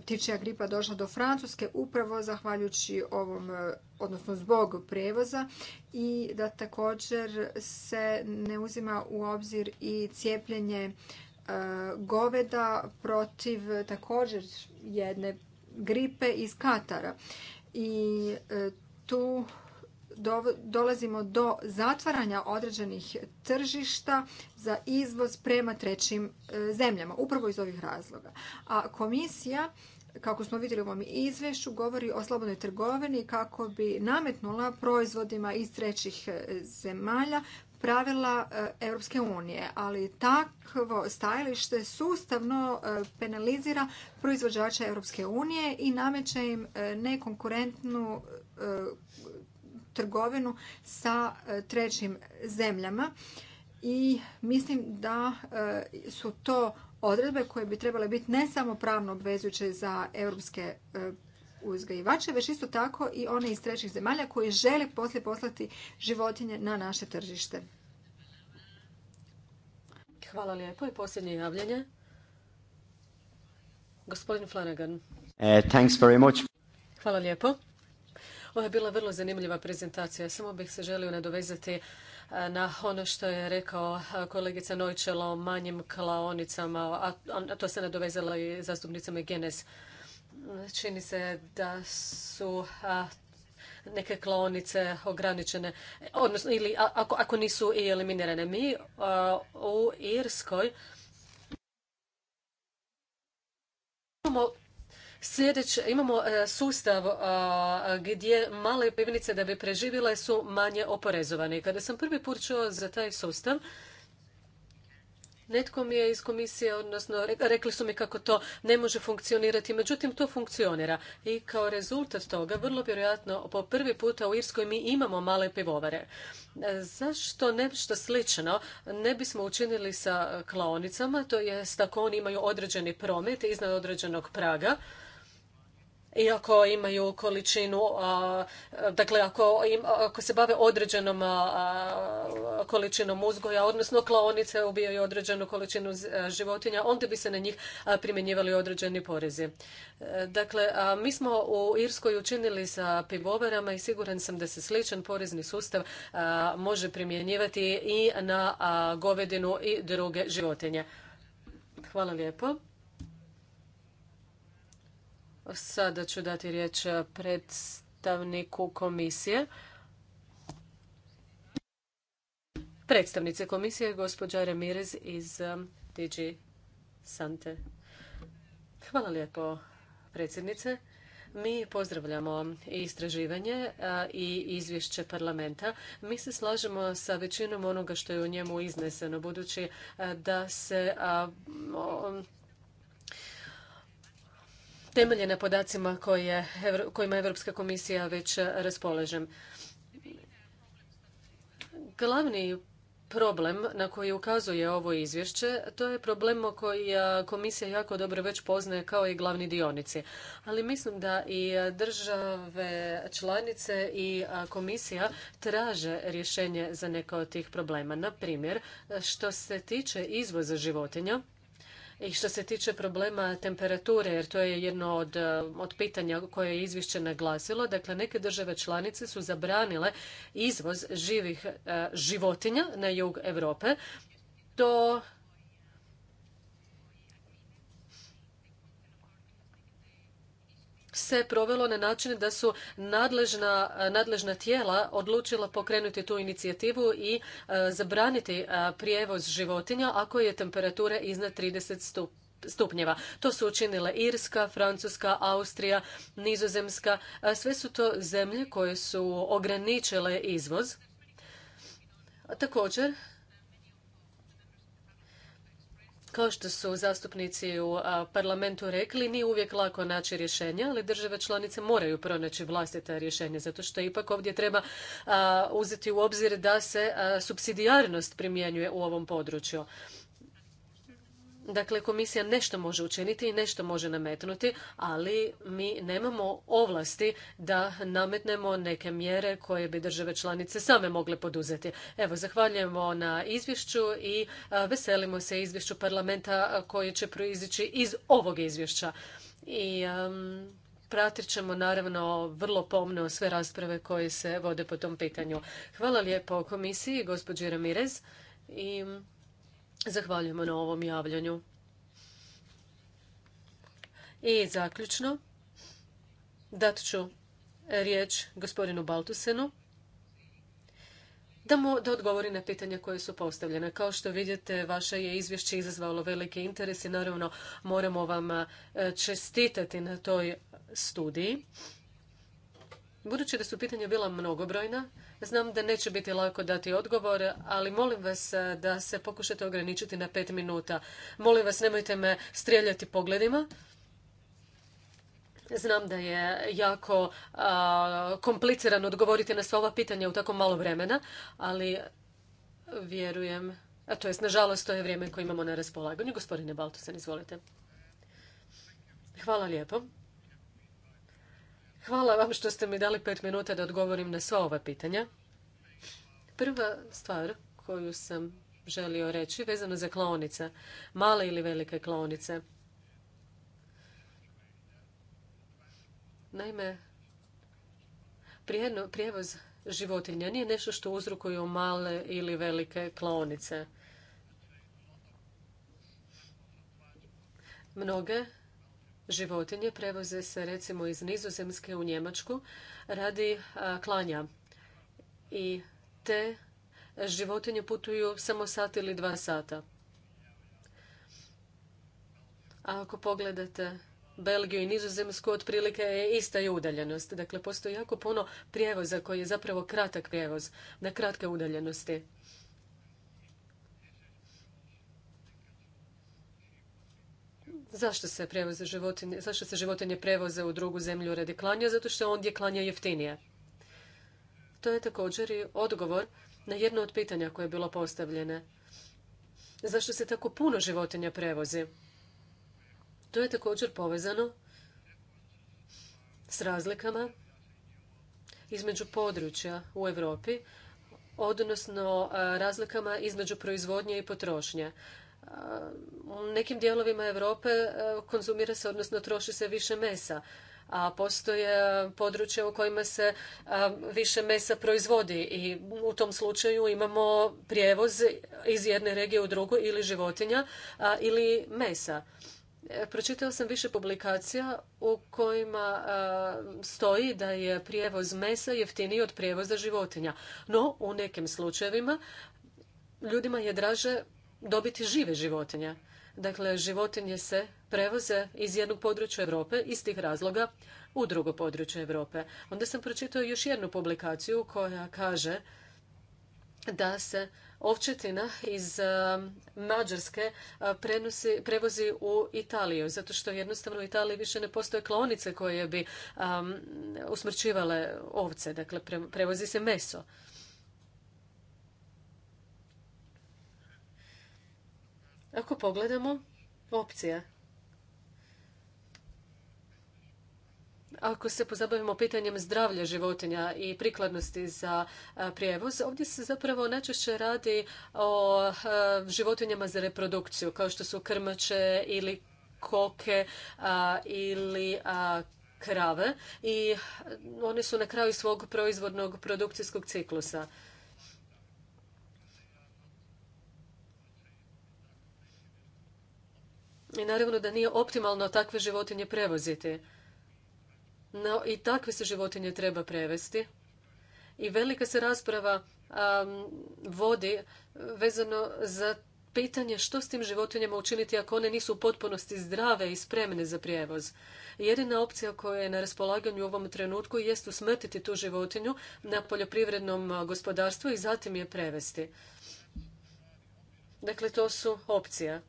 ptičja gripa došla do Francuske upravo zahvaljujući ovom, e, odnosno zbog prevoza i da također se ne uzima u obzir i cijepljenje e, goveda protiv također jedne gripe iz Katara. I e, tu dolazimo do zatvaranja određenih tržišta za izvoz prema trećim e, zemljama, upravo iz ovih razloga. A komisija kako smo vidjeli u ovom izvješću, govori o slobodnoj trgovini kako bi nametnula proizvodima iz trećih e, zemalja pravila e, Europske unije, ali takvo stajalište sustavno penalizira proizvođače Europske unije i nameće im nekonkurentnu trgovinu sa e, trećim zemljama i mislim da e, su to odredbe koje bi trebale biti ne samo pravno obvezujuće za europske e, uzgajivače, već isto tako i one iz trećih zemalja koji žele poslije poslati životinje na naše tržište. Hvala lijepo i posljednje javljanje. Gospodin Flanagan. Uh, Hvala lijepo. Ovo je bila vrlo zanimljiva prezentacija. Samo bih se želio nadovezati e, na ono što je rekao e, kolegica Nojčela o manjim klaonicama, a to se nadovezala i zastupnicama GENES. Čini se da su neke klaonice ograničene, odnosno ili ako, ako nisu i eliminirane. Mi e, u Irskoj Sljedeće, imamo e, sustav e, gdje male pivnice da bi preživjele su manje oporezovane. kada sam prvi put čuo za taj sustav, Netko mi je iz komisije, odnosno rekli su mi kako to ne može funkcionirati, međutim to funkcionira. I kao rezultat toga, vrlo vjerojatno, po prvi puta u Irskoj mi imamo male pivovare. E, zašto nešto slično ne bismo učinili sa klaonicama, to je ako oni imaju određeni promet iznad određenog praga, iako imaju količinu, dakle ako, ako se bave određenom količinom uzgoja, odnosno klaonice ubijaju određenu količinu životinja, onda bi se na njih primjenjivali određeni porezi. E, dakle, mi smo u Irskoj učinili sa pivovarama i siguran sam da se sličan porezni sustav može primjenjivati i na govedinu i druge životinje. Hvala lijepo. Sada ću dati riječ predstavniku komisije. Predstavnice komisije, gospođa Remirez iz um, DG Sante. Hvala lijepo, predsjednice. Mi pozdravljamo i istraživanje uh, i izvješće parlamenta. Mi se slažemo sa većinom onoga što je u njemu izneseno, budući uh, da se uh, temelje na podacima kojima Europska komisija već raspolaže. Glavni problem na koji ukazuje ovo izvješće, to je problem koji komisija jako dobro već poznaje kao i glavni dionici. Ali mislim da i države članice i komisija traže rješenje za neka od tih problema. Na primjer, što se tiče izvoza životinja, i što se tiče problema temperature, jer to je jedno eh, od, pitanja koje je izvješće naglasilo, dakle neke države članice su zabranile izvoz živih eh, životinja na jug Europe. To se provelo na način da su nadležna, nadležna tijela odlučila pokrenuti tu inicijativu i e, zabraniti e, prijevoz životinja ako je temperatura iznad 30 stupnjeva stupnjeva. To su učinile Irska, Francuska, Austrija, Nizozemska. Sve su to zemlje koje su ograničile izvoz. Također, kao što su zastupnici u parlamentu rekli, nije uvijek lako naći rješenja, ali države članice moraju pronaći vlastita rješenja, zato što ipak ovdje treba uzeti u obzir da se subsidijarnost primjenjuje u ovom području. Dakle, komisija nešto može učiniti i nešto može nametnuti, ali mi nemamo ovlasti da nametnemo neke mjere koje bi države članice same mogle poduzeti. Evo, zahvaljujemo na izvješću i e, veselimo se izvješću parlamenta koje će proizići iz ovog izvješća. I pratit ćemo naravno vrlo pomno sve rasprave koje se vode po tom pitanju. Hvala lijepo komisiji, gospođi Ramirez. I Zahvaljujemo na ovom javljanju. I zaključno dat ću riječ gospodinu Baltusenu da mu da odgovori na pitanja koje su postavljene. Kao što vidite, vaše je izvješće izazvalo velike interes i naravno moramo vam eh, čestitati na toj studiji. Budući da su pitanja bila mnogobrojna, znam da neće biti lako dati odgovor, ali molim vas e, da se pokušate ograničiti na pet minuta. Molim vas, nemojte me strijeljati pogledima. Znam da je jako kompliciran odgovoriti na sva ova pitanja u tako malo vremena, ali vjerujem, a to jest nažalost to je vrijeme koje imamo na raspolaganju. Gospodine Baltusan, izvolite. Hvala lijepo. Hvala vam što ste mi dali pet minuta da odgovorim na sva ova pitanja. Prva stvar koju sam želio reći vezano za klaonice, male ili velike klaonice. Naime, prijevoz životinja nije nešto što uzrukuju male ili velike klaonice. Mnoge životinje prevoze se recimo iz Nizozemske u Njemačku radi klanja. I te životinje putuju samo sat ili dva sata. A ako pogledate Belgiju i Nizozemsku, otprilike je ista je udaljenost. Dakle, postoji jako puno prijevoza koji je zapravo kratak prijevoz na kratke udaljenosti. Zašto se, prevoze životinje, zašto se životinje prevoze u drugu zemlju radi klanja? Zato što ondje klanja jeftinije. To je također i odgovor na jedno od pitanja koje je bilo postavljene. Zašto se tako puno životinja prevozi? To je također povezano s razlikama između područja u Europi, odnosno razlikama između proizvodnje i potrošnje u nekim dijelovima Europe e, konzumira se, odnosno troši se više mesa. A postoje područja u kojima se više mesa proizvodi i u tom slučaju imamo prijevoz iz jedne regije u drugu ili životinja ili mesa. E, pročitao sam više publikacija u kojima stoji da je prijevoz mesa jeftiniji od prijevoza životinja. No, u nekim slučajevima ljudima je draže dobiti žive životinje. Dakle, životinje se prevoze iz jednog područja Europe, iz tih razloga, u drugo područje Europe. Onda sam pročitao još jednu publikaciju koja kaže da se ovčetina iz e, Mađarske e, prevozi u Italiju, zato što jednostavno u Italiji više ne postoje klonice koje bi usmrčivale ovce, dakle prevozi se meso. Ako pogledamo opcije, Ako se pozabavimo pitanjem zdravlja životinja i prikladnosti za e, prijevoz, ovdje se zapravo najčešće radi o e, životinjama za reprodukciju, kao što su krmače ili koke e, ili krave i one su na kraju svog proizvodnog produkcijskog ciklusa. I naravno da nije optimalno takve životinje prevoziti. No i takve se životinje treba prevesti. I velika se rasprava vodi vezano za pitanje što s tim životinjama učiniti ako one nisu u potpunosti zdrave i spremne za prijevoz. Jedina opcija koja je na raspolaganju u ovom trenutku jest usmrtiti tu životinju na poljoprivrednom gospodarstvu i zatim je prevesti. Dakle, to su opcije.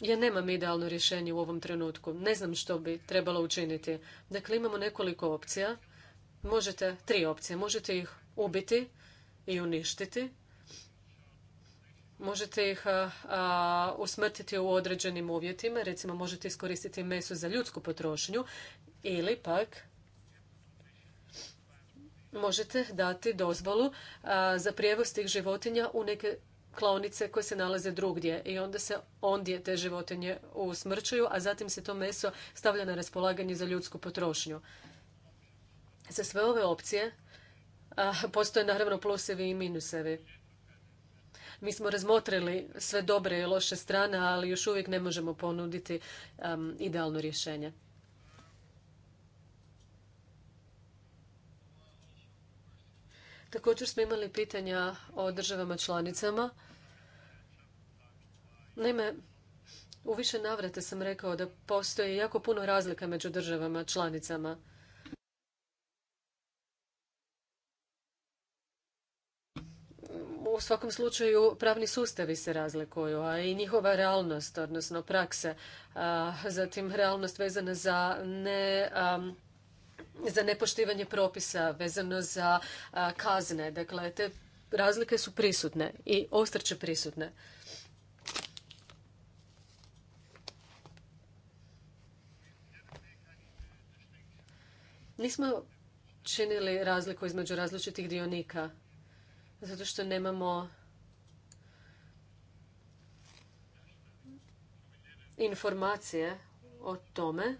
Ja nemam idealno rješenje u ovom trenutku. Ne znam što bi trebalo učiniti. Dakle, imamo nekoliko opcija. Možete, tri opcije. Možete ih ubiti i uništiti. Možete ih usmrtiti u određenim uvjetima. Recimo, možete iskoristiti meso za ljudsku potrošnju. Ili pak možete dati dozvolu za prijevoz tih životinja u neke klaonice koje se nalaze drugdje i onda se ondje te životinje usmrćuju, a zatim se to meso stavlja na raspolaganje za ljudsku potrošnju. Za sve ove opcije postoje naravno plusevi i minusevi. Mi smo razmotrili sve dobre i loše strane, ali još uvijek ne možemo ponuditi idealno rješenje. Također smo imali pitanja o državama članicama. Naime, u više navrata sam rekao da postoji jako puno razlika među državama članicama. U svakom slučaju pravni sustavi se razlikuju, a i njihova realnost, odnosno prakse, zatim realnost vezana za ne za nepoštivanje propisa vezano za kazne. Dakle, te razlike su prisutne i ostrče prisutne. Nismo činili razliku između različitih dionika, zato što nemamo informacije o tome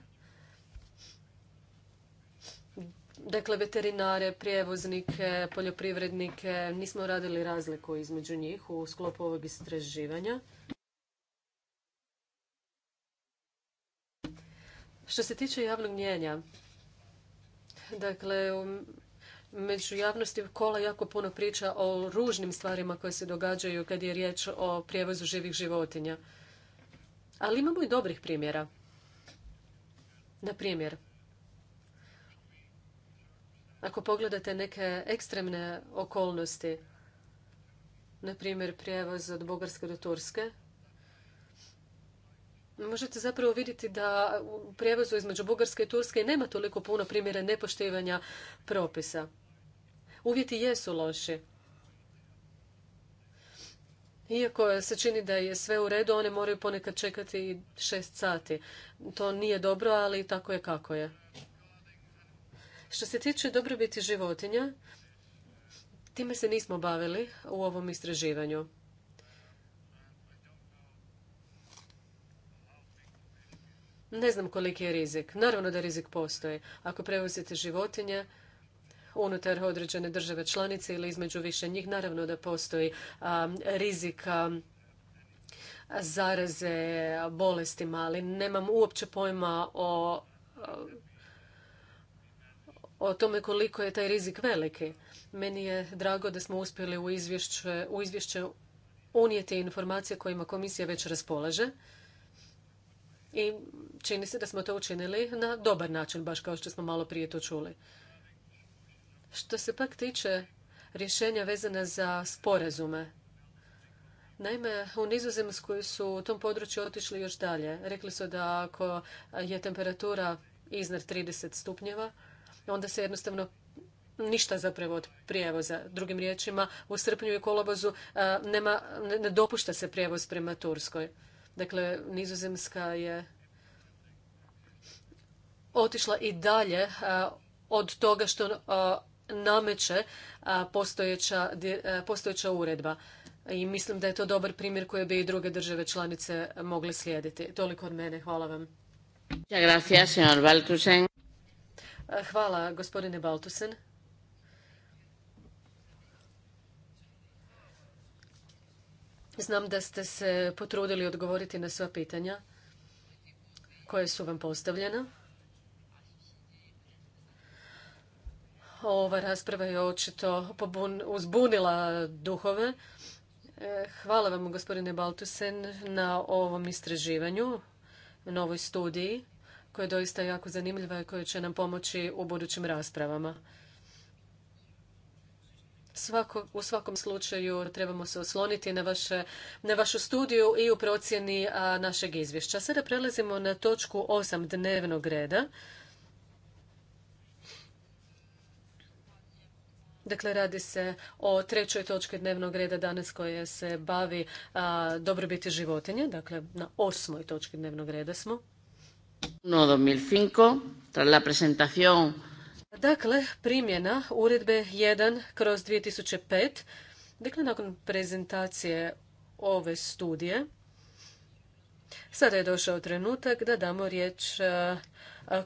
Dakle, veterinare, prijevoznike, poljoprivrednike, nismo radili razliku između njih u sklopu ovog istraživanja. Što se tiče javnog mjenja, dakle, među javnosti kola jako puno priča o ružnim stvarima koje se događaju kad je riječ o prijevozu živih životinja. Ali imamo i dobrih primjera. Na primjer, ako pogledate neke ekstremne okolnosti, na primjer prijevoz od Bugarske do Turske, možete zapravo vidjeti da u prijevozu između Bugarske i Turske nema toliko puno primjera nepoštivanja propisa. Uvjeti jesu loši. Iako se čini da je sve u redu, one moraju ponekad čekati šest sati. To nije dobro, ali tako je kako je. Što se tiče dobrobiti životinja, time se nismo bavili u ovom istraživanju. Ne znam koliki je rizik. Naravno da rizik postoji. Ako prevozite životinje unutar određene države članice ili između više njih, naravno da postoji rizika zaraze, bolestima, ali nemam uopće pojma o o tome koliko je taj rizik veliki. Meni je drago da smo uspjeli u izvješće, u izvješće unijeti informacije kojima komisija već raspolaže i čini se da smo to učinili na dobar način, baš kao što smo malo prije to čuli. Što se pak tiče rješenja vezana za sporazume, Naime, u Nizozemskoj su u tom području otišli još dalje. Rekli su da ako je temperatura iznad 30 stupnjeva, onda se jednostavno ništa zapravo od prijevoza. Drugim riječima, u srpnju i kolovozu e, nema, ne dopušta se prijevoz prema Turskoj. Dakle, Nizozemska je otišla i dalje e, od toga što e, nameće postojeća, postojeća uredba. I mislim da je to dobar primjer koji bi i druge države članice mogle slijediti. Toliko od mene. Hvala vam. Hvala, gospodine Baltusen. Znam da ste se potrudili odgovoriti na sva pitanja koje su vam postavljena. Ova rasprava je očito uzbunila duhove. E, hvala vam, gospodine Baltusen, na ovom istraživanju, na ovoj studiji koja je doista jako zanimljiva i koja će nam pomoći u budućim raspravama. Svako, u svakom slučaju trebamo se osloniti na, vaše, na vašu studiju i u procjeni našeg izvješća. Sada prelazimo na točku 8 dnevnog reda. Dakle, radi se o trećoj točki dnevnog reda danas koja se bavi dobrobiti životinje. Dakle, na osmoj točki dnevnog reda smo. 1-2005, tras la presentación... Dakle, primjena uredbe 1 kroz 2005, dakle nakon prezentacije ove studije, Sada je došao trenutak da damo riječ e,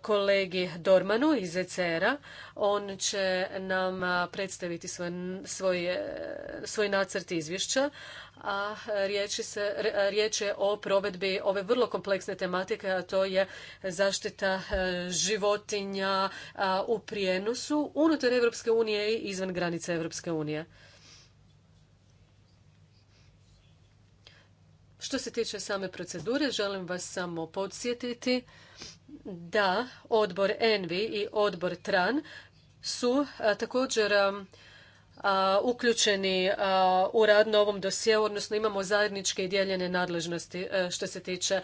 kolegi Dormanu iz ECR-a. On će nam e, predstaviti e, svoj, nacrt izvješća, a riječ, je o provedbi ove vrlo kompleksne tematike, a to je zaštita životinja u prijenosu unutar Europske unije i izvan granica Europske unije. Što se tiče same procedure, želim vas samo podsjetiti da odbor Envi i odbor Tran su također uključeni u rad na ovom dosjeu, odnosno imamo zajedničke i dijeljene nadležnosti e, što se tiče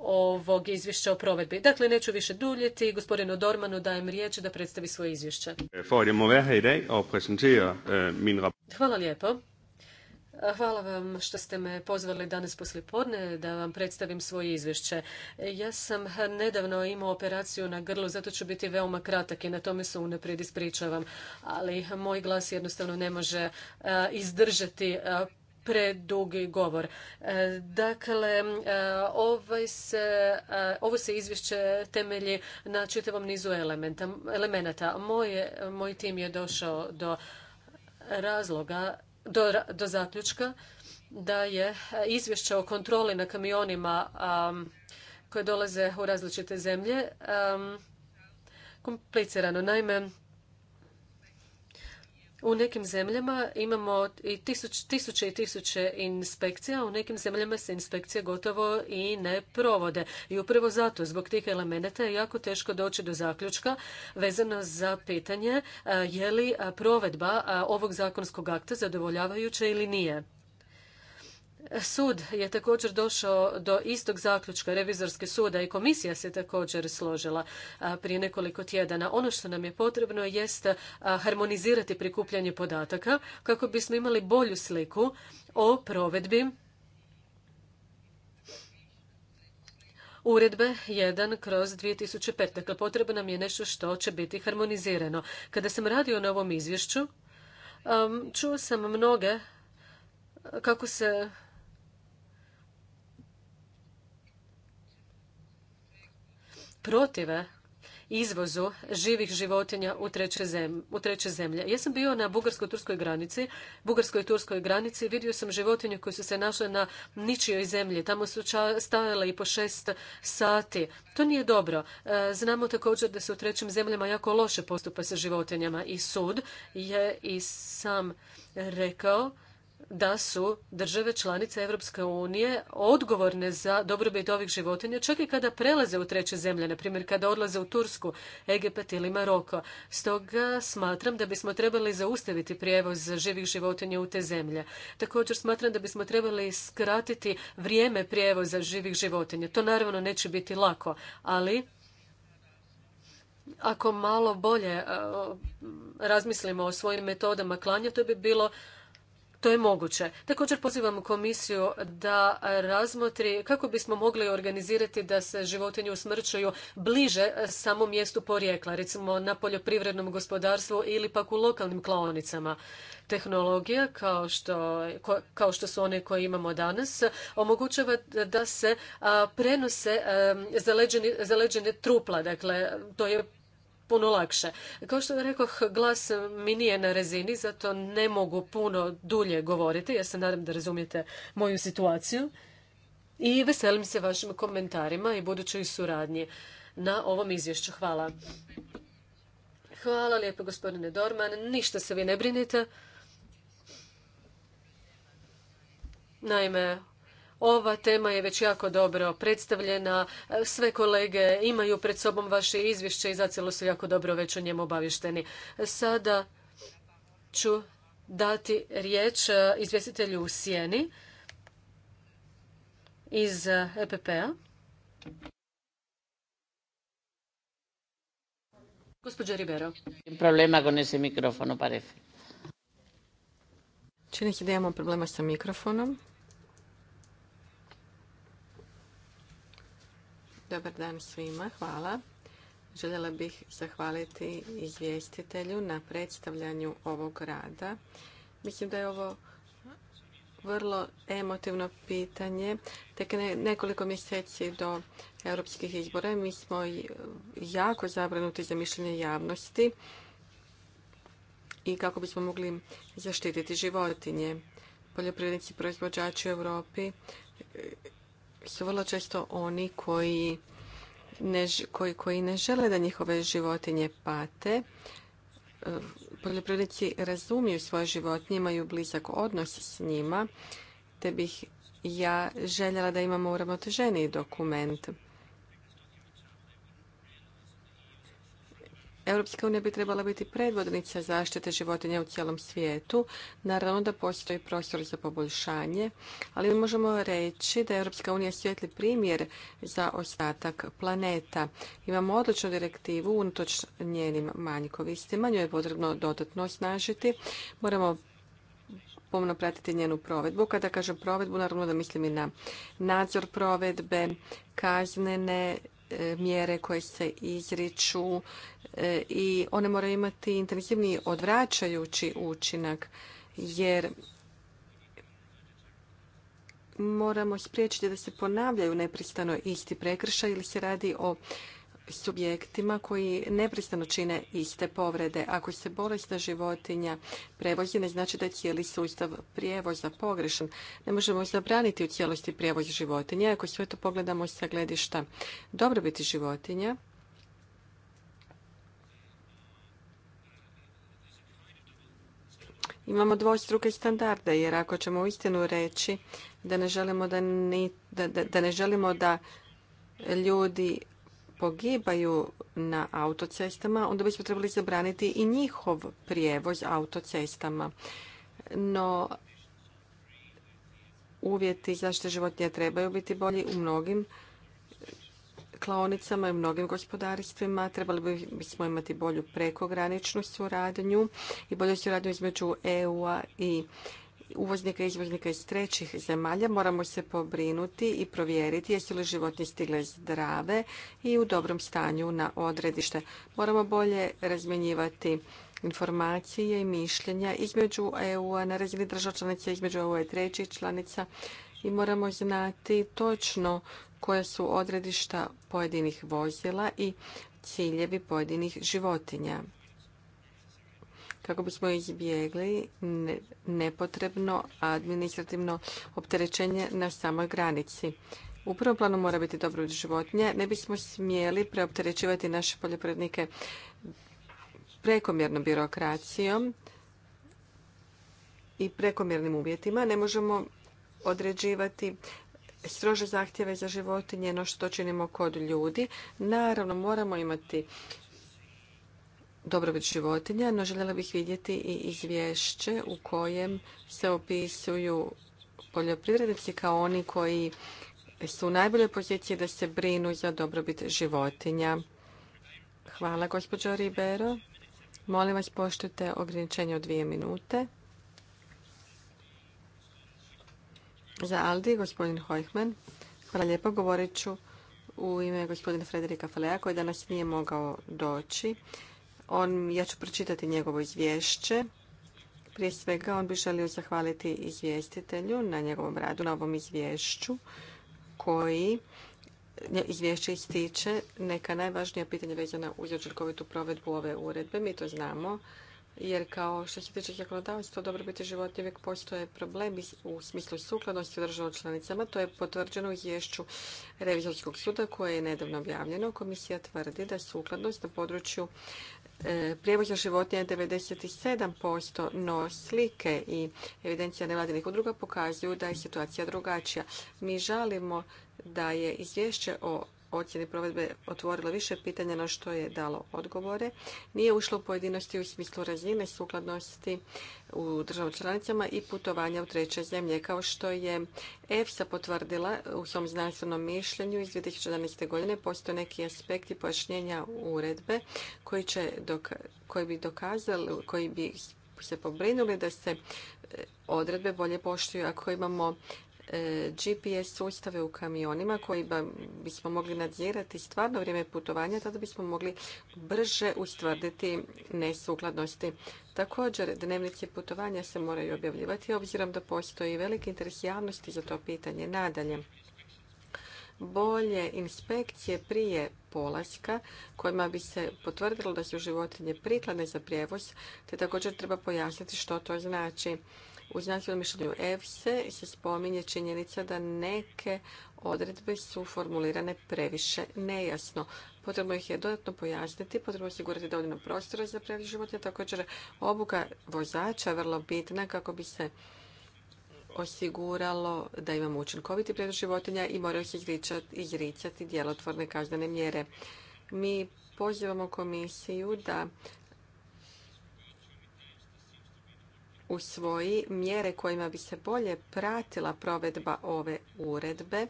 ovog izvješća o provedbi. Dakle, neću više duljiti. Gospodinu Dormanu dajem riječ da predstavi svoje izvješće. Øh, Hvala lijepo. Hvala vam što ste me pozvali danas poslijepodne da vam predstavim svoje izvješće. Ja sam nedavno imao operaciju na grlu, zato ću biti veoma kratak i na tome se unaprijed ispričavam, ali moj glas jednostavno ne može e, izdržati e, predugi govor. E, dakle, ovaj se, ovo se izvješće temelji na čitavom nizu elementa, elemenata. Moj, moj tim je došao do razloga do, do zaključka da je izvješće o kontroli na kamionima koje dolaze u različite zemlje komplicirano. Naime, u nekim zemljama imamo i tisuće i tisuće inspekcija, u nekim zemljama se inspekcije gotovo i ne provode. I upravo zato, zbog tih elemenata je jako teško doći do zaključka vezano za pitanje je li provedba ovog zakonskog akta zadovoljavajuća ili nije. Sud je također došao do istog zaključka revizorske suda i komisija se također složila prije nekoliko tjedana. Ono što nam je potrebno jest harmonizirati prikupljanje podataka kako bismo imali bolju sliku o provedbi Uredbe 1 kroz 2005. Dakle, potrebno nam je nešto što će biti harmonizirano. Kada sam radio na ovom izvješću, čuo sam mnoge kako se protive izvozu živih životinja u treće, zemlje, u treće Ja sam bio na bugarsko-turskoj granici, bugarskoj i turskoj granici, vidio sam životinje koje su se našle na ničijoj zemlji. Tamo su stajale i po šest sati. To nije dobro. E, znamo također da se u trećim zemljama jako loše postupa sa životinjama i sud je i sam rekao da su države članice Europske unije odgovorne za dobrobit ovih životinja, čak i kada prelaze u treće zemlje, na primjer kada odlaze u Tursku, Egipat ili Maroko. Stoga smatram da bismo trebali zaustaviti prijevoz živih životinja u te zemlje. Također smatram da bismo trebali skratiti vrijeme prijevoza živih životinja. To naravno neće biti lako, ali ako malo bolje e, razmislimo o svojim metodama klanja, to bi bilo to je moguće. Također pozivamo komisiju da razmotri kako bismo mogli organizirati da se životinje usmrćuju bliže samom mjestu porijekla, recimo na poljoprivrednom gospodarstvu ili pak u lokalnim klaonicama. Tehnologija, kao što, su one koje imamo danas, omogućava da se prenose trupla. Dakle, to je puno lakše. Kao što rekoh, glas mi nije na rezini, zato ne mogu puno dulje govoriti. Ja se nadam da razumijete moju situaciju. I veselim se vašim komentarima i budućoj suradnji na ovom izvješću. Hvala. Hvala lijepo gospodine Dorman. Ništa se vi ne brinite. Naime, ova tema je već jako dobro predstavljena. Sve kolege imaju pred sobom vaše izvješće i zacijelo su jako dobro već o njemu obavješteni. Sada ću dati riječ e, izvjestitelju u Sjeni iz EPP-a. Gospođa Ribero. Problema con Čini se da imamo problema sa mikrofonom. Dobar dan svima, hvala. Željela bih zahvaliti izvjestitelju na predstavljanju ovog rada. Mislim da je ovo vrlo emotivno pitanje. Tek nekoliko mjeseci do europskih izbora mi smo jako zabrinuti za mišljenje javnosti i kako bismo mogli zaštititi životinje. Poljoprivrednici proizvođači u Europi su vrlo često oni koji ne, koji, koji ne žele da njihove životinje pate. E, poljoprivrednici razumiju svoje životinje, imaju blizak odnos s njima, te bih ja željela da imamo uravnoteženiji dokument. Europska unija bi trebala biti predvodnica zaštite životinja u cijelom svijetu. Naravno da postoji prostor za poboljšanje, ali možemo reći da je Europska unija svijetli primjer za ostatak planeta. Imamo odličnu direktivu unatoč njenim manjkovistima, nju je potrebno dodatno osnažiti. Moramo pomno pratiti njenu provedbu. Kada kažem provedbu, naravno da mislim i na nadzor provedbe, kaznene mjere koje se izriču e, i one moraju imati intenzivniji odvraćajući učinak jer moramo spriječiti da se ponavljaju nepristano isti prekršaj ili se radi o subjektima koji neprestano čine iste povrede. Ako se bolesna životinja prevozi, ne znači da je cijeli sustav prijevoza pogrešan. Ne možemo zabraniti u cijelosti prijevoz životinja. Ako sve to pogledamo sa gledišta dobrobiti životinja, imamo dvostruke standarde, jer ako ćemo istinu reći da ne želimo da, da ne želimo da ljudi pogibaju na autocestama, onda bismo trebali zabraniti i njihov prijevoz autocestama. No, uvjeti zaštite životinja trebaju biti bolji u mnogim klaonicama i u mnogim gospodarstvima. Trebali bismo imati bolju prekograničnu suradnju i bolju suradnju između EU-a i uvoznika i izvoznika iz trećih zemalja moramo se pobrinuti i provjeriti jesu li životinje stigle zdrave i u dobrom stanju na odredište. Moramo bolje razmjenjivati informacije i mišljenja između EU-a na razini država članica, između EU-a i trećih članica i moramo znati točno koje su odredišta pojedinih vozila i ciljevi pojedinih životinja kako bismo izbjegli nepotrebno administrativno opterećenje na samoj granici. U prvom planu mora biti dobro životinja. Ne bismo smjeli preopterećivati naše poljoprivrednike prekomjernom birokracijom i prekomjernim uvjetima. Ne možemo određivati strože zahtjeve za životinje no što činimo kod ljudi. Naravno, moramo imati dobrobit životinja, no željela bih vidjeti i izvješće u kojem se opisuju poljoprivrednici kao oni koji su u najboljoj poziciji da se brinu za dobrobit životinja. Hvala, gospođo Ribero. Molim vas, poštujte ograničenje od dvije minute. Za Aldi, gospodin Hojhman. Hvala lijepo, govorit ću u ime gospodina Frederika Falea, koji danas nije mogao doći. On, ja ću pročitati njegovo izvješće. Prije svega on bi želio zahvaliti izvjestitelju na njegovom radu, na ovom izvješću koji izvješće ističe neka najvažnija pitanja vezana uz učinkovitu provedbu ove uredbe. Mi to znamo jer kao što se tiče zakonodavstva dobrobiti životinja uvijek postoje problemi u smislu sukladnosti u članicama. To je potvrđeno u izvješću Revizorskog suda koje je nedavno objavljeno. Komisija tvrdi da sukladnost na području E, prijevoza životinja je 97%, no slike i evidencija nevladinih udruga pokazuju da je situacija drugačija. Mi žalimo da je izvješće o ocjeni provedbe otvorilo više pitanja na što je dalo odgovore. Nije ušlo u pojedinosti u smislu razine sukladnosti u državama članicama i putovanja u treće zemlje, kao što je EFSA potvrdila u svom znanstvenom mišljenju iz 2011. godine postoje neki aspekti pojašnjenja uredbe koji, će, koji bi dokazali, koji bi se pobrinuli da se odredbe bolje poštuju ako imamo E, GPS sustave u kamionima koji bismo mogli nadzirati stvarno vrijeme putovanja, tada bismo mogli brže ustvrditi nesukladnosti. Također, dnevnici putovanja se moraju objavljivati, obzirom da postoji veliki interes javnosti za to pitanje. Nadalje, bolje inspekcije prije polaska kojima bi se potvrdilo da su životinje prikladne za prijevoz, te također treba pojasniti što to znači. U znanstvenom mišljenju EFSE se spominje činjenica da neke odredbe su formulirane previše nejasno. Potrebno ih je dodatno pojasniti, potrebno osigurati dovoljno prostora za previše životinja. Također, obuka vozača je vrlo bitna kako bi se osiguralo da imamo učinkoviti prijatelj životinja i moraju se izricati, izricati djelotvorne kaznene mjere. Mi pozivamo komisiju da usvoji mjere kojima bi se bolje pratila provedba ove uredbe.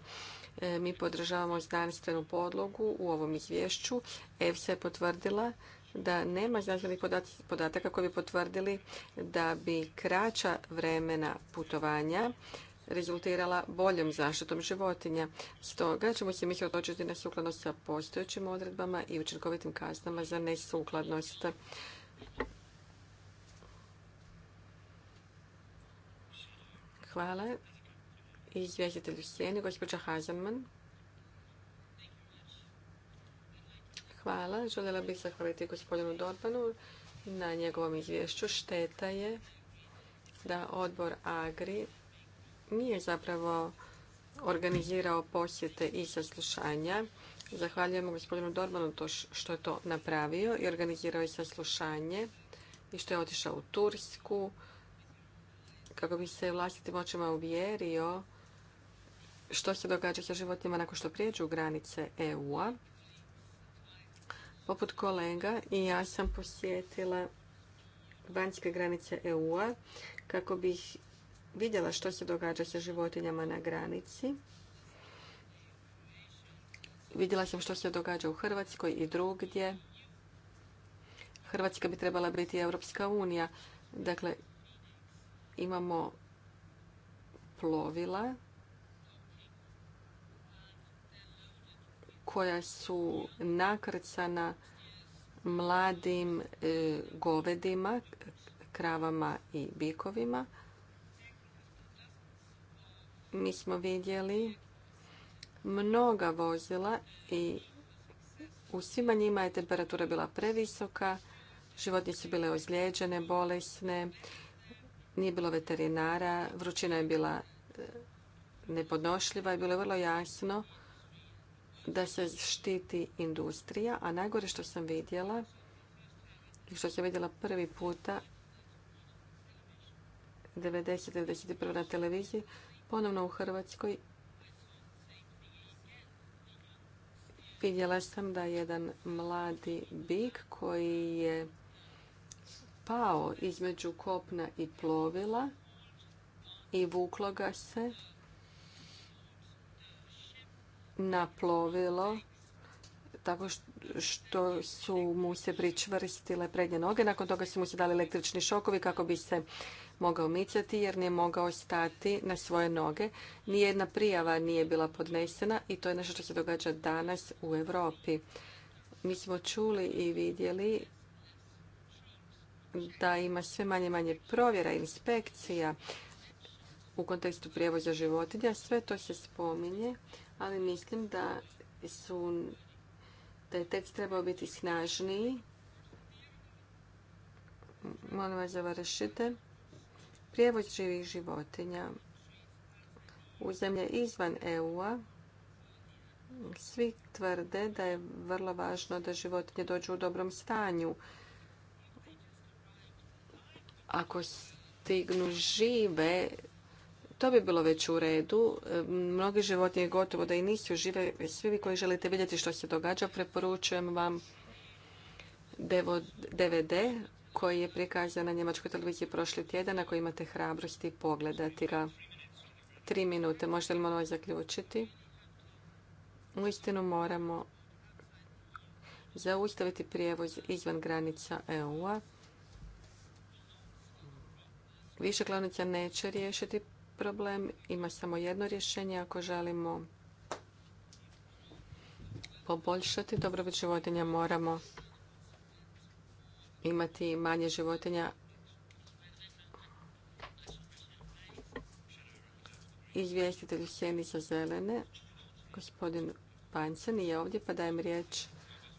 E, mi podržavamo znanstvenu podlogu u ovom izvješću. EFSA je potvrdila da nema znanstvenih podataka koji bi potvrdili da bi kraća vremena putovanja rezultirala boljom zaštitom životinja. Stoga ćemo se mi odlučiti na sukladnost sa postojećim odredbama i učinkovitim kaznama za nesukladnost. Hvala. Izvjestitelju Sjeni, gospođa Hazaman. Hvala. želela bih zahvaliti gospodinu Dorbanu na njegovom izvješću. Šteta je da odbor Agri nije zapravo organizirao posjete i saslušanja. Zahvaljujemo gospodinu Dorbanu to što je to napravio i organizirao je saslušanje i što je otišao u Tursku, kako bi se vlastitim očima uvjerio što se događa sa životima nakon što prijeđu granice EU-a. Poput kolega i ja sam posjetila vanjske granice EU-a kako bih vidjela što se događa sa životinjama na granici. Vidjela sam što se događa u Hrvatskoj i drugdje. Hrvatska bi trebala biti Europska unija. Dakle, imamo plovila koja su nakrcana mladim e, govedima, kravama i bikovima. Mi smo vidjeli mnoga vozila i u svima njima je temperatura bila previsoka, životinje su bile ozlijeđene, bolesne, nije bilo veterinara, vrućina je bila e, nepodnošljiva i bilo je vrlo jasno da se štiti industrija, a najgore što sam vidjela i što sam vidjela prvi puta 90. na televiziji, ponovno u Hrvatskoj vidjela sam da jedan mladi bik koji je pao između kopna i plovila i vuklo ga se na plovilo tako što su mu se pričvrstile prednje noge. Nakon toga su mu se dali električni šokovi kako bi se mogao micati jer nije mogao stati na svoje noge. Nijedna prijava nije bila podnesena i to je nešto što se događa danas u Europi. Mi smo čuli i vidjeli da ima sve manje manje provjera, inspekcija u kontekstu prijevoza životinja. Sve to se spominje, ali mislim da su da je tekst trebao biti snažniji. Molim vas, završite. Prijevoz živih životinja u zemlje izvan EU-a svi tvrde da je vrlo važno da životinje dođu u dobrom stanju ako stignu žive, to bi bilo već u redu. E, mnogi životinje gotovo da i nisu žive. Svi vi koji želite vidjeti što se događa, preporučujem vam DVD koji je prikazan na njemačkoj televiziji prošli tjedan, ako imate hrabrosti pogledati ga. Tri minute, možete li malo zaključiti? Uistinu moramo zaustaviti prijevoz izvan granica EU-a. Više klanica neće riješiti problem, ima samo jedno rješenje ako želimo poboljšati dobrobit životinja moramo imati manje životinja izvjestitelj sjeni zelene gospodin Pancen je ovdje pa dajem riječ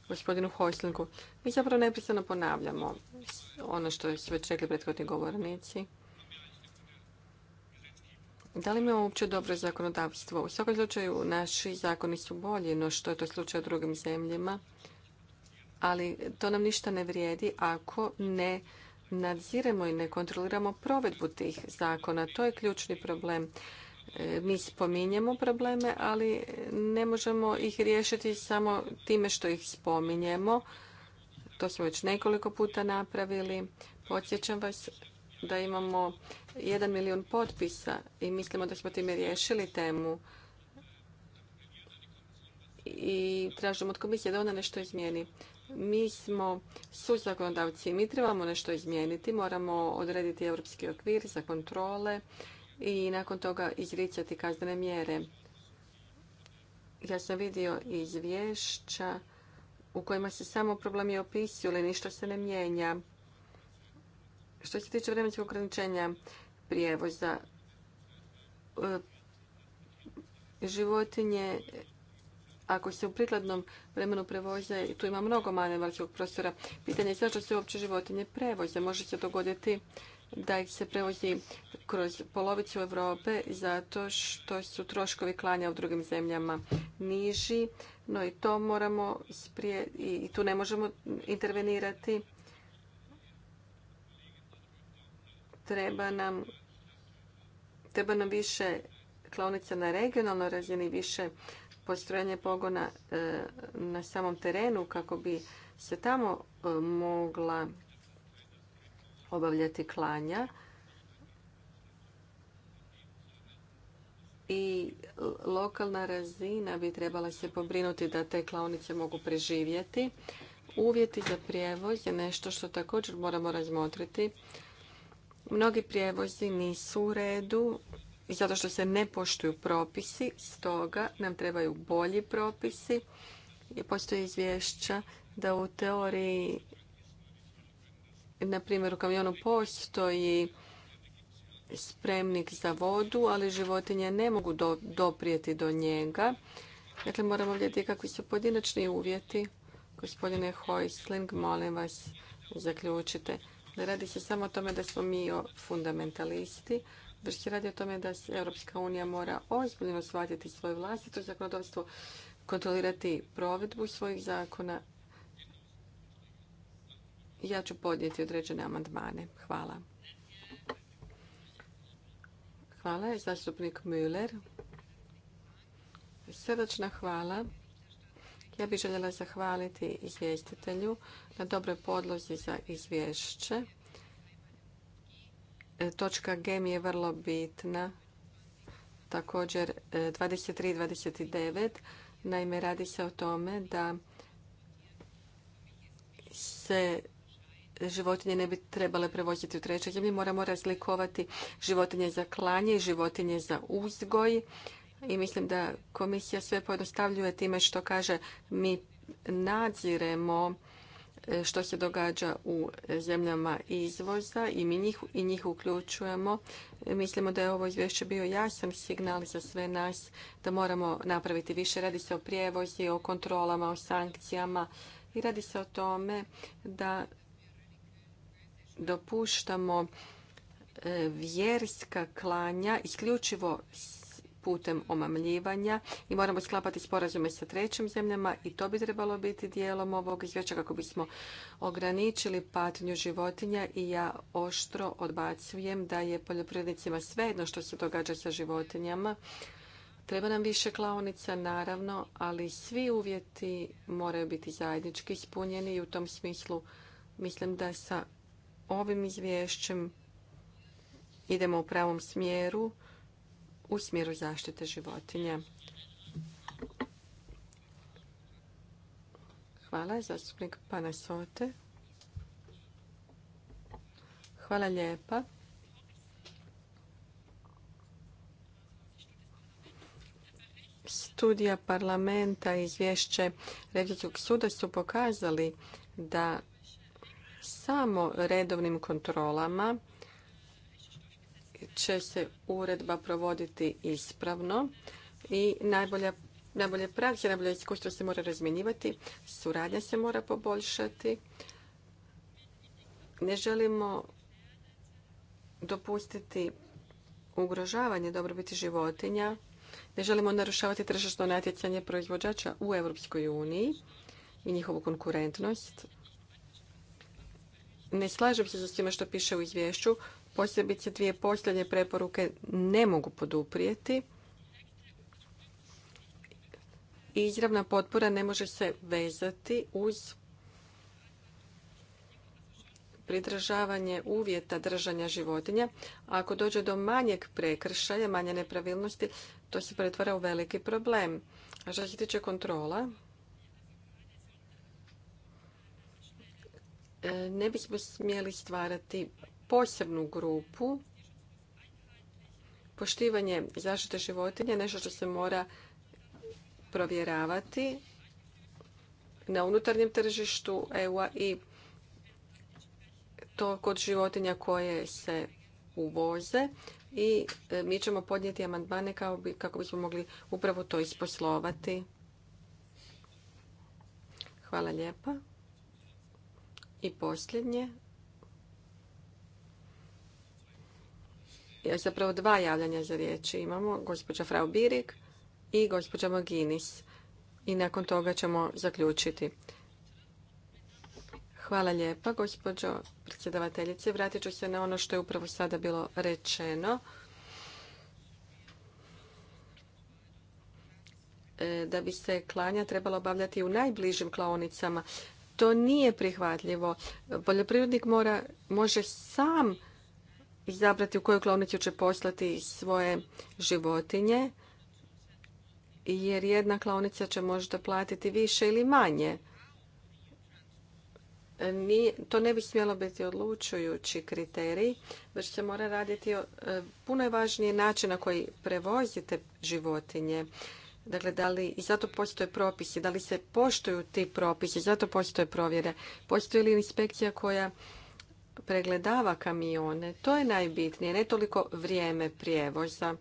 gospodinu Hojslinku. Mi zapravo neprestano ponavljamo ono što su već rekli prethodni govornici. Da li imamo uopće dobro zakonodavstvo? U svakom slučaju naši zakoni su bolji no što je to slučaj u drugim zemljama, ali to nam ništa ne vrijedi ako ne nadziremo i ne kontroliramo provedbu tih zakona. To je ključni problem. E, mi spominjemo probleme, ali ne možemo ih riješiti samo time što ih spominjemo. To smo već nekoliko puta napravili. Podsjećam vas da imamo jedan milijun potpisa i mislimo da smo time riješili temu i tražimo od komisije da ona nešto izmijeni. Mi smo suzakonodavci i mi trebamo nešto izmijeniti. Moramo odrediti europski okvir za kontrole i nakon toga izricati kaznene mjere. Ja sam vidio izvješća u kojima se samo problemi opisuju, ali ništa se ne mijenja. Što se tiče vremenskog ograničenja prijevoza, e, životinje ako se u prikladnom vremenu prevoze, tu ima mnogo manevarskog prostora, pitanje je zašto se uopće životinje prevoze. Može se dogoditi da ih se prevozi kroz polovicu Europe zato što su troškovi klanja u drugim zemljama niži, no i to moramo sprije, i tu ne možemo intervenirati. Treba nam, treba nam više klaonica na regionalnoj razini, više postrojenje pogona e, na samom terenu kako bi se tamo e, mogla obavljati klanja. I lokalna razina bi trebala se pobrinuti da te klaonice mogu preživjeti. Uvjeti za prijevoz je nešto što također moramo razmotriti Mnogi prijevozi nisu u redu zato što se ne poštuju propisi, stoga nam trebaju bolji propisi. Postoje izvješća da u teoriji, na primjer u kamionu postoji spremnik za vodu, ali životinje ne mogu doprijeti do njega. Dakle, moramo vidjeti kakvi su pojedinačni uvjeti. Gospodine Hojsling, molim vas, zaključite. Ne radi se samo o tome da smo mi fundamentalisti, već se radi o tome da Europska unija mora ozbiljno shvatiti svoje vlastito zakonodavstvo, kontrolirati provedbu svojih zakona. Ja ću podnijeti određene amandmane. Hvala. Hvala, zastupnik Müller. Srdačna hvala. Ja bih željela zahvaliti izvjestitelju na dobroj podlozi za izvješće. E, točka G je vrlo bitna. Također 23 e, 29. Naime, radi se o tome da se životinje ne bi trebale prevoziti u trećoj zemlji. Moramo razlikovati životinje za klanje i životinje za uzgoj i mislim da komisija sve podostavljuje time što kaže mi nadziremo e, što se događa u zemljama izvoza i mi njih, i njih uključujemo. E, mislimo da je ovo izvješće bio jasan signal za sve nas da moramo napraviti više. Radi se o prijevozi, o kontrolama, o sankcijama i radi se o tome da dopuštamo e, vjerska klanja isključivo putem omamljivanja i moramo sklapati sporazume sa trećim zemljama i to bi trebalo biti dijelom ovog izvješća kako bismo ograničili patnju životinja i ja oštro odbacujem da je poljoprivrednicima svejedno što se događa sa životinjama. Treba nam više klaonica, naravno, ali svi uvjeti moraju biti zajednički ispunjeni i u tom smislu mislim da sa ovim izvješćem idemo u pravom smjeru u smjeru zaštite životinja. Hvala, zastupnik Panasote. Hvala lijepa. Studija parlamenta i izvješće Revizorskog suda su pokazali da samo redovnim kontrolama će se uredba provoditi ispravno i najbolja najbolje prakse, najbolje iskustvo se mora razmjenjivati, suradnja se mora poboljšati. Ne želimo dopustiti ugrožavanje dobrobiti životinja, ne želimo narušavati tržišno natjecanje proizvođača u Europskoj uniji i njihovu konkurentnost. Ne slažem se s svime što piše u izvješću posebice dvije posljednje preporuke ne mogu poduprijeti. Izravna potpora ne može se vezati uz pridržavanje uvjeta držanja životinja. Ako dođe do manjeg prekršaja, manje nepravilnosti, to se pretvara u veliki problem. A što se tiče kontrola, e, ne bismo smjeli stvarati posebnu grupu. Poštivanje zaštite životinja nešto što se mora provjeravati na unutarnjem tržištu EU-a i to kod životinja koje se uvoze i e, mi ćemo podnijeti amandmane bi, kako bismo mogli upravo to isposlovati. Hvala lijepa. I posljednje, E, zapravo dva javljanja za riječi imamo, gospođa Frau Birik i gospođa Maginis. I nakon toga ćemo zaključiti. Hvala lijepa, gospođo predsjedavateljice. Vratit ću se na ono što je upravo sada bilo rečeno. E, da bi se klanja trebalo obavljati u najbližim klaonicama. To nije prihvatljivo. Poljoprivrednik mora, može sam izabrati u koju klaonicu će poslati svoje životinje, jer jedna klaonica će možda platiti više ili manje. to ne bi smjelo biti odlučujući kriterij, već se mora raditi e, puno je važniji način na koji prevozite životinje. Dakle, da li, i zato postoje propisi, da li se poštuju ti propisi, zato postoje provjere. Postoji li inspekcija koja pregledava kamione. To je najbitnije, ne toliko vrijeme prijevoza.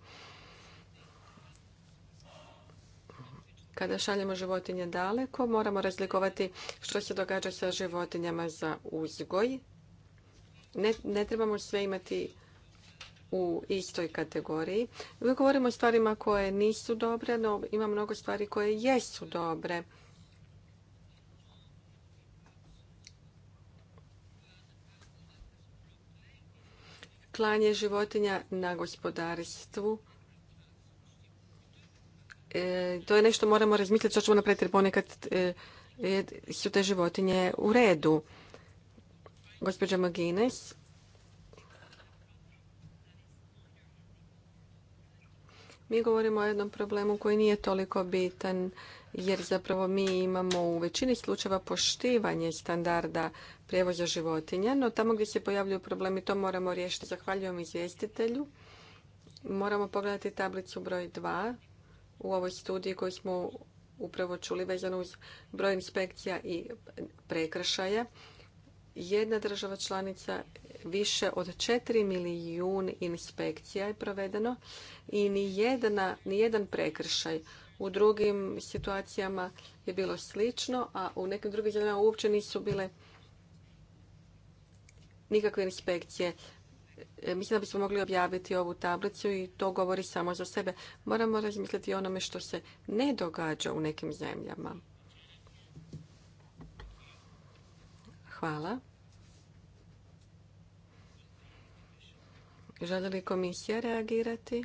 Kada šaljemo životinje daleko, moramo razlikovati što se događa sa životinjama za uzgoj. Ne, ne trebamo sve imati u istoj kategoriji. Mi govorimo o stvarima koje nisu dobre, no ima mnogo stvari koje jesu dobre. klanje životinja na gospodarstvu. E, to je nešto moramo razmisliti što ćemo napraviti ponekad e, su te životinje u redu. Gospođa Magines. Mi govorimo o jednom problemu koji nije toliko bitan jer zapravo mi imamo u većini slučajeva poštivanje standarda prijevoza životinja, no tamo gdje se pojavljuju problemi to moramo riješiti. Zahvaljujem izvjestitelju. Moramo pogledati tablicu broj 2 u ovoj studiji koju smo upravo čuli vezano uz broj inspekcija i prekršaja. Jedna država članica više od 4 milijun inspekcija je provedeno i ni, ni jedan prekršaj. U drugim situacijama je bilo slično, a u nekim drugim zemljama uopće nisu bile nikakve inspekcije. E, mislim da bismo mogli objaviti ovu tablicu i to govori samo za sebe. Moramo razmisliti o onome što se ne događa u nekim zemljama. Hvala. Želi li komisija reagirati?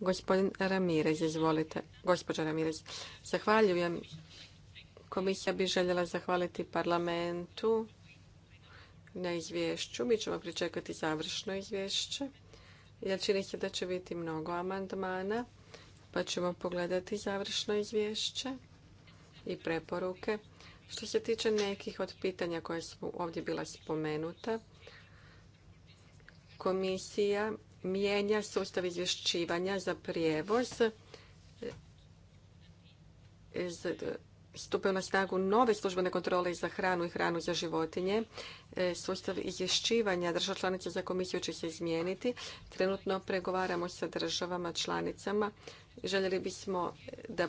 Gospodin Ramirez, izvolite. Gospođa Ramirez, zahvaljujem. Komisija bi željela zahvaliti parlamentu na izvješću. Mi ćemo pričekati završno izvješće, jer čini se da će biti mnogo amandmana, pa ćemo pogledati završno izvješće i preporuke. Što se tiče nekih od pitanja koja su ovdje bila spomenuta, komisija mijenja sustav izvješćivanja za prijevoz stupaju na snagu nove službene kontrole za hranu i hranu za životinje. E, sustav izvješćivanja država članica za komisiju će se izmijeniti. Trenutno pregovaramo sa državama članicama. Željeli bismo e, da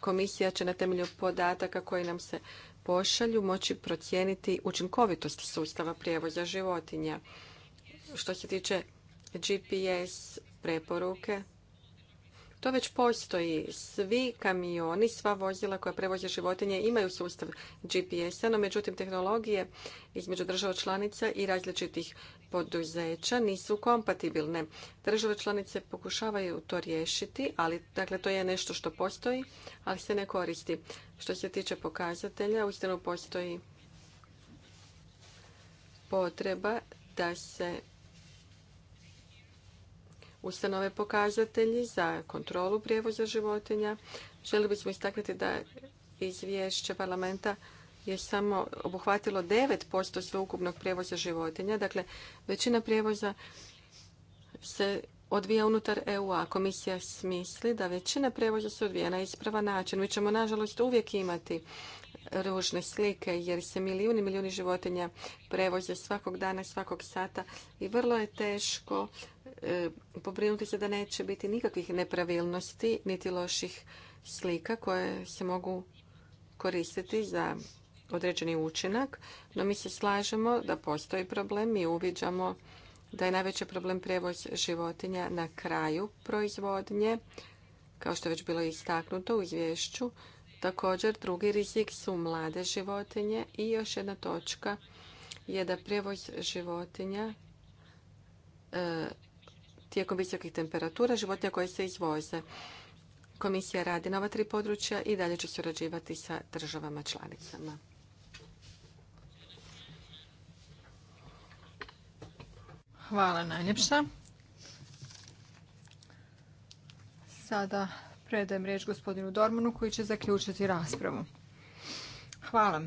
komisija će na temelju podataka koji nam se pošalju moći procijeniti učinkovitost sustava prijevoza životinja. Što se tiče GPS preporuke, to već postoji. Svi kamioni, sva vozila koja prevoze životinje imaju sustav GPS-a, no međutim tehnologije između država članica i različitih poduzeća nisu kompatibilne. Države članice pokušavaju to riješiti, ali dakle to je nešto što postoji, ali se ne koristi. Što se tiče pokazatelja, uistinu postoji potreba da se ustanove pokazatelji za kontrolu prijevoza životinja. Želi bismo istaknuti da izvješće parlamenta je samo obuhvatilo 9% sveukupnog prijevoza životinja. Dakle, većina prijevoza se odvija unutar EU-a. Komisija smisli da većina prevoza se odvija na ispravan način. Mi ćemo, nažalost, uvijek imati ružne slike jer se milijuni, milijuni životinja prevoze svakog dana, svakog sata i vrlo je teško e, pobrinuti se da neće biti nikakvih nepravilnosti niti loših slika koje se mogu koristiti za određeni učinak, no mi se slažemo da postoji problem i uviđamo da je najveći problem prevoz životinja na kraju proizvodnje, kao što je već bilo istaknuto u izvješću, Također, drugi rizik su mlade životinje i još jedna točka je da prijevoz životinja e, tijekom visokih temperatura životinja koje se izvoze. Komisija radi na ova tri područja i dalje će surađivati sa državama članicama. Hvala najljepša. Sada Predajem riječ gospodinu Dormanu koji će zaključiti raspravu. Hvala.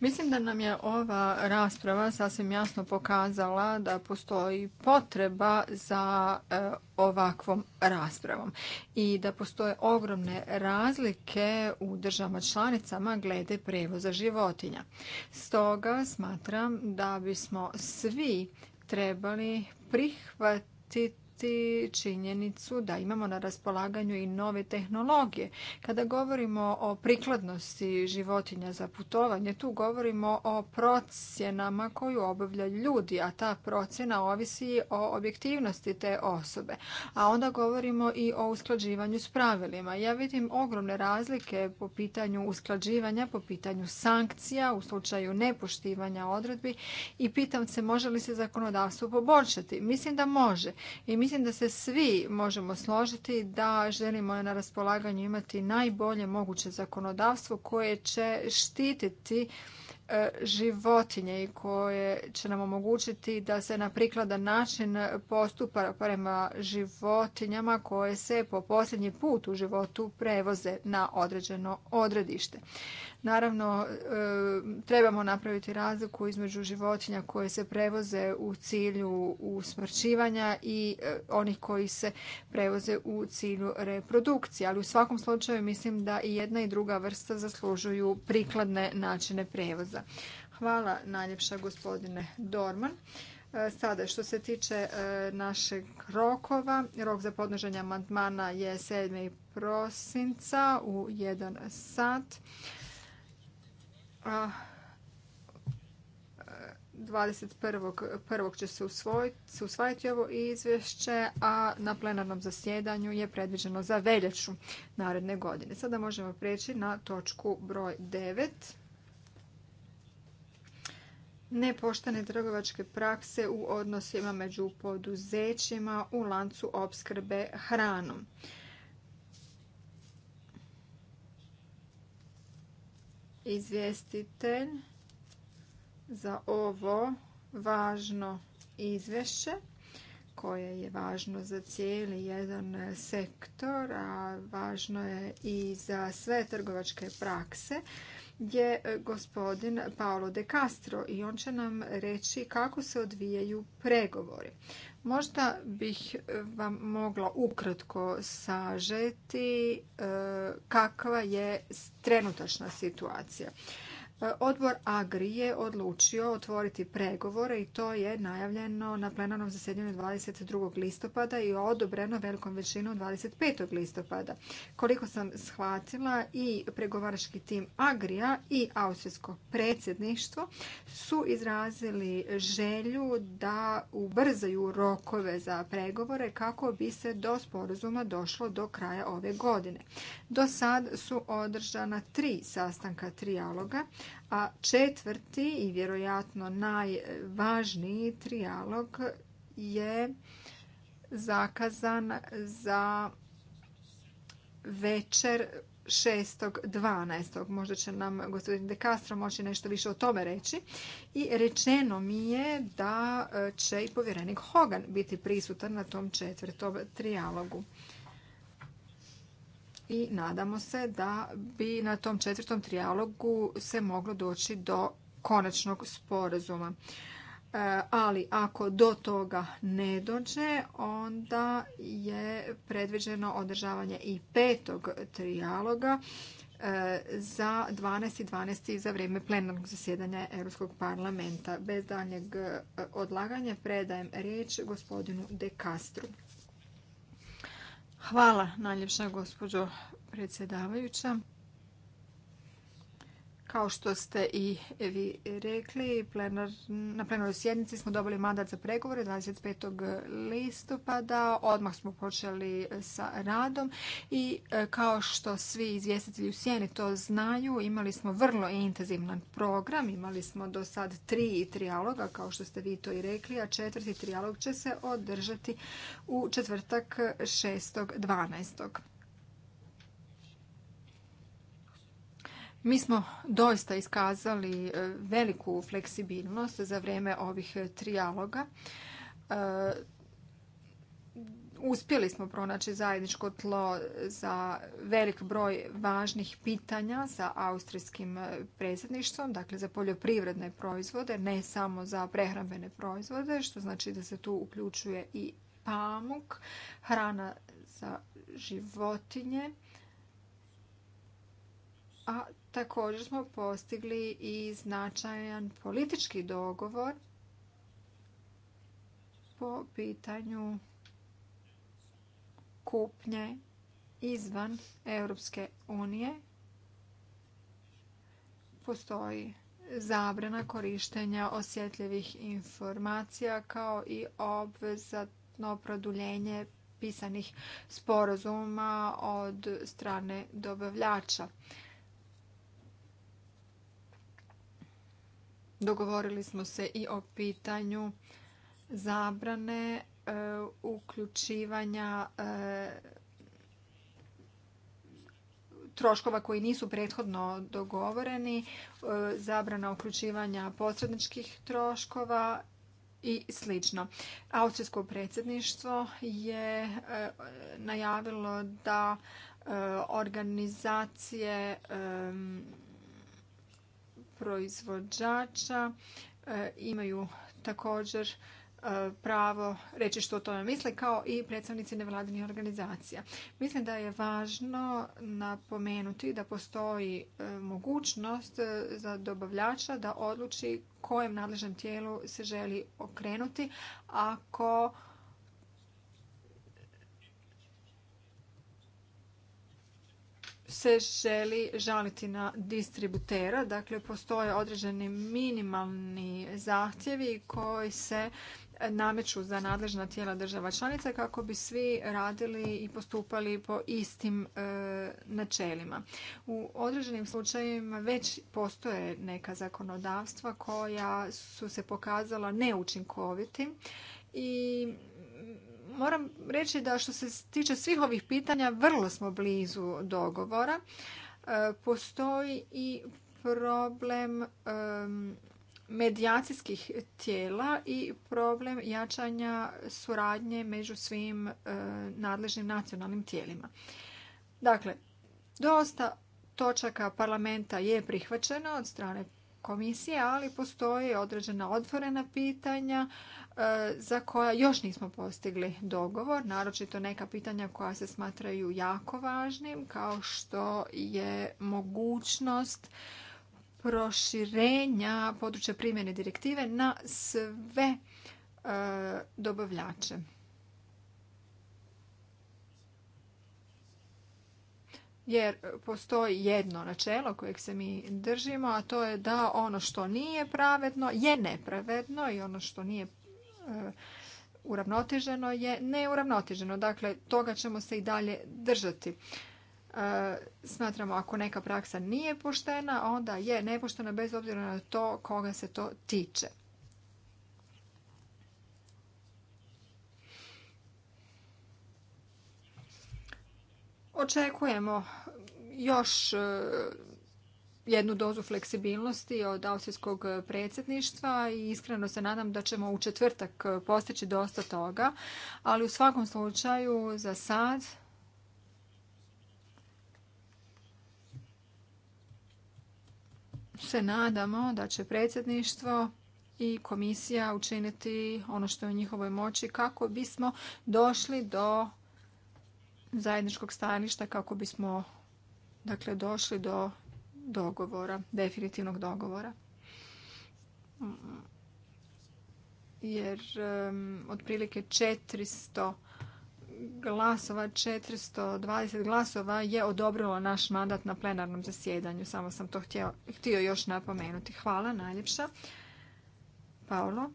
Mislim da nam je ova rasprava sasvim jasno pokazala da postoji potreba za e, ovakvom raspravom i da postoje ogromne razlike u državama članicama glede prevoza životinja. Stoga smatram da bismo svi trebali prihvatiti i činjenicu da imamo na raspolaganju i nove tehnologije. Kada govorimo o prikladnosti životinja za putovanje, tu govorimo o procjenama koju obavljaju ljudi, a ta procjena ovisi o objektivnosti te osobe. A onda govorimo i o usklađivanju s pravilima. Ja vidim ogromne razlike po pitanju usklađivanja, po pitanju sankcija u slučaju nepoštivanja odredbi i pitam se može li se zakonodavstvo poboljšati. Mislim da može i mi Mislim da se svi možemo složiti da želimo na raspolaganju imati najbolje moguće zakonodavstvo koje će štititi e, životinje i koje će nam omogućiti da se na prikladan način postupa prema životinjama koje se po posljednji put u životu prevoze na određeno odredište. Naravno, e, trebamo napraviti razliku između životinja koje se prevoze u cilju usmrćivanja i e, onih koji se prevoze u cilju reprodukcije. Ali u svakom slučaju mislim da i jedna i druga vrsta zaslužuju prikladne načine prevoza. Hvala najljepša gospodine Dorman. E, sada, što se tiče našeg rokova, rok za podnoženje amandmana je 7. prosinca u 1 sat. 21.1. E, će se usvojiti, ovo izvješće, a na plenarnom zasjedanju je predviđeno za veljaču naredne godine. Sada možemo prijeći na točku broj 9. Nepoštene trgovačke prakse u odnosima među poduzećima u lancu opskrbe hranom. izvjestitelj za ovo važno izvješće koje je važno za cijeli jedan sektor, a važno je i za sve trgovačke prakse, je gospodin Paolo De Castro i on će nam reći kako se odvijaju pregovori. Možda bih e, vam mogla ukratko sažeti e, kakva je trenutačna situacija. Odbor Agri je odlučio otvoriti pregovore i to je najavljeno na plenarnom zasjedanju 22. listopada i odobreno velikom većinom 25. listopada. Koliko sam shvatila i pregovarački tim Agrija i austrijsko predsjedništvo su izrazili želju da ubrzaju rokove za pregovore kako bi se do sporazuma došlo do kraja ove godine. Do sad su održana tri sastanka trijaloga a četvrti i vjerojatno najvažniji trijalog je zakazan za večer 6.12. Možda će nam gospodin De Castro moći nešto više o tome reći. I rečeno mi je da e, će i povjerenik Hogan biti prisutan na tom četvrtom trijalogu i nadamo se da bi na tom četvrtom trijalogu se moglo doći do konačnog sporazuma. E, ali ako do toga ne dođe, onda je predviđeno održavanje i petog trijaloga e, za 12.12. 12. za vrijeme plenarnog zasjedanja Europskog parlamenta. Bez daljnjeg e, odlaganja predajem riječ gospodinu De Castru. Hvala najljepša gospođo predsjedavajuća. Kao što ste i vi rekli, na plenarnoj sjednici smo dobili mandat za pregovore 25. listopada. Odmah smo počeli sa radom i e, kao što svi izvjestitelji u Sjeni to znaju, imali smo vrlo intenzivan program. Imali smo do sad tri trijaloga, kao što ste vi to i rekli, a četvrti trijalog će se održati u četvrtak 6.12. Mi smo doista iskazali e, veliku fleksibilnost za vrijeme ovih e, trijaloga. E, uspjeli smo pronaći zajedničko tlo za velik broj važnih pitanja sa austrijskim predsjedništvom, dakle za poljoprivredne proizvode, ne samo za prehrambene proizvode, što znači da se tu uključuje i pamuk, hrana za životinje, a Također smo postigli i značajan politički dogovor po pitanju kupnje izvan Europske unije postoji zabrana korištenja osjetljivih informacija kao i obvezatno produljenje pisanih sporazuma od strane dobavljača. Dogovorili smo se i o pitanju zabrane e, uključivanja e, troškova koji nisu prethodno dogovoreni, e, zabrana uključivanja posredničkih troškova i slično. Austrijsko predsjedništvo je najavilo da organizacije proizvođača e, imaju također e, pravo reći što o tome misle, kao i predstavnici nevladinih organizacija. Mislim da je važno napomenuti da postoji e, mogućnost za dobavljača da odluči kojem nadležnom tijelu se želi okrenuti ako se želi žaliti na distributera. Dakle, postoje određeni minimalni zahtjevi koji se nameću za nadležna tijela država članica kako bi svi radili i postupali po istim e, načelima. U određenim slučajevima već postoje neka zakonodavstva koja su se pokazala neučinkovitim i moram reći da što se tiče svih ovih pitanja vrlo smo blizu dogovora. E, postoji i problem medijacijskih tijela i problem jačanja suradnje među svim e, nadležnim nacionalnim tijelima. Dakle, dosta točaka parlamenta je prihvaćeno od strane komisije, ali postoje određena otvorena pitanja E, za koja još nismo postigli dogovor, naročito neka pitanja koja se smatraju jako važnim, kao što je mogućnost proširenja područja primjene direktive na sve e, dobavljače. jer postoji jedno načelo kojeg se mi držimo, a to je da ono što nije pravedno je nepravedno i ono što nije E, uravnoteženo je neuravnoteženo. Dakle, toga ćemo se i dalje držati. E, smatramo ako neka praksa nije poštena, onda je nepoštena bez obzira na to koga se to tiče. Očekujemo još e, jednu dozu fleksibilnosti od austrijskog predsjedništva i iskreno se nadam da ćemo u četvrtak postići dosta toga, ali u svakom slučaju za sad se nadamo da će predsjedništvo i komisija učiniti ono što je u njihovoj moći kako bismo došli do zajedničkog stajališta kako bismo dakle došli do dogovora, definitivnog dogovora. Jer otprilike 400 glasova, 420 glasova je odobrilo naš mandat na plenarnom zasjedanju. Samo sam to htio, još napomenuti. Hvala najljepša. Paolo.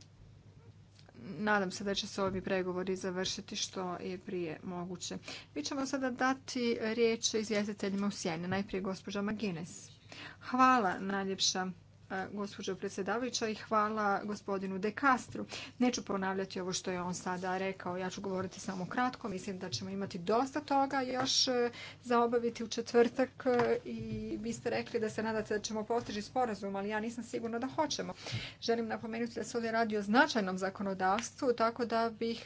Nadam se da će se ovi pregovori završiti što je prije moguće. Mi ćemo sada dati riječ izvjestiteljima u sjeni. Najprije gospođa Magines. Hvala najljepša e, gospođo predsjedavajuća i hvala gospodinu De Castro. Neću ponavljati ovo što je on sada rekao, ja ću govoriti samo kratko. Mislim da ćemo imati dosta toga još e, za obaviti u četvrtak e, i vi ste rekli da se nadate da ćemo postići sporazum, ali ja nisam sigurna da hoćemo. Želim napomenuti da se ovdje radi o značajnom zakonodavstvu, tako da bih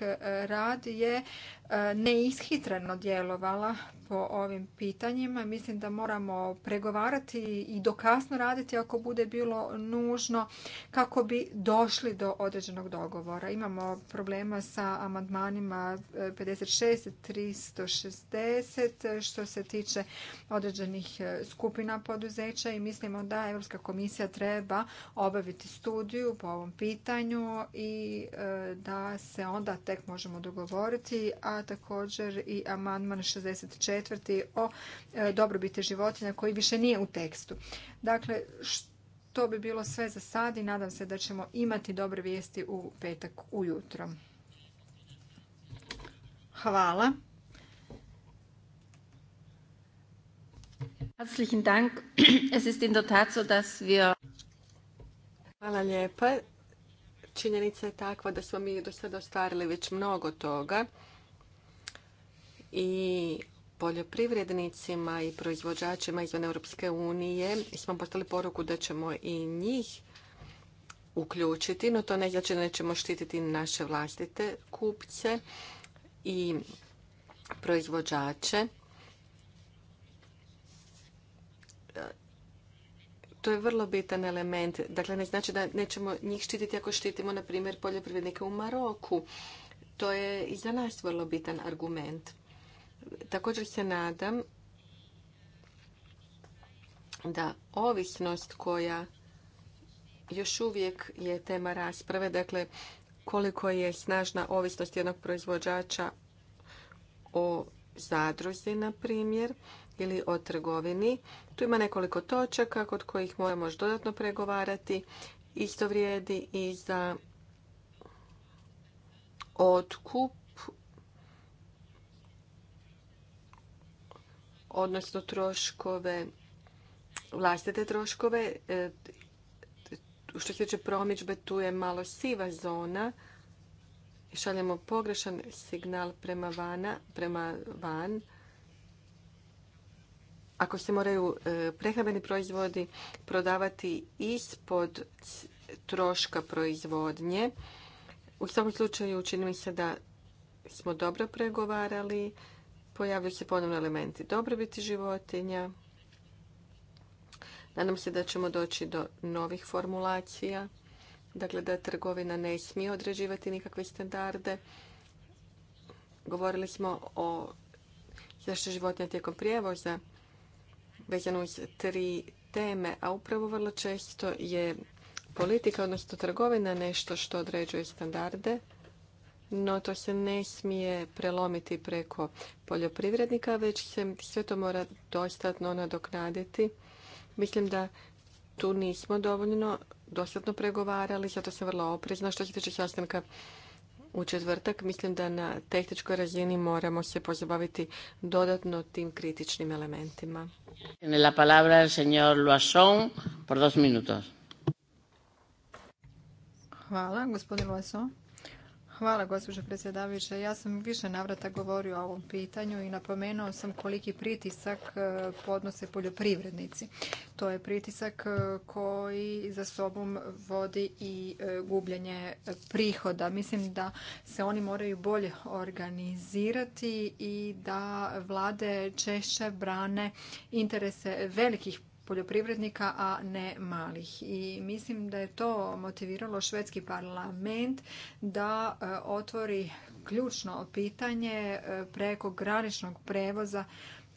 radije E, neishitreno djelovala po ovim pitanjima. Mislim da moramo pregovarati i dokasno raditi ako bude bilo nužno kako bi došli do određenog dogovora. Imamo problema sa amandmanima 56 e, 360 što se tiče određenih e, skupina poduzeća i mislimo da Europska komisija treba obaviti studiju po ovom pitanju i da se onda tek možemo dogovoriti, a a također i amandman 64. o e, dobrobiti životinja koji više nije u tekstu. Dakle, to bi bilo sve za sad i nadam se da ćemo imati dobre vijesti u petak ujutro. Hvala. Herzlichen Dank. Es ist in der Tat so, dass wir Hvala lijepa. Činjenica je takva da smo mi do sada ostvarili već mnogo toga i poljoprivrednicima i proizvođačima izvan Europske unije smo postali poruku da ćemo i njih uključiti, no to ne znači da nećemo štititi naše vlastite kupce i proizvođače. To je vrlo bitan element. Dakle, ne znači da nećemo njih štititi ako štitimo, na primjer, poljoprivrednike u Maroku. To je i za nas vrlo bitan argument. Također se nadam da ovisnost koja još uvijek je tema rasprave, dakle koliko je snažna ovisnost jednog proizvođača o zadruzi, na primjer, ili o trgovini. Tu ima nekoliko točaka kod kojih moramo još dodatno pregovarati. Isto vrijedi i za otkup odnosno troškove, vlastite troškove. E, što se tiče promičbe, tu je malo siva zona. Šaljemo pogrešan signal prema vana, prema van. Ako se moraju e, prehrambeni proizvodi prodavati ispod troška proizvodnje, u svakom slučaju čini mi se da smo dobro pregovarali pojavljaju se ponovno elementi dobrobiti životinja. Nadam se da ćemo doći do novih formulacija, dakle da trgovina ne smije određivati nikakve standarde. Govorili smo o zaštiti životinja tijekom prijevoza, vezano uz tri teme, a upravo vrlo često je politika, odnosno trgovina, nešto što određuje standarde no to se ne smije prelomiti preko poljoprivrednika, već se sve to mora dostatno nadoknaditi. Mislim da tu nismo dovoljno dostatno pregovarali, zato sam vrlo oprezna. Što se tiče sastanka u četvrtak, mislim da na tehničkoj razini moramo se pozabaviti dodatno tim kritičnim elementima. la palabra señor por minutos. Hvala, gospodin Hvala, gospođo predsjedavajuća. Ja sam više navrata govorio o ovom pitanju i napomenuo sam koliki pritisak e, podnose poljoprivrednici. To je pritisak e, koji za sobom vodi i e, gubljenje prihoda. Mislim da se oni moraju bolje organizirati i da vlade češće brane interese velikih poljoprivrednika, a ne malih. I mislim da je to motiviralo švedski parlament da e, otvori ključno pitanje e, preko graničnog prevoza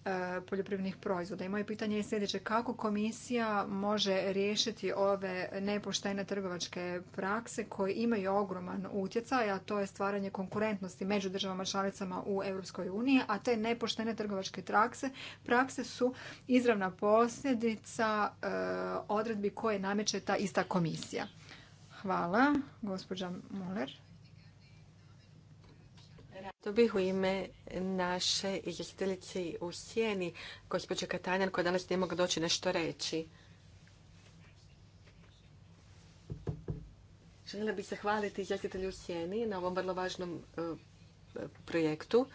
E, poljoprivrednih proizvoda. I moje pitanje je sljedeće. Kako komisija može riješiti ove nepoštene trgovačke prakse koje imaju ogroman utjecaj, a to je stvaranje konkurentnosti među državama članicama u Europskoj uniji, a te nepoštene trgovačke prakse, prakse su izravna posljedica e, odredbi koje nameće ta ista komisija. Hvala, gospođa Muller. To bih u ime naše izvjestiteljice u sjeni, gospođe Katanjan, koja danas nije mogla doći nešto reći. Željela bih hvaliti izvjestitelju u sjeni na ovom vrlo važnom e, projektu.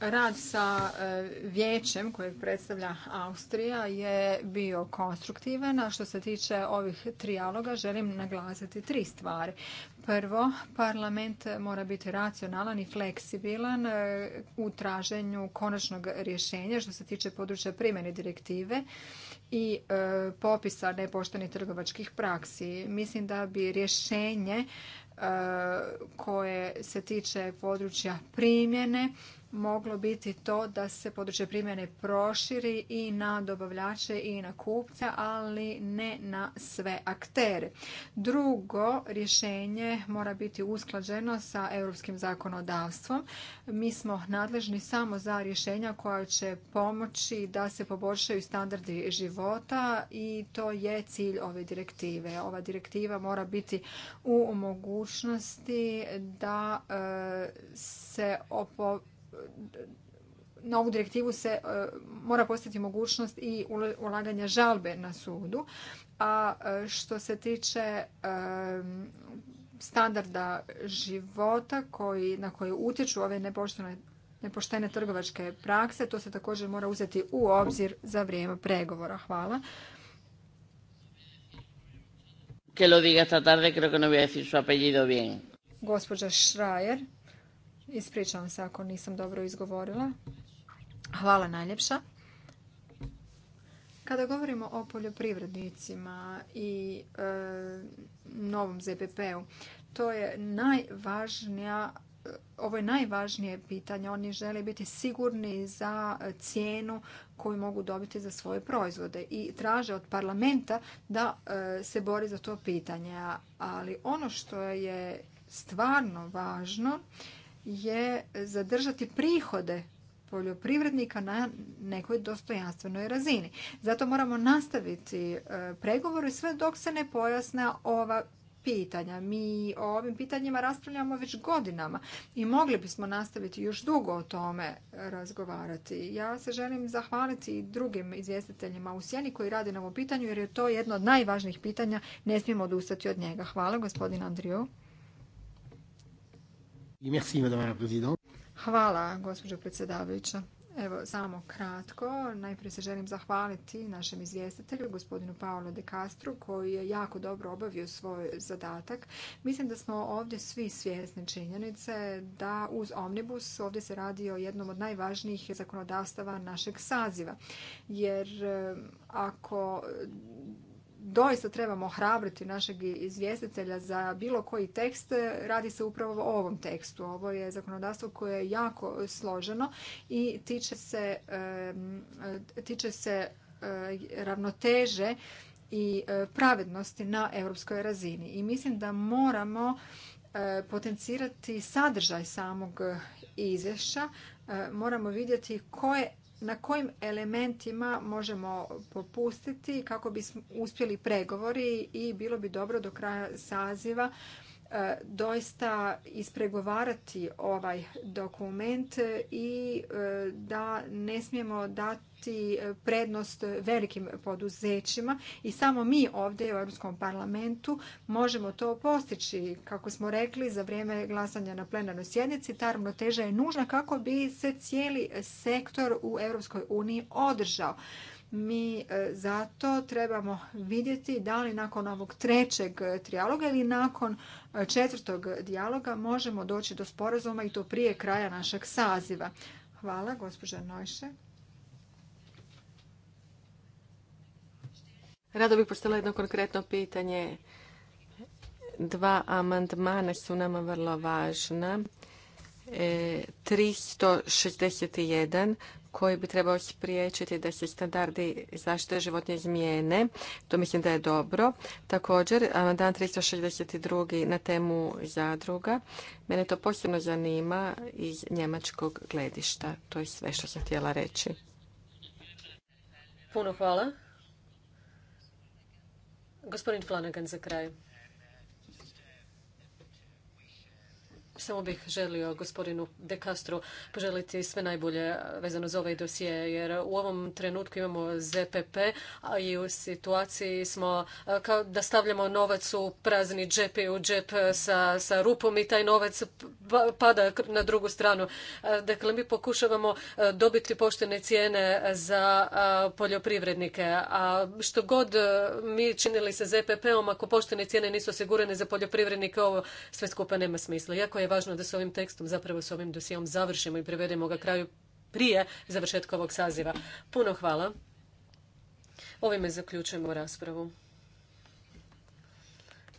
Rad sa e, vijećem kojeg predstavlja Austrija je bio konstruktivan, a što se tiče ovih trijaloga želim naglasiti tri stvari. Prvo, parlament mora biti racionalan i fleksibilan e, u traženju konačnog rješenja što se tiče područja primjene direktive i e, popisa nepoštenih trgovačkih praksi. Mislim da bi rješenje koje se tiče područja primjene moglo biti to da se područje primjene proširi i na dobavljače i na kupca, ali ne na sve aktere. Drugo rješenje mora biti usklađeno sa europskim zakonodavstvom. Mi smo nadležni samo za rješenja koja će pomoći da se poboljšaju standardi života i to je cilj ove direktive. Ova direktiva mora biti u mogućnosti da e, se opo na ovu direktivu se e, mora postati mogućnost i ulaganja žalbe na sudu. A e, što se tiče e, standarda života na koji utječu ove nepoštene, nepoštene trgovačke prakse, to se također mora uzeti u obzir za vrijeme pregovora. Hvala. Gospođa Ispričavam se ako nisam dobro izgovorila. Hvala najljepša. Kada govorimo o poljoprivrednicima i e, novom ZPP-u, to je najvažnija ovo je najvažnije pitanje. Oni žele biti sigurni za cijenu koju mogu dobiti za svoje proizvode i traže od parlamenta da e, se bori za to pitanje. Ali ono što je stvarno važno je zadržati prihode poljoprivrednika na nekoj dostojanstvenoj razini. Zato moramo nastaviti e, pregovore sve dok se ne pojasna ova pitanja. Mi o ovim pitanjima raspravljamo već godinama i mogli bismo nastaviti još dugo o tome razgovarati. Ja se želim zahvaliti i drugim izvjestiteljima u Sjeni koji rade na ovom pitanju jer je to jedno od najvažnijih pitanja. Ne smijemo odustati od njega. Hvala gospodin Andriju. Hvala, gospođo predsjedavajuća. Evo, samo kratko. Najprije se želim zahvaliti našem izvjestitelju, gospodinu Paolo de Castro, koji je jako dobro obavio svoj zadatak. Mislim da smo ovdje svi svjesni činjenice da uz Omnibus ovdje se radi o jednom od najvažnijih zakonodavstava našeg saziva. Jer eh, ako doista trebamo hrabriti našeg izvjestitelja za bilo koji tekst, radi se upravo o ovom tekstu. Ovo je zakonodavstvo koje je jako složeno i tiče se, tiče se eh, ravnoteže i eh, pravednosti na europskoj razini. I mislim da moramo eh, potencirati sadržaj samog izvješća, moramo vidjeti koje na kojim elementima možemo popustiti kako bismo uspjeli pregovori i bilo bi dobro do kraja saziva E, doista ispregovarati ovaj dokument i e, da ne smijemo dati prednost velikim poduzećima i samo mi ovdje u Europskom parlamentu možemo to postići. Kako smo rekli za vrijeme glasanja na plenarnoj sjednici, ta ravnoteža je nužna kako bi se cijeli sektor u Europskoj uniji održao. Mi e, zato trebamo vidjeti da li nakon ovog trećeg e, trijaloga ili nakon e, četvrtog dijaloga možemo doći do sporazuma i to prije kraja našeg saziva. Hvala, gospođa Nojše. Rado bih postavila jedno konkretno pitanje. Dva amandmana su nama vrlo važna. 361 koji bi trebao spriječiti da se standardi zaštite životinja izmijene. To mislim da je dobro. Također, dan 362. na temu zadruga. Mene to posebno zanima iz njemačkog gledišta. To je sve što sam htjela reći. Puno hvala. Gospodin Flanagan za kraj. Samo bih želio gospodinu De Castro poželiti sve najbolje vezano za ovaj dosije, jer u ovom trenutku imamo ZPP, a i u situaciji smo kao da stavljamo novac u prazni džep i u džep sa, sa rupom i taj novac pa, pada na drugu stranu. Dakle, mi pokušavamo dobiti poštene cijene za poljoprivrednike, a što god mi činili sa ZPP-om, ako poštene cijene nisu osigurane za poljoprivrednike, ovo sve skupa nema smisla. Iako je je važno da s ovim tekstom, zapravo s ovim dosijom završimo i prevedemo ga kraju prije završetka ovog saziva. Puno hvala. Ovime zaključujemo raspravu.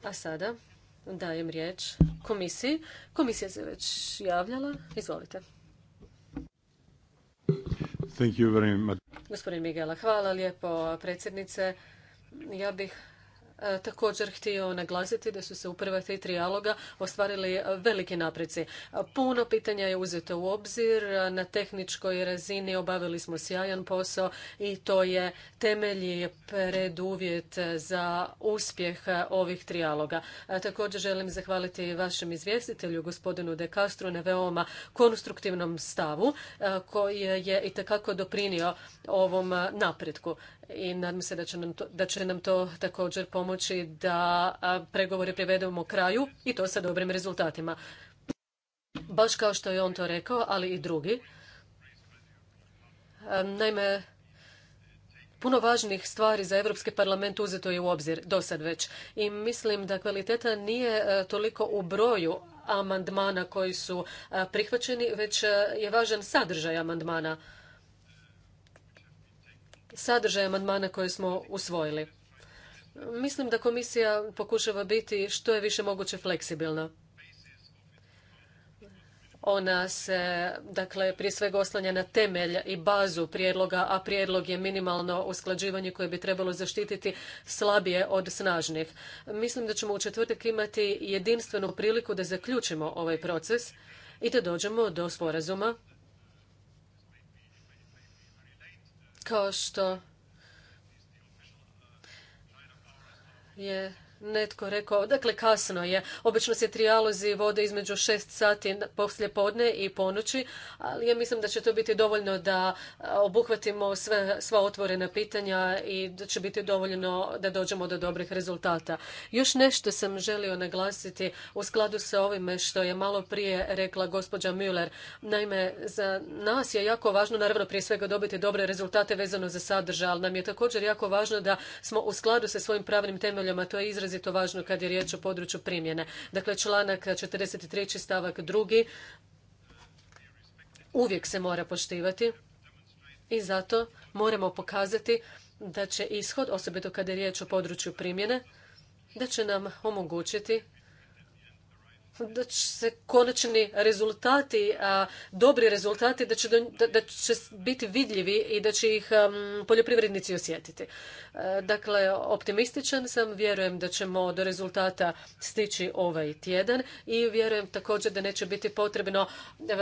A sada dajem riječ komisiji. Komisija se već javljala. Izvolite. Thank Gospodin Migela, hvala lijepo predsjednice. Ja bih E, također htio naglasiti da su se u prva tri trijaloga ostvarili veliki napreci. Puno pitanja je uzeto u obzir, na tehničkoj razini obavili smo sjajan posao i to je temelji preduvjet za uspjeh ovih trijaloga. E, također želim zahvaliti vašem izvjestitelju, gospodinu De Castro, na veoma konstruktivnom stavu e, koji je itekako doprinio ovom napretku i nadam se da će, nam to, također pomoći da pregovore privedemo kraju i to sa dobrim rezultatima. Baš kao što je on to rekao, ali i drugi. Naime, puno važnih stvari za Europski parlament uzeto je u obzir do sad već i mislim da kvaliteta nije toliko u broju amandmana koji su prihvaćeni, već je važan sadržaj amandmana sadržaj amandmana koje smo usvojili. Mislim da komisija pokušava biti što je više moguće fleksibilna. Ona se, dakle, prije svega oslanja na temelj i bazu prijedloga, a prijedlog je minimalno usklađivanje koje bi trebalo zaštititi slabije od snažnih. Mislim da ćemo u četvrtak imati jedinstvenu priliku da zaključimo ovaj proces i da dođemo do sporazuma Kao što je netko rekao, dakle kasno je, obično se trijalozi vode između šest sati poslje podne i ponoći, ali ja mislim da će to biti dovoljno da obuhvatimo sva otvorena pitanja i da će biti dovoljno da dođemo do dobrih rezultata. Još nešto sam želio naglasiti u skladu sa ovime što je malo prije rekla gospođa Müller. Naime, za nas je jako važno, naravno prije svega dobiti dobre rezultate vezano za sadržaj, ali nam je također jako važno da smo u skladu sa svojim pravnim temeljama, to je izraz izrazito važno kad je riječ o području primjene. Dakle, članak 43. stavak 2. uvijek se mora poštivati i zato moramo pokazati da će ishod, osobito kada je riječ o području primjene, da će nam omogućiti da će se konačni rezultati, a, dobri rezultati, da će, da, će biti vidljivi i da će ih um, poljoprivrednici osjetiti. E, dakle, optimističan sam, vjerujem da ćemo do rezultata stići ovaj tjedan i vjerujem također da neće biti potrebno e,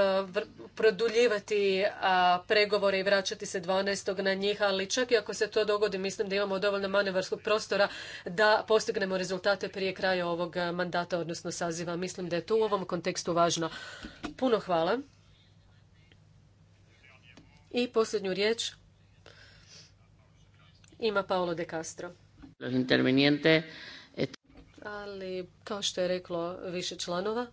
produljivati pregovore i vraćati se 12. na njih, ali čak i ako se to dogodi, mislim da imamo dovoljno manevarskog prostora da postignemo rezultate prije kraja ovog e, mandata, odnosno saziva. Mislim mislim da je to u ovom kontekstu važno. Puno hvala. I posljednju riječ ima Paolo de Castro. Ali, kao što je reklo više članova,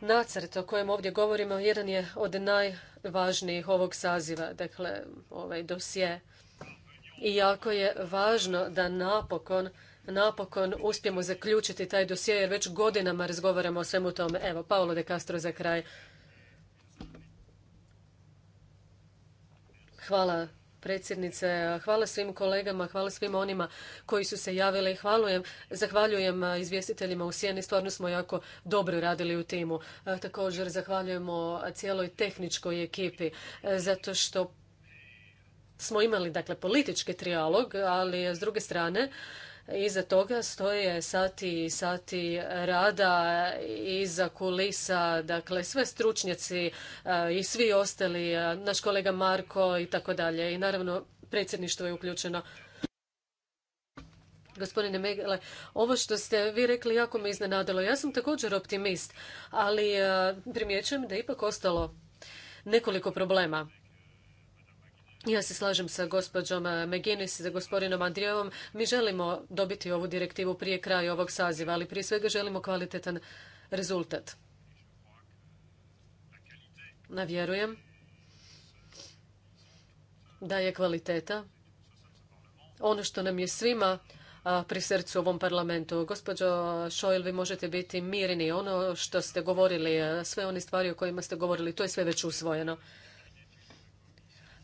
nacrt o kojem ovdje govorimo jedan je od najvažnijih ovog saziva, dakle ovaj dosje. I jako je važno da napokon napokon uspijemo zaključiti taj dosje jer već godinama razgovaramo o svemu tome. Evo, Paolo de Castro za kraj. Hvala predsjednice, hvala svim kolegama, hvala svim onima koji su se javili. Hvalujem, zahvaljujem izvjestiteljima u Sjeni, stvarno smo jako dobro radili u timu. Također zahvaljujemo cijeloj tehničkoj ekipi, zato što smo imali dakle politički trijalog, ali s druge strane Iza toga stoje sati i sati rada iza kulisa, dakle sve stručnjaci e, i svi ostali, e, naš kolega Marko i tako dalje. I naravno predsjedništvo je uključeno. Gospodine Megele, ovo što ste vi rekli jako me iznenadilo. Ja sam također optimist, ali e, primjećujem da je ipak ostalo nekoliko problema. Ja se slažem sa gospođom eh, McGinnis i sa gospodinom Andrijevom. Mi želimo dobiti ovu direktivu prije kraja ovog saziva, ali prije svega želimo kvalitetan rezultat. Navjerujem da je kvaliteta ono što nam je svima pri srcu ovom parlamentu. Gospođo Šojl, vi možete biti mirni. Ono što ste govorili, eh, sve one stvari o kojima ste govorili, to je sve već usvojeno.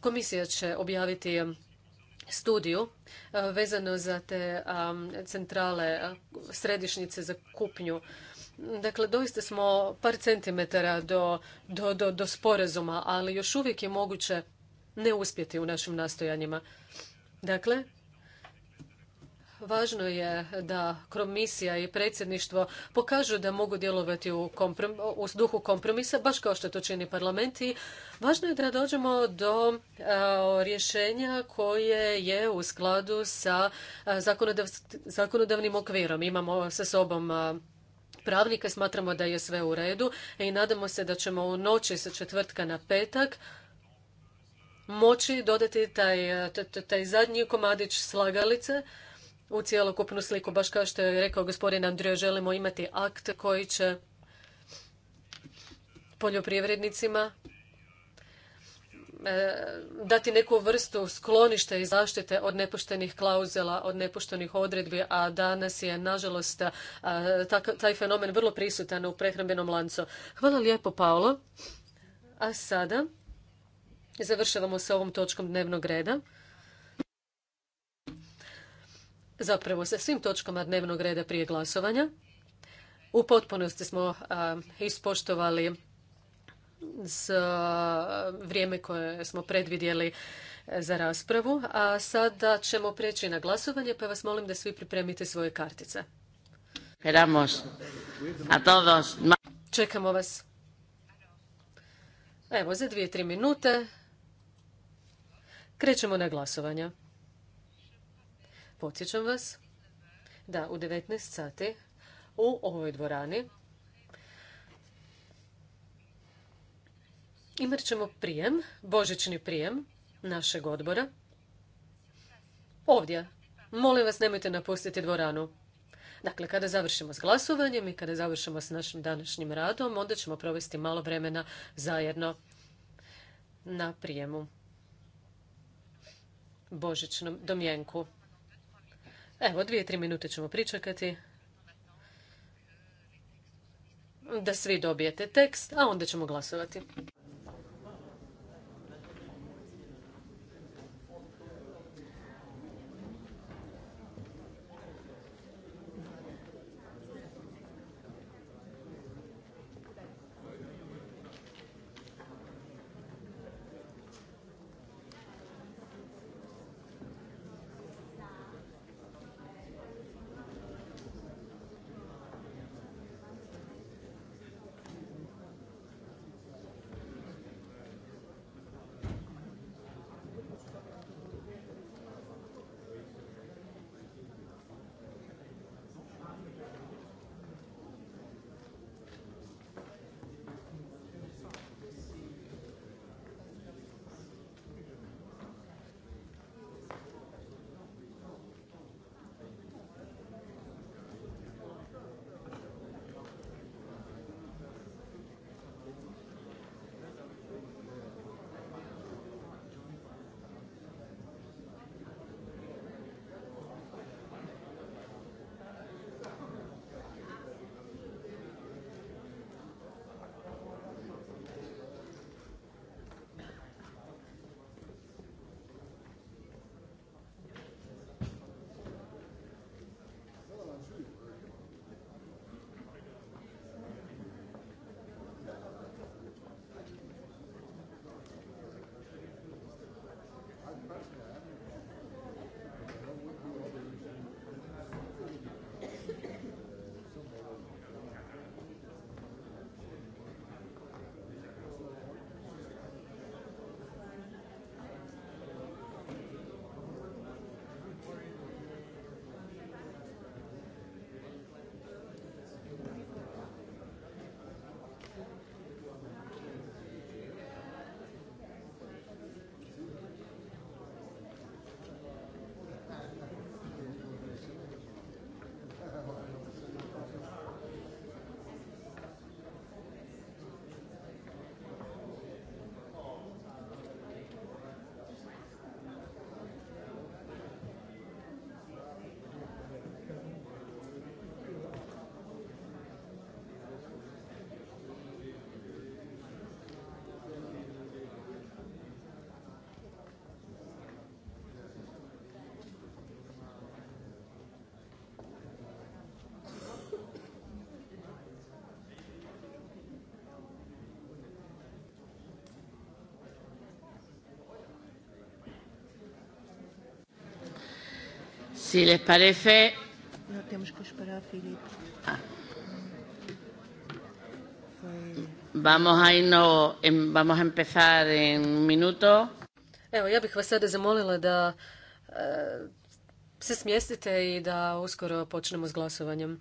Komisija će objaviti um, studiju uh, vezano za te um, centrale, uh, središnjice za kupnju. Dakle, doista smo par centimetara do, do, do, do sporazuma, ali još uvijek je moguće ne uspjeti u našim nastojanjima. Dakle, važno je da komisija i predsjedništvo pokažu da mogu djelovati u, duhu kompromisa, baš kao što to čini parlament i važno je da dođemo do rješenja koje je u skladu sa zakonodavnim okvirom. Imamo sa sobom pravnika, smatramo da je sve u redu i nadamo se da ćemo u noći sa četvrtka na petak moći dodati taj, taj zadnji komadić slagalice u cjelokupnu sliku. Baš kao što je rekao gospodin Andrija, želimo imati akt koji će poljoprivrednicima e, dati neku vrstu skloništa i zaštite od nepoštenih klauzela, od nepoštenih odredbi, a danas je, nažalost, e, taj fenomen vrlo prisutan u prehrambenom lancu. Hvala lijepo, Paolo. A sada završavamo s ovom točkom dnevnog reda zapravo sa svim točkama dnevnog reda prije glasovanja. U potpunosti smo ispoštovali s vrijeme koje smo predvidjeli za raspravu, a sada ćemo preći na glasovanje, pa vas molim da svi pripremite svoje kartice. Čekamo vas. Evo, za dvije, tri minute krećemo na glasovanje. Podsjećam vas da u 19 sati u ovoj dvorani imat ćemo prijem, božićni prijem našeg odbora. Ovdje. Molim vas, nemojte napustiti dvoranu. Dakle, kada završimo s glasovanjem i kada završimo s našim današnjim radom, onda ćemo provesti malo vremena zajedno na prijemu božićnom domjenku. Evo, dvije, tri minute ćemo pričekati da svi dobijete tekst, a onda ćemo glasovati. Evo, ja bih vas sada zamolila da eh, se smjestite i da uskoro počnemo s glasovanjem.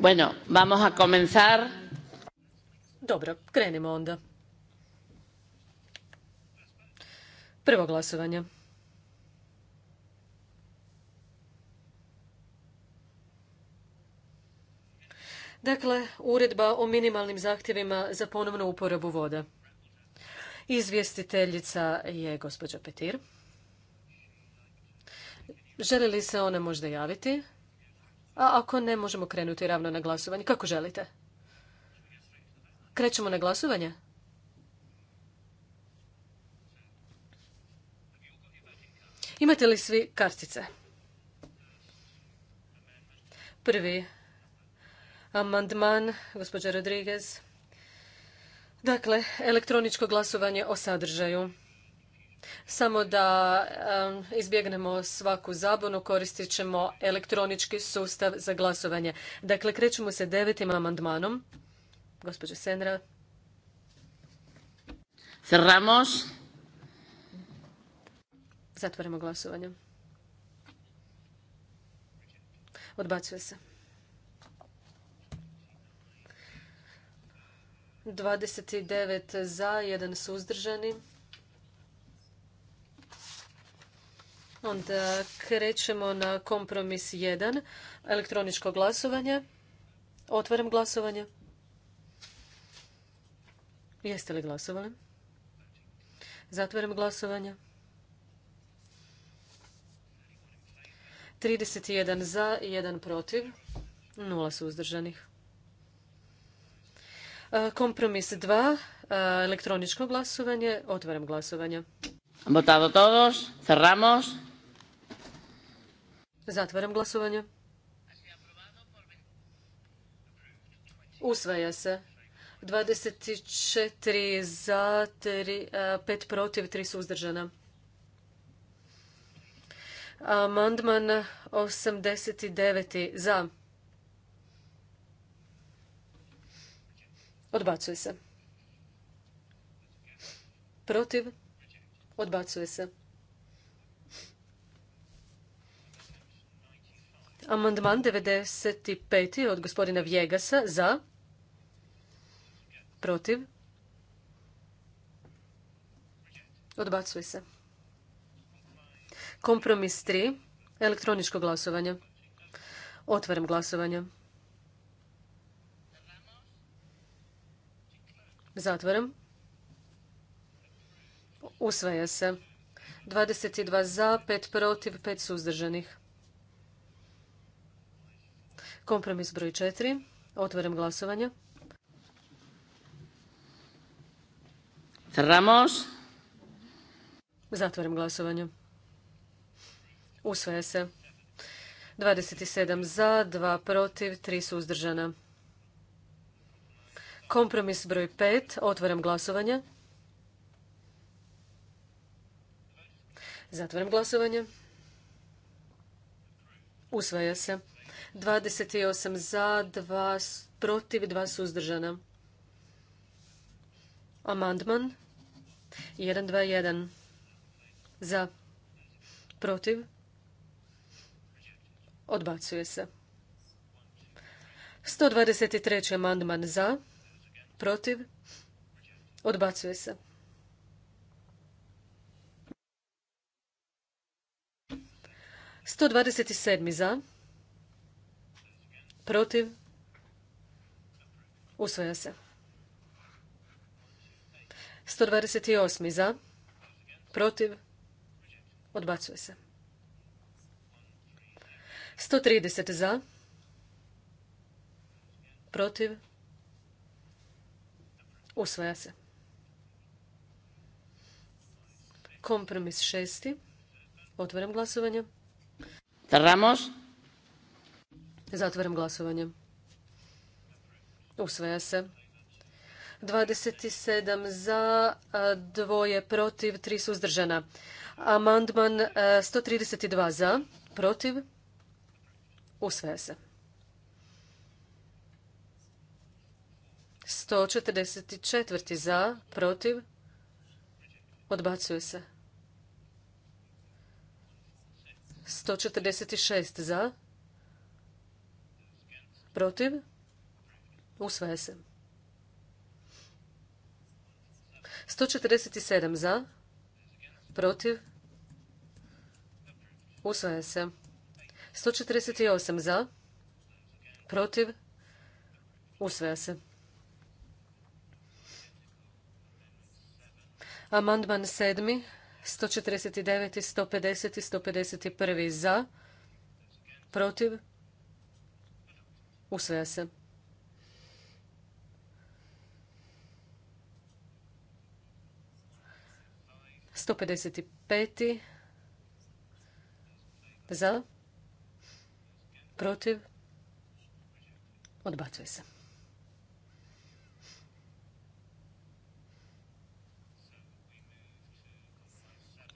Bueno, vamos Dobro, krenimo onda. Prvo glasovanje. Dakle, uredba o minimalnim zahtjevima za ponovnu uporabu voda. Izvjestiteljica je gospođa Petir. Želi li se ona možda javiti? A ako ne, možemo krenuti ravno na glasovanje. Kako želite? Krećemo na glasovanje? Imate li svi kartice? Prvi amandman, gospođa Rodriguez. Dakle, elektroničko glasovanje o sadržaju. Samo da izbjegnemo svaku zabunu, koristit ćemo elektronički sustav za glasovanje. Dakle, krećemo se devetim amandmanom. Gospođa Senra. Cerramos. Zatvorimo glasovanje. Odbacuje se. 29 za, jedan suzdržani. Onda krećemo na kompromis 1, elektroničko glasovanje. Otvaram glasovanje. Jeste li glasovali? Zatvaram glasovanje. 31 za, 1 protiv, 0 suzdržanih. E, kompromis 2, e, elektroničko glasovanje, otvaram glasovanje. todos, cerramos. Zatvaram glasovanje. Usvaja se. 24 za, 5 e, protiv, 3 suzdržana. Amandman 89. za. Odbacuje se. Protiv. Odbacuje se. Amandman 95. od gospodina Vjegasa za. Protiv. Odbacuje se. Kompromis 3. Elektroničko glasovanje. Otvaram glasovanje. Zatvaram. Usvaja se. 22 za, 5 protiv, 5 suzdržanih. Kompromis broj 4. Otvorem glasovanje. Cerramos. Zatvaram glasovanje. Usvaja se. 27 za, 2 protiv, 3 suzdržana. Kompromis broj 5. Otvorem glasovanje. Zatvorem glasovanje. Usvaja se. 28 za, 2 protiv, 2 suzdržana. Amandman 121 za, protiv, odbacuje se. 123. amandman za, protiv, odbacuje se. Sto dvadeset za Protiv? Usvaja se. 128. Za? Protiv? Odbacuje se. 130. Za? Protiv? Usvaja se. Kompromis šesti. Otvaram glasovanje. Tramos. Zatvaram glasovanje. Usvaja se. 27 za, dvoje protiv, tri suzdržana. Amandman 132 e, za, protiv, usvaja se. 144 za, protiv, odbacuje se. 146 za, Protiv? Usvaja se. 147 za. Protiv? Usvaja se. 148 za. Protiv? Usvaja se. Amandman sedmi, 149, 150 i 151 za, protiv, Usvaja se. Sto pedeset pet za protiv odbacuje se.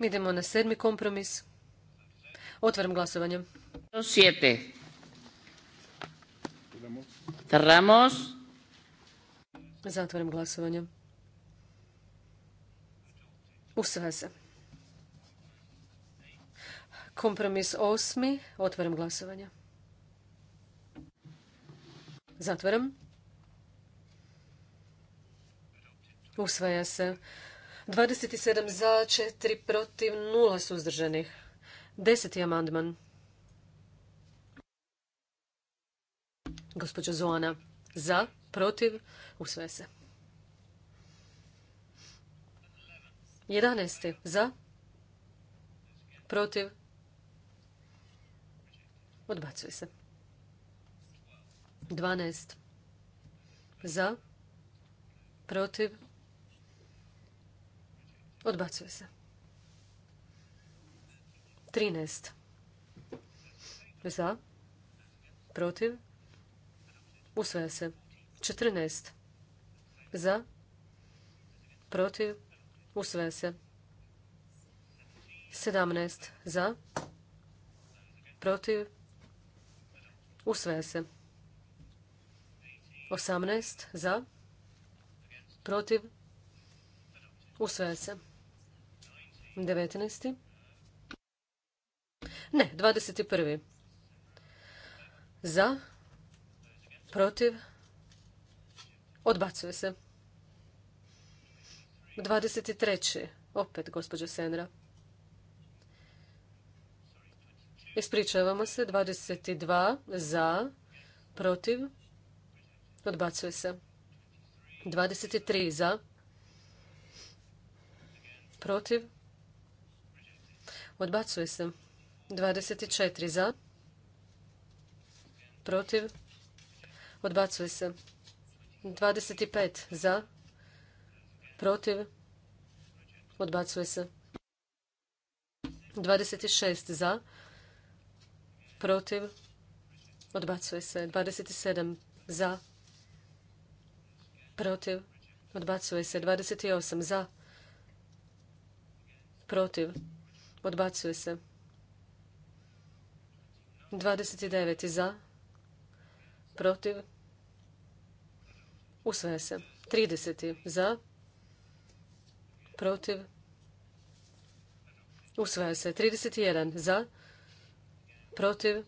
Idemo na sedmi kompromis. Otvaram glasovanje. Sjete. Cerramos. Zatvorim glasovanje. Usvaja se. Kompromis osmi. Otvorim glasovanje. Zatvorim. Usvaja se. 27 za, 4 protiv, 0 suzdržanih. Deseti amandman. Gospođa Zona. za, protiv, usve se. 11. za, protiv, odbacuje se. 12. za, protiv, odbacuje se. 13. za, protiv, se. Usvaja se. 14. Za. Protiv. Usvaja se. 17. Za. Protiv. Usvaja se. 18. Za. Protiv. Usvaja se. 19. Ne, 21. Za protiv, odbacuje se. 23. opet gospođa Senra. Ispričavamo se, 22 za, protiv, odbacuje se. 23 za, protiv, odbacuje se. 24 za, protiv, Odbacuje se. 25 za. Protiv. Odbacuje se. 26 za. Protiv. Odbacuje se. 27 za. Protiv. Odbacuje se. 28 za. Protiv. Odbacuje se. 29 za. Protiv. Usvaja se. 30. za. Protiv. Usvaja se. 31. za. Protiv.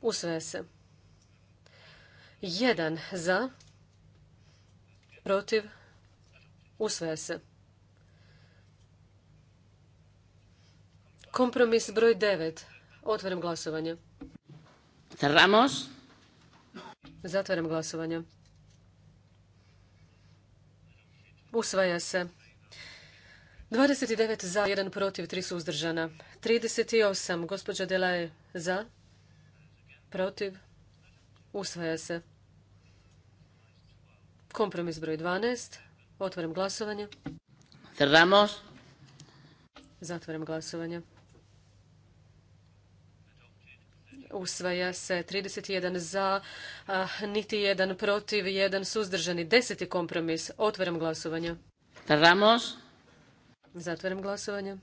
Usvaja se. 1 za. Protiv. Usvaja se. Kompromis broj 9. Otvaram glasovanje. Cerramos. glasovanje. Usvaja se. 29 za, 1 protiv, 3 suzdržana. 38. Gospođa Delaje za, protiv, usvaja se. Kompromis broj 12. Otvaram glasovanje. Cerramos. Zatvaram glasovanje. usvaja se 31 za, niti jedan protiv, jedan suzdržani. Deseti kompromis. Otvaram glasovanje. Ramos. Zatvaram glasovanje.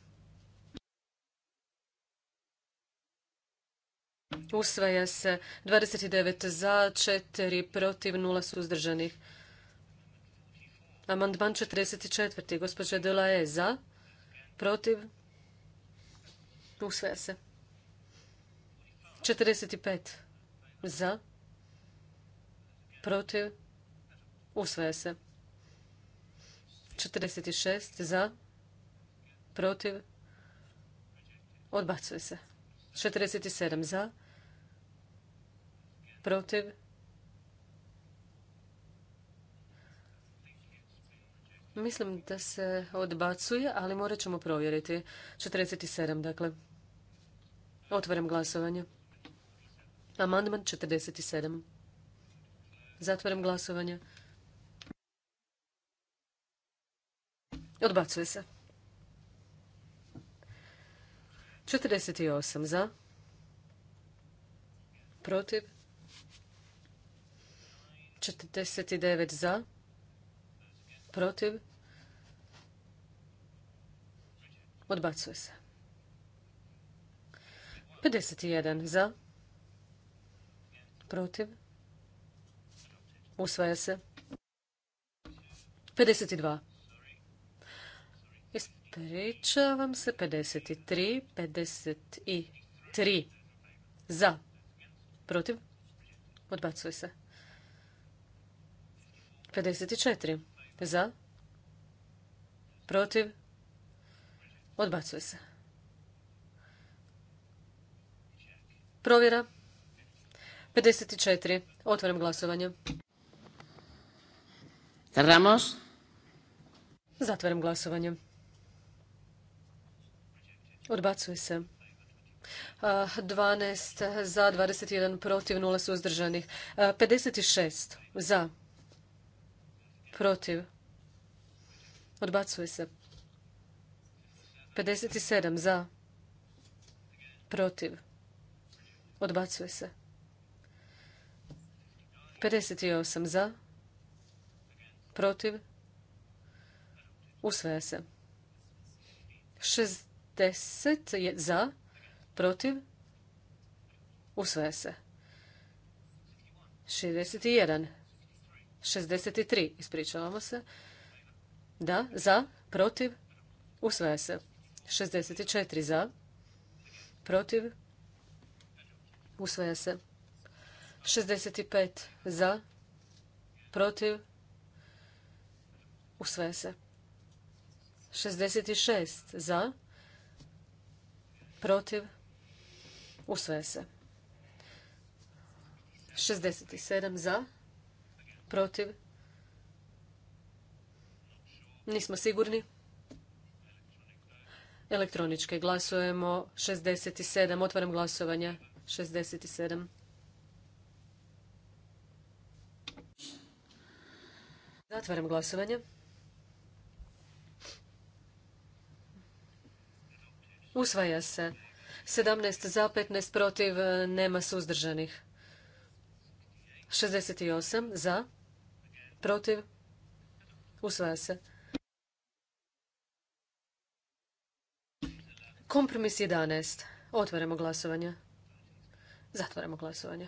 Usvaja se 29 za, 4 protiv, 0 suzdržanih. Amandman 44. Gospođa Dela za, protiv, usvaja se. 45 za, protiv, usvaja se. 46 za, protiv, odbacuje se. 47 za, protiv, Mislim da se odbacuje, ali morat ćemo provjeriti. 47, dakle. Otvaram glasovanje. Amandman 47. Zatvaram glasovanje. Odbacuje se. 48 za. Protiv. 49 za. Protiv. Odbacuje se. 51 za. Protiv? Usvaja se. 52. Ispričavam se. 53. 53. Za. Protiv? Odbacuje se. 54. Za. Protiv? Odbacuje se. Provjera. 54. Otvaram glasovanje. Ramos. Zatvaram glasovanje. Odbacuje se. 12 za, 21 protiv, 0 suzdržanih. 56 za, protiv, odbacuje se. 57 za, protiv, odbacuje se. 58 za, protiv, usvaja se. 60 je za, protiv, usvaja se. 61, 63, ispričavamo se. Da, za, protiv, usvaja se. 64 za, protiv, usvaja se. 65 za, protiv, usve se. 66 za, protiv, usve se. 67 za, protiv, nismo sigurni. Elektroničke glasujemo 67, otvaram glasovanje 67. Zatvaram glasovanje. Usvaja se. 17 za, 15 protiv, nema suzdržanih. 68 za, protiv, usvaja se. Kompromis 11. Otvaramo glasovanje. Zatvaramo glasovanje.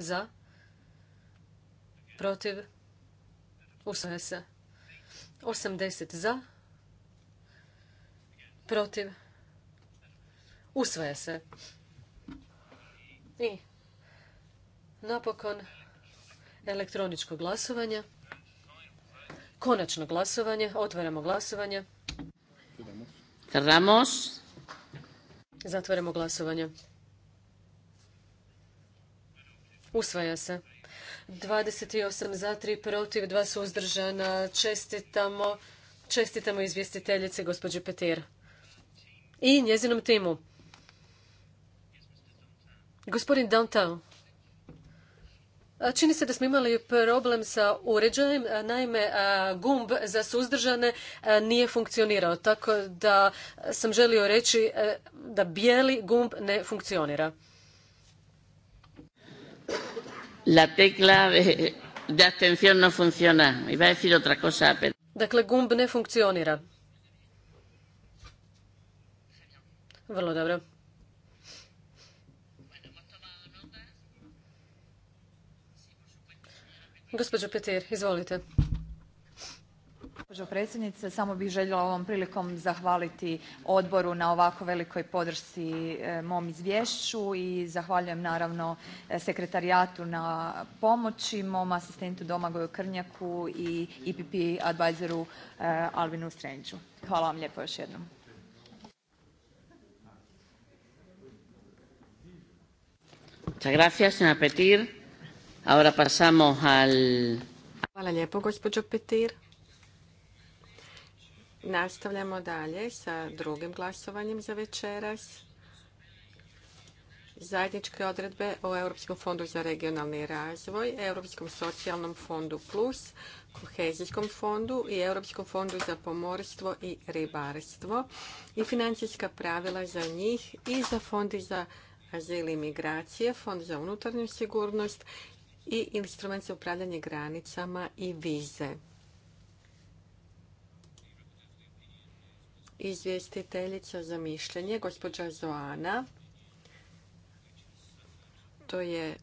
za, protiv, usvaja se. 80 za, protiv, usvaja se. I napokon elektroničko glasovanje. Konačno glasovanje. Otvaramo glasovanje. Ramos. Zatvaramo glasovanje. Usvaja se. 28 za, 3 protiv, 2 suzdržana. Čestitamo, čestitamo izvjestiteljice, gospođi Petir i njezinom timu. Gospodin Downtown. Čini se da smo imali problem sa uređajem, naime gumb za suzdržane nije funkcionirao, tako da sam želio reći da bijeli gumb ne funkcionira. La tecla de, de abstención no funciona. Iba a decir otra cosa, Dakle, gumb ne funkcionira. Vrlo dobro. Gospođo Petir, izvolite gospođo predsjednice. Samo bih željela ovom prilikom zahvaliti odboru na ovako velikoj podršci e, mom izvješću i zahvaljujem naravno e, sekretarijatu na pomoći, mom asistentu Domagoju Krnjaku i IPP e advisoru Alvinu Strenđu. Hvala vam lijepo još jednom. Hvala lijepo, gospođo Petir. Nastavljamo dalje sa drugim glasovanjem za večeras. Zajedničke odredbe o Europskom fondu za regionalni razvoj, Europskom socijalnom fondu plus, Kohezijskom fondu i Europskom fondu za pomorstvo i ribarstvo i financijska pravila za njih i za fondi za azil i migracije, fond za unutarnju sigurnost i instrument za upravljanje granicama i vize. izvjestiteljica za mišljenje, gospođa Zoana. To je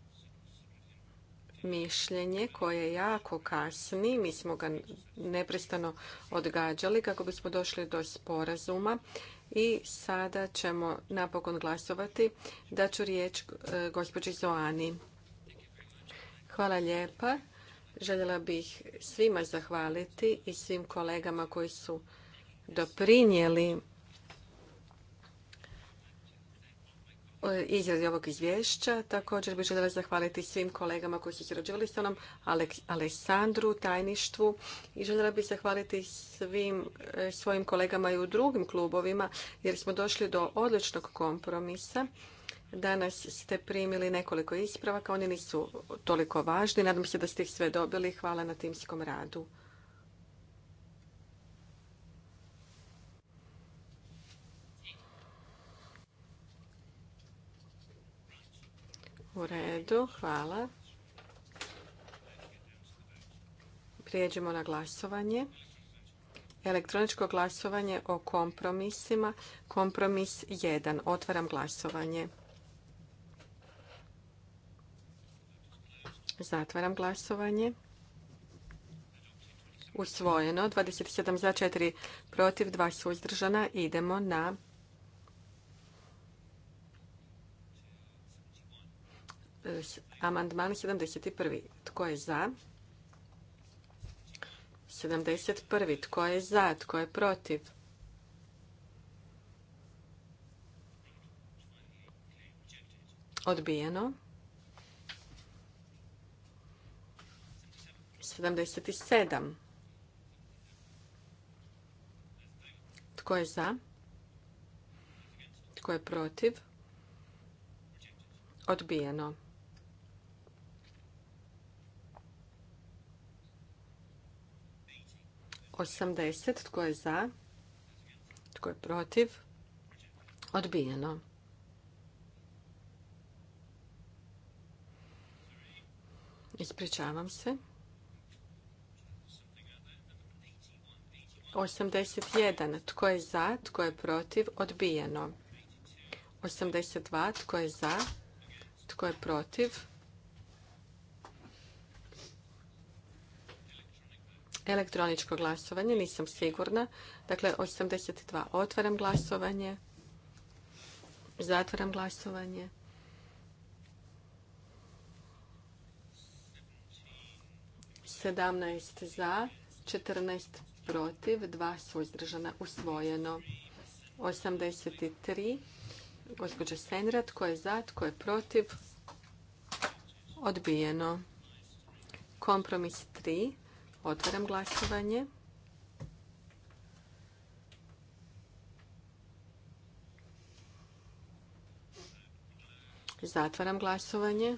mišljenje koje je jako kasni. Mi smo ga neprestano odgađali kako bismo došli do sporazuma i sada ćemo napokon glasovati. ću riječ e, gospođi Zoani. Hvala lijepa. Željela bih svima zahvaliti i svim kolegama koji su doprinijeli eh, izrazi ovog izvješća. Također bih željela zahvaliti svim kolegama koji su surađivali sa nam, Aleksandru, tajništvu i željela bih zahvaliti svim eh, svojim kolegama i u drugim klubovima jer smo došli do odličnog kompromisa. Danas ste primili nekoliko ispravaka, oni nisu toliko važni. Nadam se da ste ih sve dobili. Hvala na timskom radu. U redu, hvala. Prijeđemo na glasovanje. Elektroničko glasovanje o kompromisima. Kompromis 1. Otvaram glasovanje. Zatvaram glasovanje. Usvojeno. 27 za 4 protiv, 2 suzdržana. Idemo na Amandman 71. Tko je za? 71. Tko je za? Tko je protiv? Odbijeno. 77. Tko je za? Tko je protiv? Odbijeno. 80. Tko je za? Tko je protiv? Odbijeno. Ispričavam se. 81. Tko je za? Tko je protiv? Odbijeno. 82. Tko je za? Tko je protiv? Elektroničko glasovanje, nisam sigurna. Dakle, 82. Otvaram glasovanje. Zatvaram glasovanje. 17 za, 14 protiv, 2 suzdržana, usvojeno. 83, gospođa Senra, tko je za, tko je protiv, odbijeno. Kompromis 3, Otvaram glasovanje. Zatvaram glasovanje.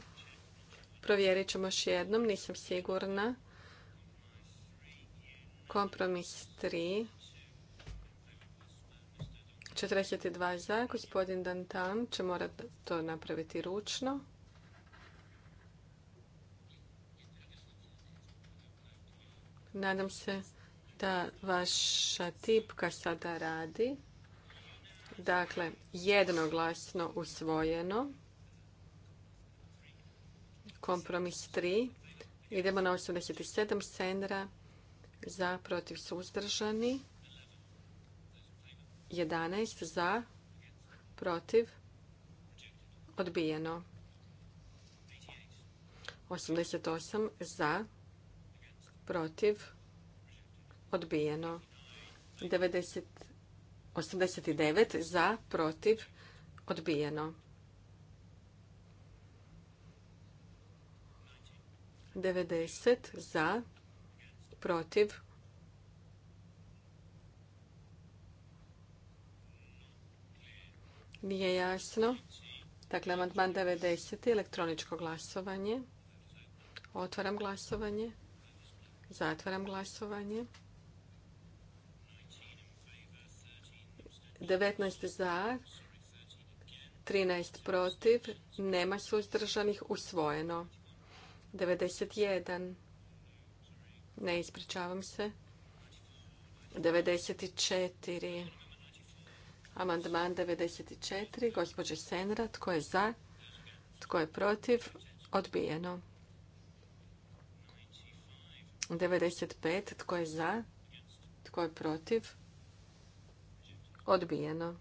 Provjerit ćemo još jednom, nisam sigurna. Kompromis 3. 42 za, gospodin Dantan će morati to napraviti ručno. Nadam se da vaša tipka sada radi. Dakle, jednoglasno usvojeno. Kompromis 3. Idemo na 87 sendra za protiv suzdržani. 11 za protiv odbijeno. 88 za protiv, odbijeno. 90, 89 za, protiv, odbijeno. 90 za, protiv, Nije jasno. Dakle, amantman 90. Elektroničko glasovanje. Otvaram glasovanje. Zatvaram glasovanje. 19 za, 13 protiv, nema suzdržanih, usvojeno. 91. Ne ispričavam se. 94. Amandman 94. Gospođe Senra, tko je za, tko je protiv, odbijeno. 95. Tko je za? Tko je protiv? Odbijeno.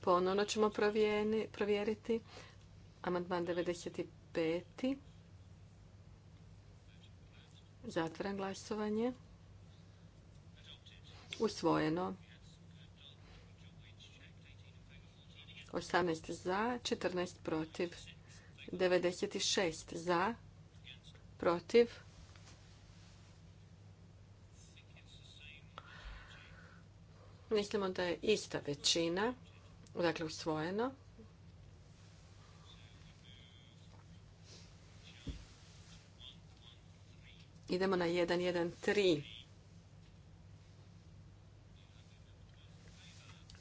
Ponovno ćemo provjeriti. Amandman 95. Zatvoren glasovanje. Usvojeno. 18 za, 14 protiv. 96 za, protiv. Mislimo da je ista većina, dakle usvojeno. Idemo na 1.1.3.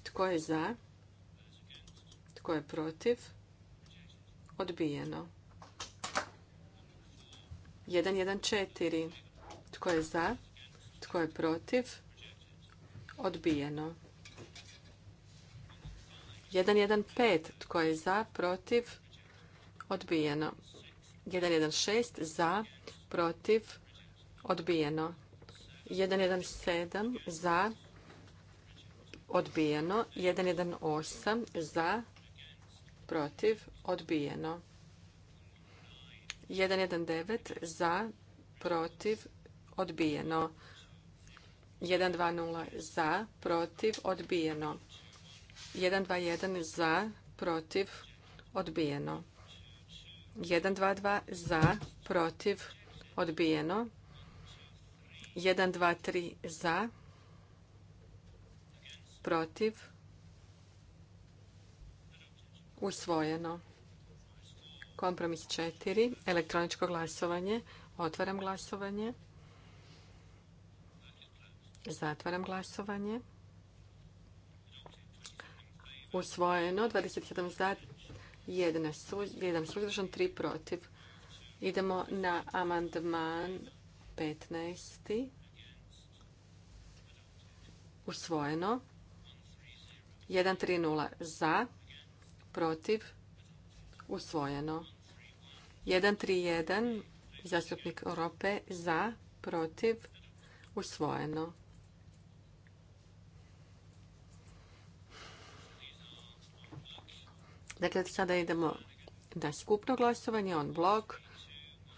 Tko je za? Tko je protiv? Odbijeno. 114. Tko je za? Tko je protiv? Odbijeno. 115. Tko je za? Protiv? Odbijeno. 116. Za? Protiv? Odbijeno. 117. Za? Odbijeno. 118. Za? protiv, odbijeno. 119 za, protiv, odbijeno. 120 za, protiv, odbijeno. 121 za, protiv, odbijeno. 122 za, protiv, odbijeno. 123 za, protiv, Usvojeno. Kompromis 4. Elektroničko glasovanje. Otvaram glasovanje. Zatvaram glasovanje. Usvojeno. 27 za, 1 suzdržan, 3 protiv. Idemo na amandman 15. Usvojeno. 1, 3, 0 za, protiv, usvojeno. 131, zastupnik Europe, za, protiv, usvojeno. Dakle, sada idemo na skupno glasovanje, on blok,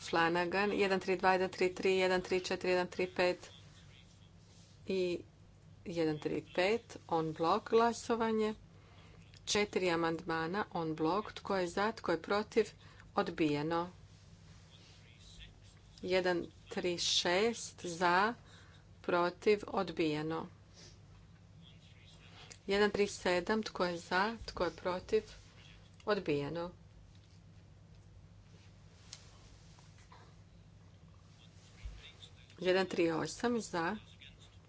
Flanagan, 132, 133, 134, 135 i 135, on blok glasovanje četiri amandmana on blok. Tko je za, tko je protiv? Odbijeno. 1.3.6 za, protiv, odbijeno. 1.3.7 tko je za, tko je protiv? Odbijeno. 1.3.8 tri za,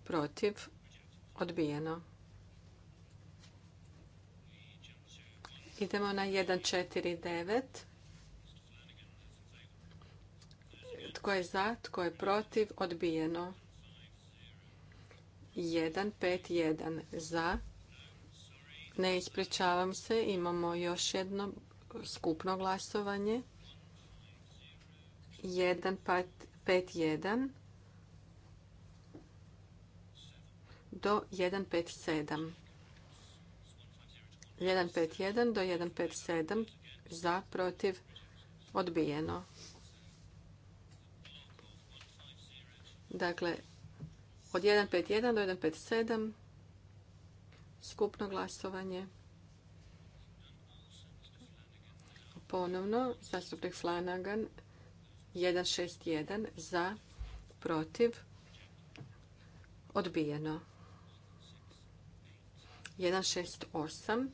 protiv, odbijeno. Idemo na 149. Tko je za, tko je protiv, odbijeno. 151 za. Ne ispričavam se, imamo još jedno skupno glasovanje. 151 do 157. 151 do 157 za, protiv, odbijeno. Dakle, od 151 do 157 skupno glasovanje. Ponovno, zastupnik Flanagan 161 za, protiv, odbijeno. 168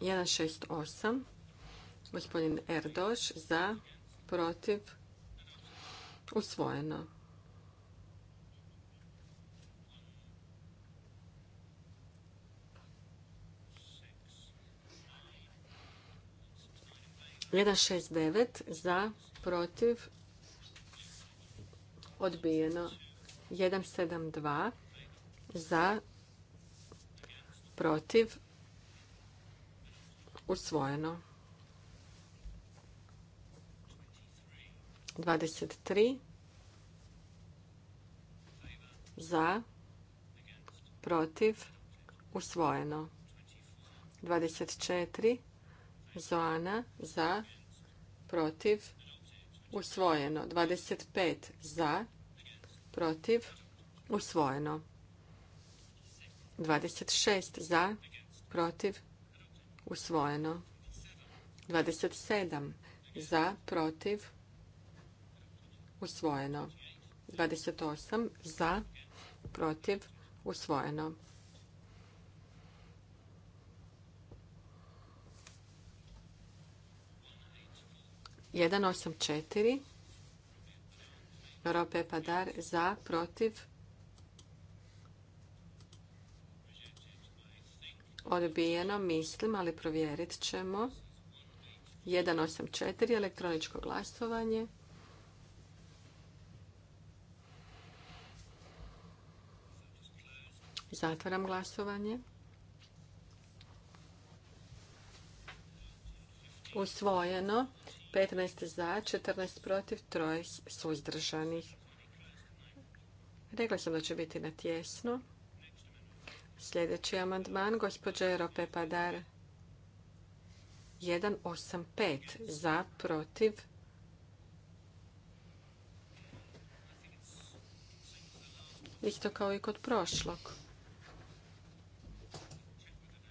168. Gospodin Erdoš za, protiv, usvojeno. Jedan šest devet za, protiv, odbijeno. Jedan sedam dva za, protiv, usvojeno. 23 za, protiv, usvojeno. 24 Zoana za, protiv, usvojeno. 25 za, protiv, usvojeno. 26 za, protiv, usvojeno. 27 za, protiv, usvojeno. 28 za, protiv, usvojeno. Jedan osam četiri. Rope Padar za, protiv, Odbijeno, mislim, ali provjerit ćemo. 184, elektroničko glasovanje. Zatvaram glasovanje. Usvojeno. 15 za, 14 protiv, 3 suzdržanih. Rekla sam da će biti na tjesno. Sljedeći amandman, gospođa Rope Padar. 185 za, protiv. Isto kao i kod prošlog.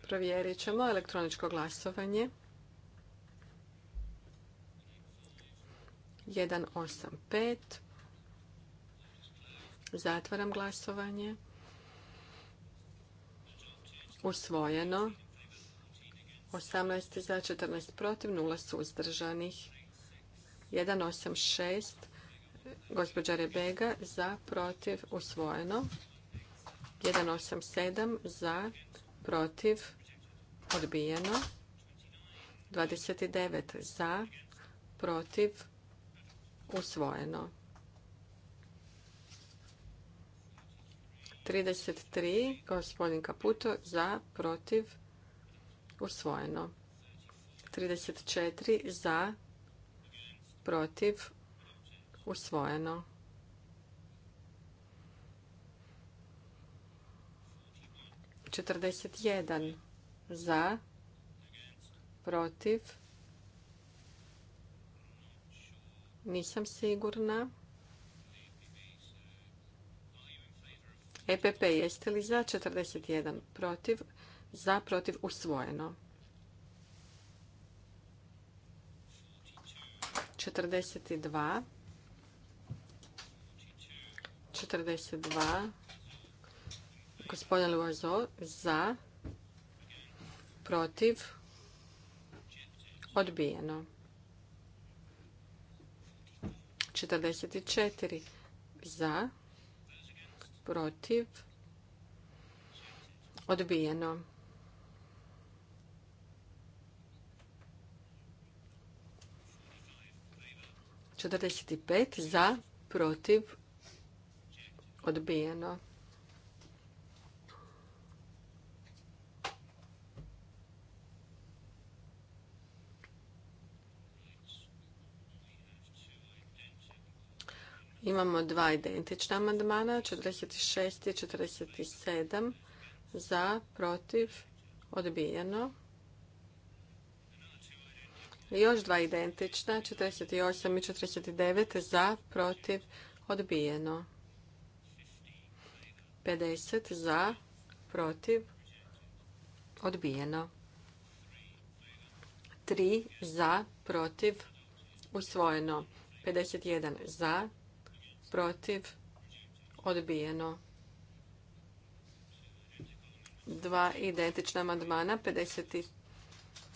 Provjerit ćemo elektroničko glasovanje. 185. Zatvaram glasovanje usvojeno. 18 za, 14 protiv, 0 suzdržanih. 186, gospođa Rebega, za, protiv, usvojeno. 187, za, protiv, odbijeno. 29 za, protiv, usvojeno. 33, gospodin Kaputo, za, protiv, usvojeno. 34, za, protiv, usvojeno. 41, za, protiv, nisam sigurna. EPP jeste li za? 41 protiv. Za protiv usvojeno. 42. 42. Gospodin Lozo, za. Protiv. Odbijeno. 44 za protiv, odbijeno. Četrdeset pet za, protiv, odbijeno. Imamo dva identična amandmana, 46 i 47 za, protiv, odbijeno. Još dva identična, 48 i 49 za, protiv, odbijeno. 50 za, protiv, odbijeno. 3 za, protiv, usvojeno. 51 za, protiv, odbijeno. Dva identična amandmana, 52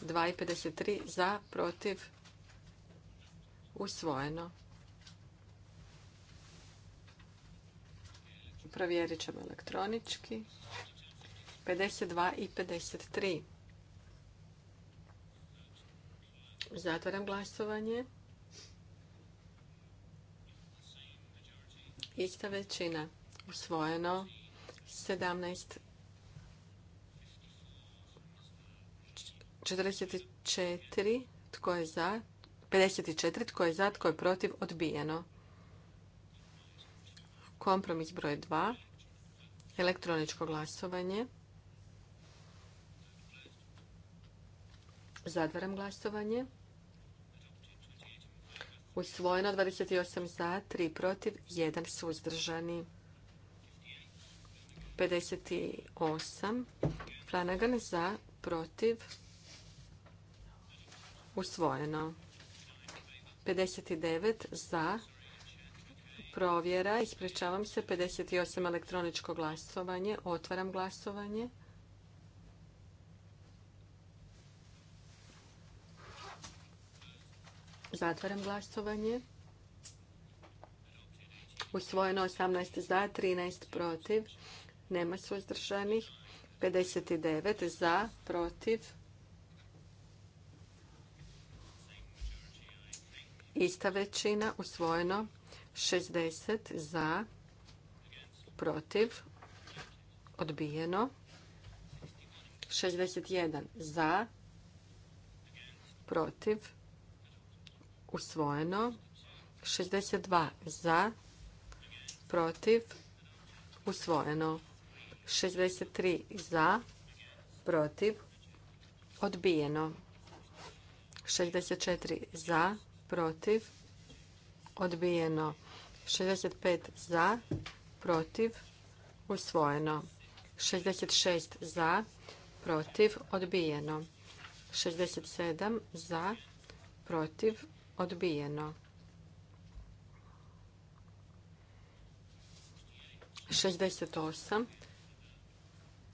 i 53 za, protiv, usvojeno. Provjerit ćemo elektronički. 52 i 53. Zatvaram glasovanje. Ista većina. Usvojeno. 17. 44. Tko je za? 54. Tko je za? Tko je protiv? Odbijeno. Kompromis broj 2. Elektroničko glasovanje. Zatvaram glasovanje. Usvojeno 28 za, 3 protiv, 1 suzdržani. 58. Flanagan za, protiv. Usvojeno. 59 za. Provjera. Ispričavam se. 58 elektroničko glasovanje. Otvaram glasovanje. Zatvaram glasovanje. Usvojeno 18 za, 13 protiv. Nema suzdržanih. 59 za, protiv. Ista većina usvojeno 60 za, protiv, odbijeno. 61 za, protiv, usvojeno. 62 za, protiv, usvojeno. 63 za, protiv, odbijeno. 64 za, protiv, odbijeno. 65 za, protiv, usvojeno. 66 za, protiv, odbijeno. 67 za, protiv, Odbijeno. 68.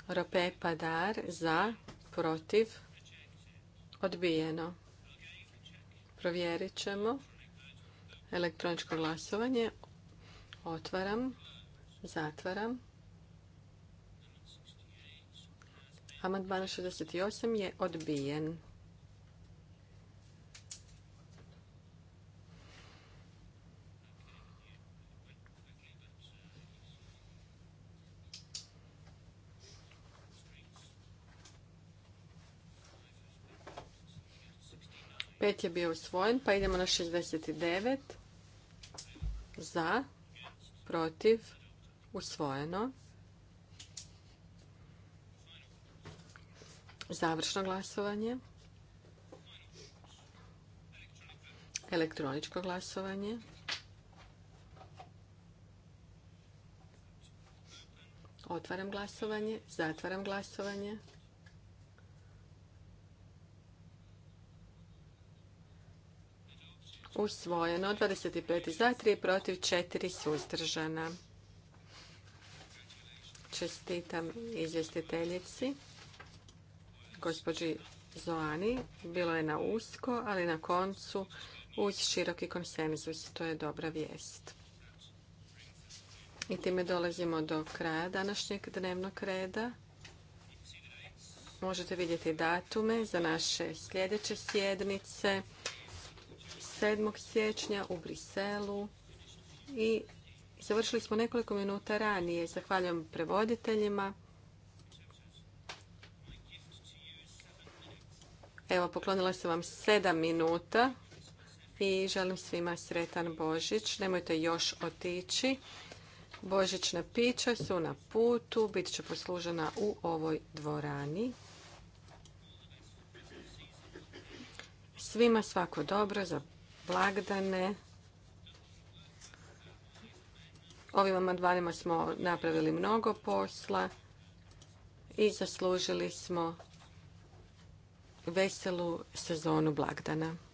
Rope Padar za, protiv, odbijeno. Provjerit ćemo elektroničko glasovanje. Otvaram, zatvaram. Amandman 68 je odbijen. 5 je bio usvojen, pa idemo na 69. Za, protiv, usvojeno. Završno glasovanje. Elektroničko glasovanje. Otvaram glasovanje, zatvaram glasovanje. usvojeno 25 za 3 protiv 4 suzdržana. Čestitam izvjestiteljici, gospođi Zoani. Bilo je na usko, ali na koncu uz široki konsenzus. To je dobra vijest. I time dolazimo do kraja današnjeg dnevnog reda. Možete vidjeti datume za naše sljedeće sjednice. 7. siječnja u Briselu i završili smo nekoliko minuta ranije. Zahvaljujem prevoditeljima. Evo, poklonila sam vam 7 minuta i želim svima sretan Božić. Nemojte još otići. Božićna pića su na putu, bit će poslužena u ovoj dvorani. Svima svako dobro za blagdane. Ovim amandmanima smo napravili mnogo posla i zaslužili smo veselu sezonu blagdana.